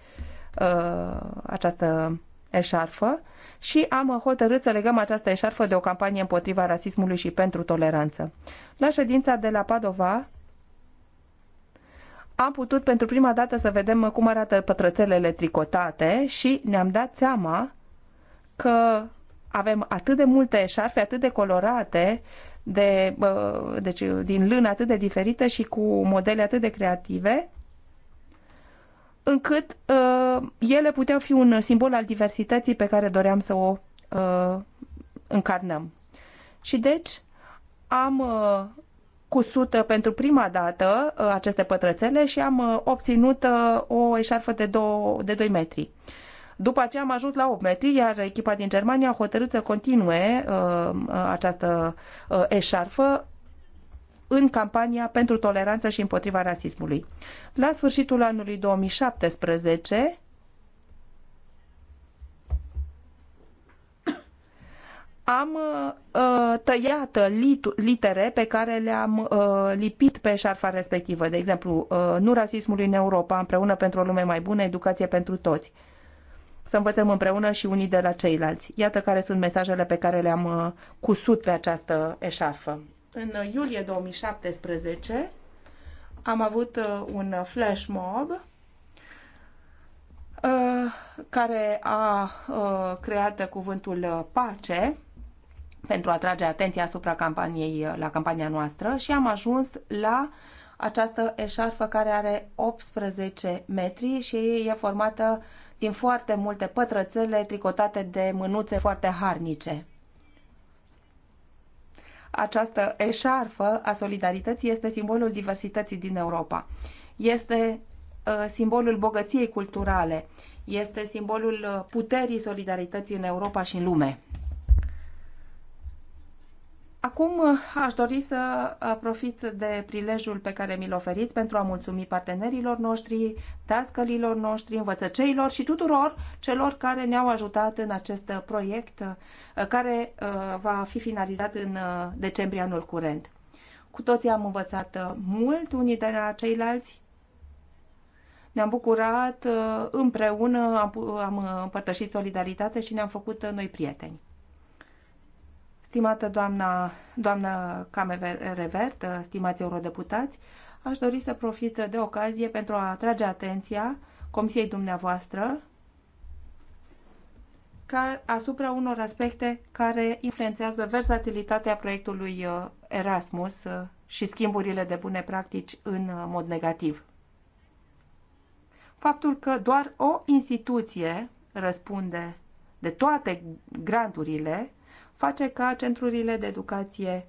[SPEAKER 2] uh, această eșarfă și am hotărât să legăm această eșarfă de o campanie împotriva rasismului și pentru toleranță. La ședința de la Padova am putut pentru prima dată să vedem cum arată pătrățelele tricotate și ne-am dat seama că avem atât de multe șarfe, atât de colorate, de, deci din lână atât de diferită și cu modele atât de creative, încât ă, ele puteau fi un simbol al diversității pe care doream să o uh, încarnăm. Și deci am ă, cusut pentru prima dată uh, aceste pătrățele și am uh, obținut uh, o eșarfă de, 2, de 2 metri. După aceea am ajuns la 8 metri, iar echipa din Germania a hotărât să continue uh, această uh, eșarfă în campania pentru toleranță și împotriva rasismului. La sfârșitul anului 2017, am uh, tăiat lit- litere pe care le-am uh, lipit pe șarfa respectivă. De exemplu, uh, nu rasismului în Europa, împreună pentru o lume mai bună, educație pentru toți. Să învățăm împreună și unii de la ceilalți. Iată care sunt mesajele pe care le-am uh, cusut pe această eșarfă. În iulie 2017 am avut uh, un flash mob uh, care a uh, creat cuvântul uh, pace pentru a atrage atenția asupra campaniei, la campania noastră și am ajuns la această eșarfă care are 18 metri și e formată din foarte multe pătrățele tricotate de mânuțe foarte harnice. Această eșarfă a solidarității este simbolul diversității din Europa. Este uh, simbolul bogăției culturale, este simbolul uh, puterii solidarității în Europa și în lume. Acum uh, aș dori să uh, profit de prilejul pe care mi-l oferiți pentru a mulțumi partenerilor noștri, dascălilor noștri, învățăceilor și tuturor celor care ne-au ajutat în acest uh, proiect care va fi finalizat în decembrie anul curent. Cu toții am învățat mult unii de la ceilalți, ne-am bucurat împreună, am, am împărtășit solidaritate și ne-am făcut noi prieteni. Stimată doamna, doamnă Camerevert, stimați eurodeputați, aș dori să profit de ocazie pentru a atrage atenția Comisiei dumneavoastră ca, asupra unor aspecte care influențează versatilitatea proiectului uh, Erasmus uh, și schimburile de bune practici în uh, mod negativ. Faptul că doar o instituție răspunde de toate granturile face ca centrurile de educație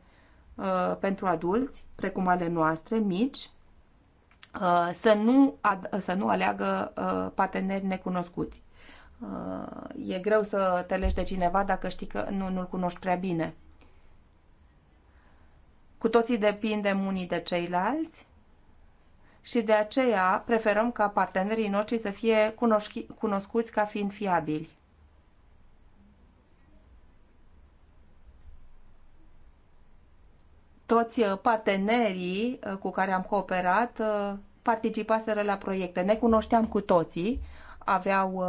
[SPEAKER 2] uh, pentru adulți, precum ale noastre, mici, uh, să nu, ad- să nu aleagă uh, parteneri necunoscuți. Uh, e greu să te legi de cineva dacă știi că nu, nu-l cunoști prea bine. Cu toții depindem unii de ceilalți și de aceea preferăm ca partenerii noștri să fie cunoscuți ca fiind fiabili. toți uh, partenerii uh, cu care am cooperat uh, participaseră la proiecte. Ne cunoșteam cu toții, aveau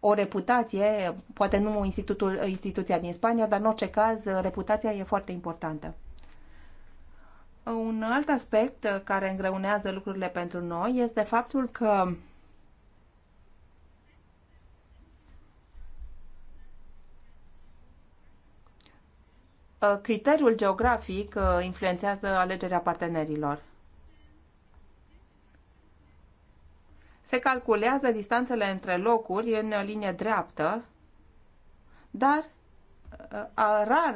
[SPEAKER 2] o reputație, poate nu institutul, instituția din Spania, dar în orice caz reputația e foarte importantă. Un alt aspect care îngreunează lucrurile pentru noi este faptul că Uh, criteriul geografic uh, influențează alegerea partenerilor. Se calculează distanțele între locuri în linie dreaptă, dar uh, rar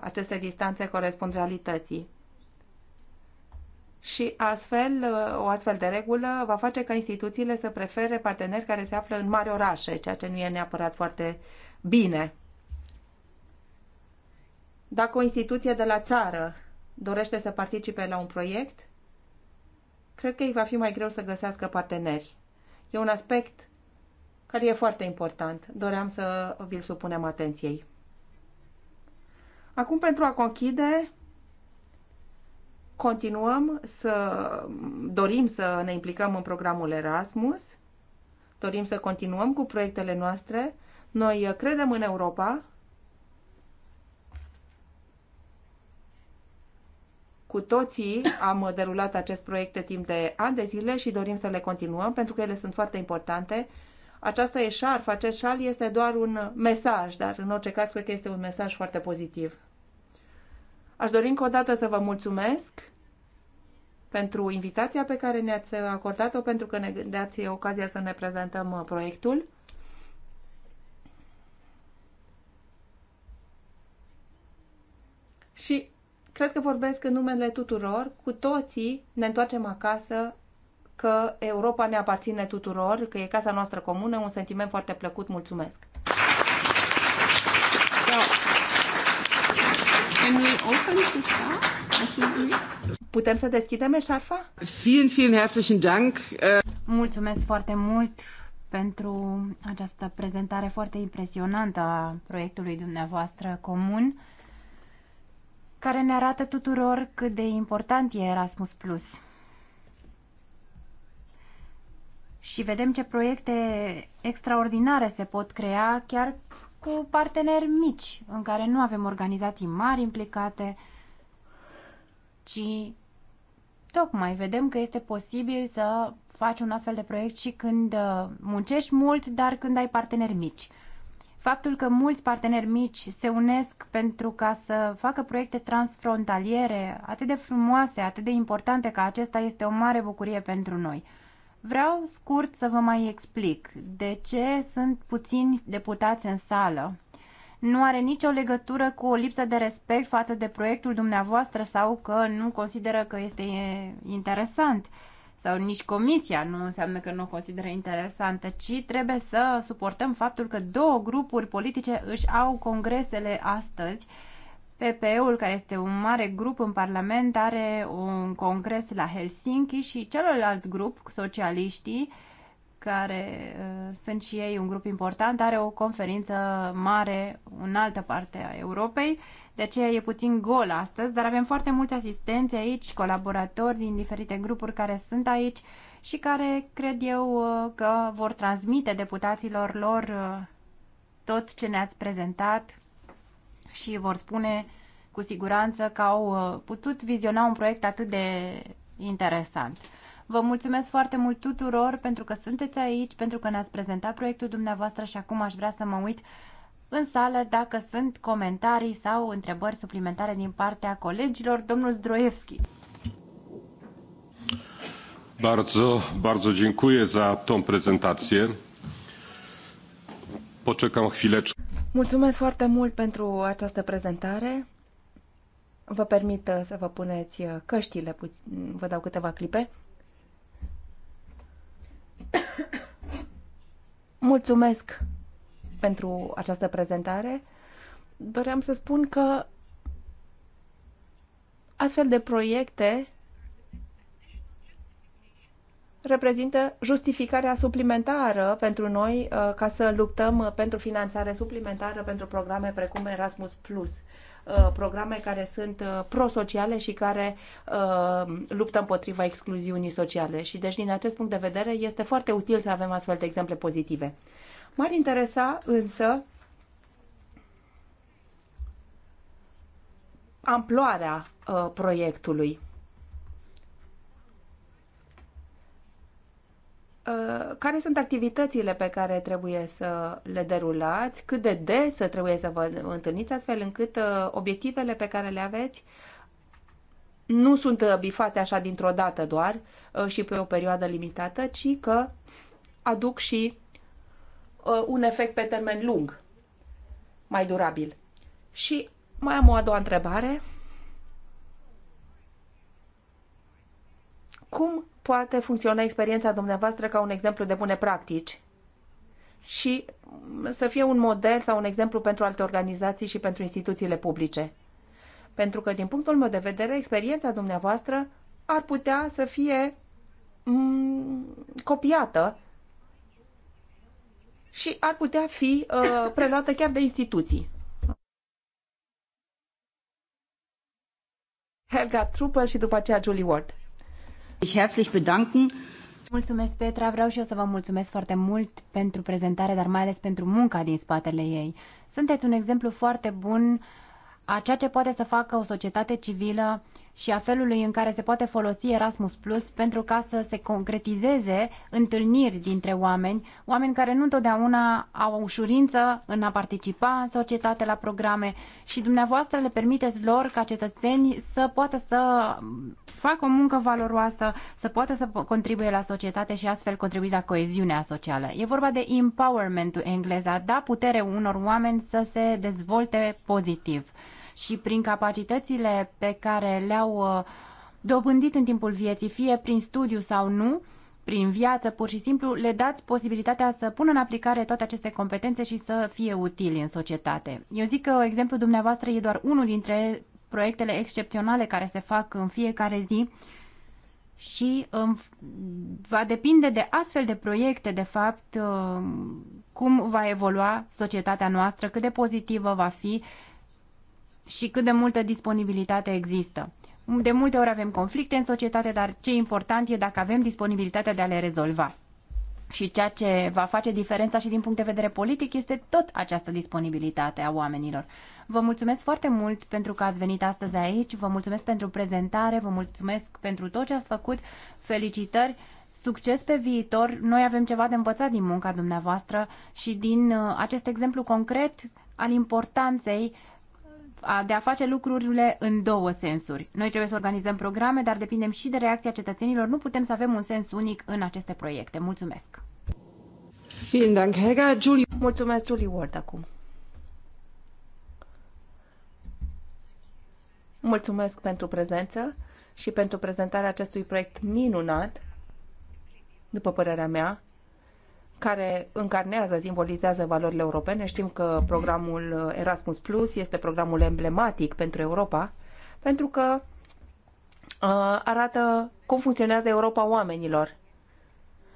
[SPEAKER 2] aceste distanțe corespund realității. Și astfel, o astfel de regulă va face ca instituțiile să prefere parteneri care se află în mari orașe, ceea ce nu e neapărat foarte bine. Dacă o instituție de la țară dorește să participe la un proiect, cred că îi va fi mai greu să găsească parteneri. E un aspect care e foarte important. Doream să vi-l supunem atenției. Acum, pentru a conchide, continuăm să dorim să ne implicăm în programul Erasmus, dorim să continuăm cu proiectele noastre. Noi uh, credem în Europa, Cu toții am derulat acest proiect de timp de ani de zile și dorim să le continuăm pentru că ele sunt foarte importante. Aceasta e șarf, acest șal este doar un mesaj, dar în orice caz cred că este un mesaj foarte pozitiv. Aș dori încă o dată să vă mulțumesc pentru invitația pe care ne-ați acordat-o, pentru că ne dați ocazia să ne prezentăm uh, proiectul. Și Cred că vorbesc în numele tuturor, cu toții ne întoarcem acasă că Europa ne aparține tuturor, că e casa noastră comună, un sentiment foarte plăcut. Mulțumesc!
[SPEAKER 1] Putem să deschidem eșarfa? Vielen, vielen herzlichen Dank. Mulțumesc foarte mult pentru această prezentare foarte impresionantă a proiectului dumneavoastră comun care ne arată tuturor cât de important e Erasmus+. Plus. Și vedem ce proiecte extraordinare se pot crea chiar cu parteneri mici, în care nu avem organizații mari implicate, ci tocmai vedem că este posibil să faci un astfel de proiect și când uh, muncești mult, dar când ai parteneri mici. Faptul că mulți parteneri mici se unesc pentru ca să facă proiecte transfrontaliere atât de frumoase, atât de importante ca acesta este o mare bucurie pentru noi. Vreau scurt să vă mai explic de ce sunt puțini deputați în sală. Nu are nicio legătură cu o lipsă de respect față de proiectul dumneavoastră sau că nu consideră că este interesant sau nici comisia nu înseamnă că nu o consideră interesantă, ci trebuie să suportăm faptul că două grupuri politice își au congresele astăzi. PPE-ul, care este un mare grup în Parlament, are un congres la Helsinki și celălalt grup, socialiștii, care uh, sunt și ei un grup important, are o conferință mare în altă parte a Europei, de aceea e puțin gol astăzi, dar avem foarte mulți asistenți aici, colaboratori din diferite grupuri care sunt aici și care cred eu uh, că vor transmite deputaților lor uh, tot ce ne-ați prezentat și vor spune cu siguranță că au putut viziona un proiect atât de interesant. Vă mulțumesc foarte mult tuturor pentru că sunteți aici, pentru că ne-ați prezentat proiectul dumneavoastră și acum aș vrea să mă uit în sală dacă sunt comentarii sau întrebări suplimentare din partea colegilor. Domnul Zdroievski.
[SPEAKER 3] Bardzo, bardzo dziękuję za tą prezentację. Poczekam chwileczkę.
[SPEAKER 2] Mulțumesc foarte mult pentru această prezentare. Vă permit să vă puneți căștile, vă dau câteva clipe. Mulțumesc pentru această prezentare. Doream să spun că astfel de proiecte reprezintă justificarea suplimentară pentru noi uh, ca să luptăm uh, pentru finanțare suplimentară pentru programe precum Erasmus Uh, programe care sunt uh, prosociale și care uh, luptă împotriva excluziunii sociale. Și deci, din acest punct de vedere, este foarte util să avem astfel de exemple pozitive. M-ar interesa însă amploarea proiectului Uh, care sunt activitățile pe care trebuie să le derulați, cât de des trebuie să vă întâlniți, astfel încât uh, obiectivele pe care le aveți nu sunt uh, bifate așa dintr-o dată doar și pe o perioadă limitată, ci că aduc și un efect pe termen lung, mai durabil. Și mai am o a doua întrebare. Cum poate funcționa experiența dumneavoastră ca un exemplu de bune practici și să fie un model sau un exemplu pentru alte organizații și pentru instituțiile publice. Pentru că, din punctul meu de vedere, experiența dumneavoastră ar putea să fie mm, copiată și ar putea fi uh, preluată chiar de instituții. Helga Trooper și după aceea Julie Ward herzlich bedanken.
[SPEAKER 1] Mulțumesc, Petra. Vreau și eu să vă mulțumesc foarte mult pentru prezentare, dar mai ales pentru munca din spatele ei. Sunteți un exemplu foarte bun a ceea ce poate să facă o societate civilă și a felului în care se poate folosi Erasmus Plus pentru ca să se concretizeze întâlniri dintre oameni, oameni care nu întotdeauna au ușurință în a participa în societate la programe și dumneavoastră le permiteți lor ca cetățeni să poată să facă o muncă valoroasă, să poată să contribuie la societate și astfel contribui la coeziunea socială. E vorba de empowerment engleza, da putere unor oameni să se dezvolte pozitiv și prin capacitățile pe care le-au uh, dobândit în timpul vieții, fie prin studiu sau nu, prin viață, pur și simplu, le dați posibilitatea să pună în aplicare toate aceste competențe și să fie utili în societate. Eu zic că exemplul dumneavoastră e doar unul dintre proiectele excepționale care se fac în fiecare zi și um, va depinde de astfel de proiecte, de fapt, um, cum va evolua societatea noastră, cât de pozitivă va fi și cât de multă disponibilitate există. De multe ori avem conflicte în societate, dar ce important e dacă avem disponibilitatea de a le rezolva. Și ceea ce va face diferența și din punct de vedere politic este tot această disponibilitate a oamenilor. Vă mulțumesc foarte mult pentru că ați venit astăzi aici, vă mulțumesc pentru prezentare, vă mulțumesc pentru tot ce ați făcut, felicitări, succes pe viitor. Noi avem ceva de învățat din munca dumneavoastră și din uh, acest exemplu concret al importanței de a face lucrurile în două sensuri. Noi trebuie să organizăm programe, dar depindem și de reacția cetățenilor. Nu putem să avem un sens unic în aceste proiecte. Mulțumesc!
[SPEAKER 2] Vielen Helga. Julie. Mulțumesc, Julie Ward, acum. Mulțumesc pentru prezență și pentru prezentarea acestui proiect minunat, după părerea mea, care încarnează, simbolizează valorile europene. Știm că programul Erasmus Plus este programul emblematic pentru Europa, pentru că uh, arată cum funcționează Europa oamenilor.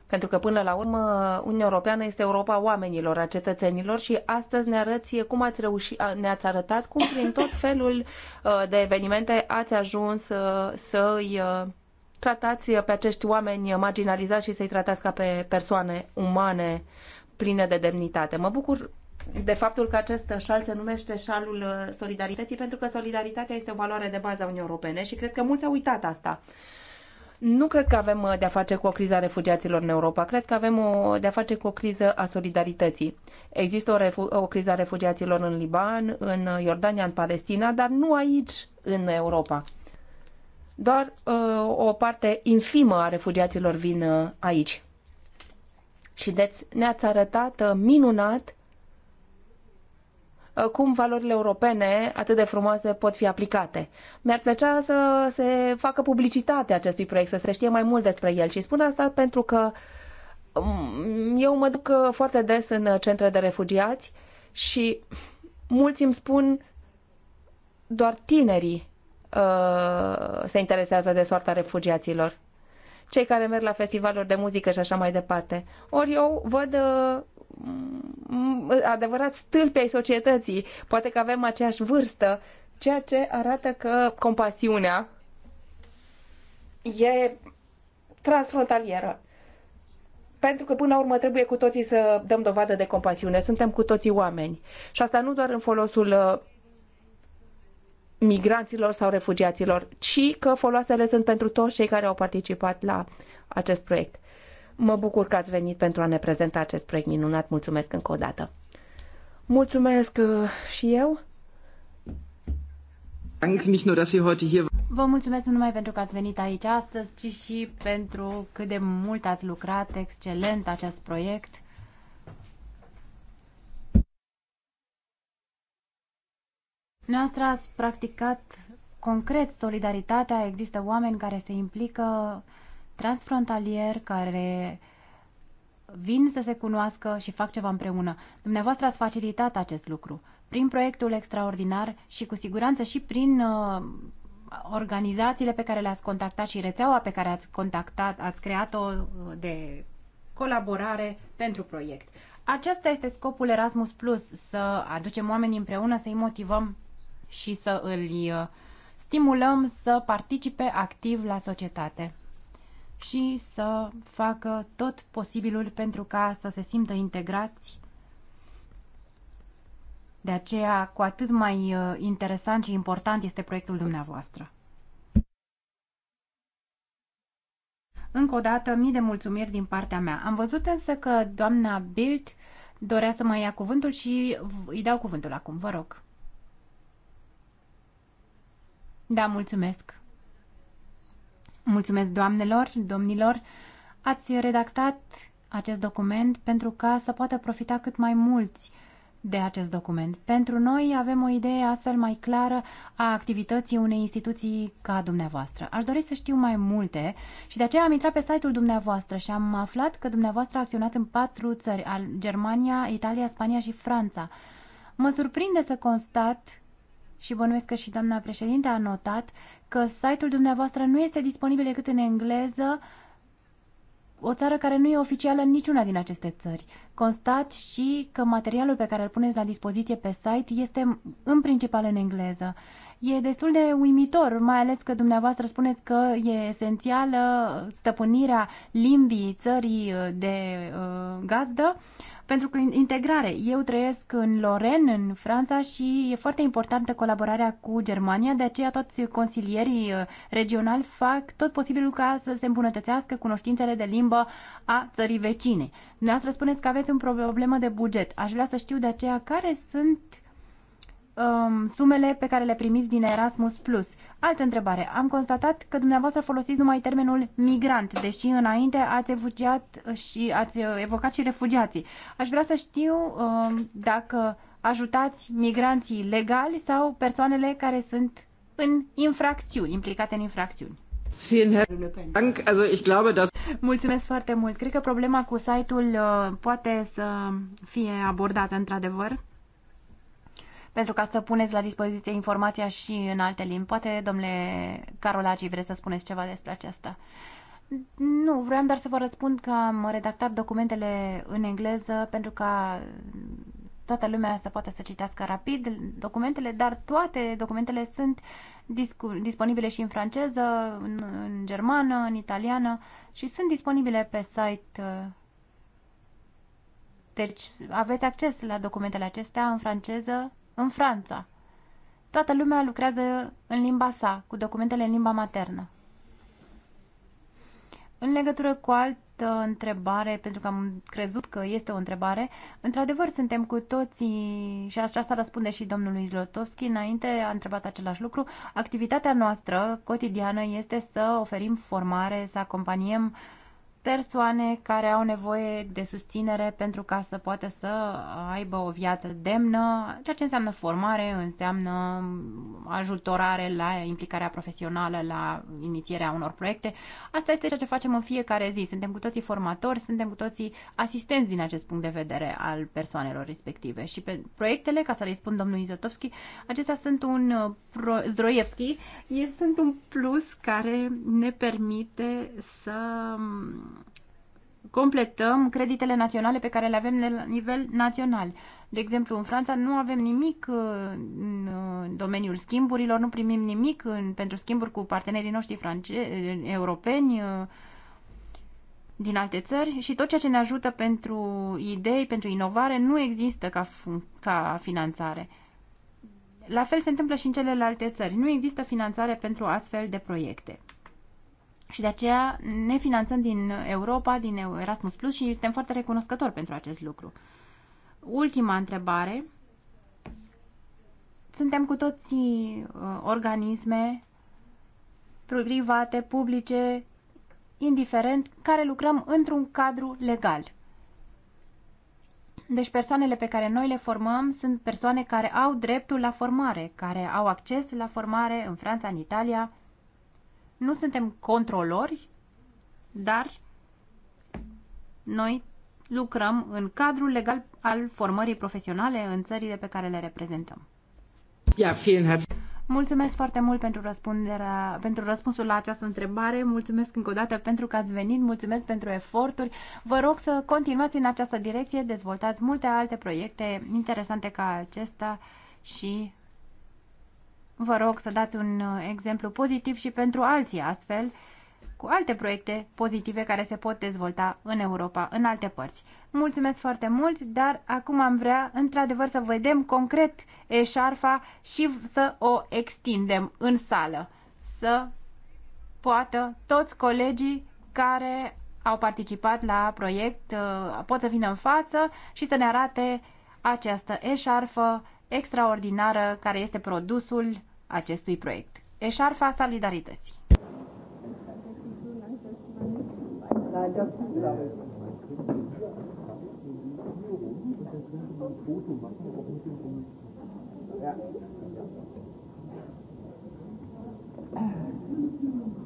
[SPEAKER 2] Pentru că, până la urmă, Uniunea Europeană este Europa oamenilor, a cetățenilor și astăzi ne arăți cum ați reușit, ne-ați arătat cum prin tot felul uh, de evenimente ați ajuns uh, să îi tratați pe acești oameni marginalizați și să-i tratați ca pe persoane umane pline de demnitate. Mă bucur de faptul că acest șal se numește șalul solidarității, pentru că solidaritatea este o valoare de bază a Uniunii Europene și cred că mulți au uitat asta. Nu cred că avem de-a face cu o criză a refugiaților în Europa, cred că avem de-a face cu o criză a solidarității. Există o, refu- o criză a refugiaților în Liban, în Iordania, în Palestina, dar nu aici, în Europa. Doar uh, o parte infimă a refugiaților vin uh, aici. Și deci ne-ați arătat uh, minunat cum valorile europene atât de frumoase pot fi aplicate. Mi-ar plăcea să se facă publicitate acestui proiect, să se știe mai mult despre el și spun asta pentru că um, eu mă duc foarte des în centre de refugiați și mulți îmi spun doar tinerii Uh, se interesează de soarta refugiaților. Cei care merg la festivaluri de muzică și așa mai departe. Ori eu văd uh, adevărat stâlpi ai societății. Poate că avem aceeași vârstă, ceea ce arată că compasiunea e transfrontalieră. Pentru că până la urmă trebuie cu toții să dăm dovadă de compasiune. Suntem cu toții oameni. Și asta nu doar în folosul uh, migranților sau refugiaților, ci că foloasele sunt pentru toți cei care au participat la acest proiect. Mă bucur că ați venit pentru a ne prezenta acest proiect minunat. Mulțumesc încă o dată. Mulțumesc uh, și eu.
[SPEAKER 1] Vă mulțumesc nu numai pentru că ați venit aici astăzi, ci și pentru cât de mult ați lucrat excelent acest proiect Noastră ați practicat concret solidaritatea, există oameni care se implică transfrontalier, care vin să se cunoască și fac ceva împreună. Dumneavoastră ați facilitat acest lucru prin proiectul extraordinar și cu siguranță și prin uh, organizațiile pe care le-ați contactat și rețeaua pe care ați contactat, ați creat-o uh, de colaborare pentru proiect. Acesta este scopul Erasmus Plus, să aducem oamenii împreună, să-i motivăm și să îl uh, stimulăm să participe activ la societate și să facă tot posibilul pentru ca să se simtă integrați. De aceea, cu atât mai uh, interesant și important este proiectul dumneavoastră. Încă o dată, mii de mulțumiri din partea mea. Am văzut însă că doamna Bild dorea să mai ia cuvântul și îi dau cuvântul acum. Vă rog. Da, mulțumesc. Mulțumesc doamnelor, domnilor. Ați redactat acest document pentru ca să poată profita cât mai mulți de acest document. Pentru noi avem o idee astfel mai clară a activității unei instituții ca dumneavoastră. Aș dori să știu mai multe și de aceea am intrat pe site-ul dumneavoastră și am aflat că dumneavoastră a acționat în patru țări, Germania, Italia, Spania și Franța. Mă surprinde să constat și bănuiesc că și doamna președinte a notat că site-ul dumneavoastră nu este disponibil decât în engleză, o țară care nu e oficială în niciuna din aceste țări. Constat și că materialul pe care îl puneți la dispoziție pe site este în principal în engleză. E destul de uimitor, mai ales că dumneavoastră spuneți că e esențială stăpânirea limbii țării uh, de uh, gazdă. Uh, pentru că integrare. Eu trăiesc în Loren, în Franța și e foarte importantă colaborarea cu Germania, de aceea toți consilierii uh, regionali fac tot posibilul ca să se îmbunătățească cunoștințele de limbă a țării vecine. Dumneavoastră spuneți că aveți un problemă de buget. Aș vrea să știu de aceea care sunt um, sumele pe care le primiți din Erasmus+. Plus. Altă întrebare. Am constatat că dumneavoastră folosiți numai termenul migrant, deși înainte ați evocat uh, și, ați uh, evocat și refugiații. Aș vrea să știu um, dacă ajutați migranții legali sau persoanele care sunt în infracțiuni, implicate în infracțiuni. Mulțumesc foarte mult. Cred că problema cu site-ul uh, poate să fie abordată într-adevăr pentru ca să puneți la dispoziție informația și în alte limbi. Poate, domnule Carolaci, vreți să spuneți ceva despre aceasta? Nu, vreau doar să vă răspund că am redactat documentele în engleză pentru ca toată lumea să poată să citească rapid documentele, dar toate documentele sunt disponibile și în franceză, în, în germană, în italiană și sunt disponibile pe site. Uh, deci aveți acces la documentele acestea în franceză, în Franța. Toată lumea lucrează în limba sa, cu documentele în limba maternă. În legătură cu altă întrebare, pentru că am crezut că este o întrebare, într-adevăr suntem cu toții, și asta răspunde și domnului Zlotovski, înainte a întrebat același lucru, activitatea noastră cotidiană este să oferim formare, să acompaniem uh, persoane care au nevoie de susținere pentru ca să poată să aibă o viață demnă, ceea ce înseamnă formare, înseamnă ajutorare la implicarea profesională, la inițierea unor proiecte. Asta este ceea ce facem în fiecare zi. Suntem cu toții formatori, suntem cu toții asistenți din acest punct de vedere al persoanelor respective. Și pe proiectele, ca să le spun domnului Izotovski, acestea sunt un uh, pro... Zdroievski, sunt un plus care ne permite să um, completăm creditele naționale pe care le avem la nivel național. De exemplu, în Franța nu avem nimic uh, uh, în domeniul schimburilor, nu primim nimic în, pentru schimburi cu partenerii noștri france- uh, europeni din alte țări și tot ceea ce ne ajută pentru idei, pentru inovare, nu există ca, ca finanțare. La fel se întâmplă și în celelalte țări. Nu există finanțare pentru astfel de proiecte. Și de aceea ne finanțăm din Europa, din Erasmus Plus și suntem foarte recunoscători pentru acest lucru. Ultima întrebare. Suntem cu toții uh, organisme private, publice, indiferent, care lucrăm într-un cadru legal. Deci persoanele pe care noi le formăm sunt persoane care au dreptul la formare, care au acces la formare în Franța, în Italia, nu suntem controlori, dar noi lucrăm în cadrul legal al formării profesionale în țările pe care le reprezentăm. Ja, Mulțumesc foarte mult pentru, răspunderea, pentru răspunsul la această întrebare. Mulțumesc încă o dată pentru că ați venit, mulțumesc pentru eforturi. Vă rog să continuați în această direcție, dezvoltați multe alte proiecte interesante ca acesta și Vă rog să dați un uh, exemplu pozitiv și pentru alții astfel, cu alte proiecte pozitive care se pot dezvolta în Europa, în alte părți. Mulțumesc foarte mult, dar acum am vrea într-adevăr să vedem concret eșarfa și să o extindem în sală, să poată toți colegii care au participat la proiect uh, pot să vină în față și să ne arate această eșarfă extraordinară care este produsul acestui proiect. Eșarfa Solidarității.
[SPEAKER 2] Ja. Da.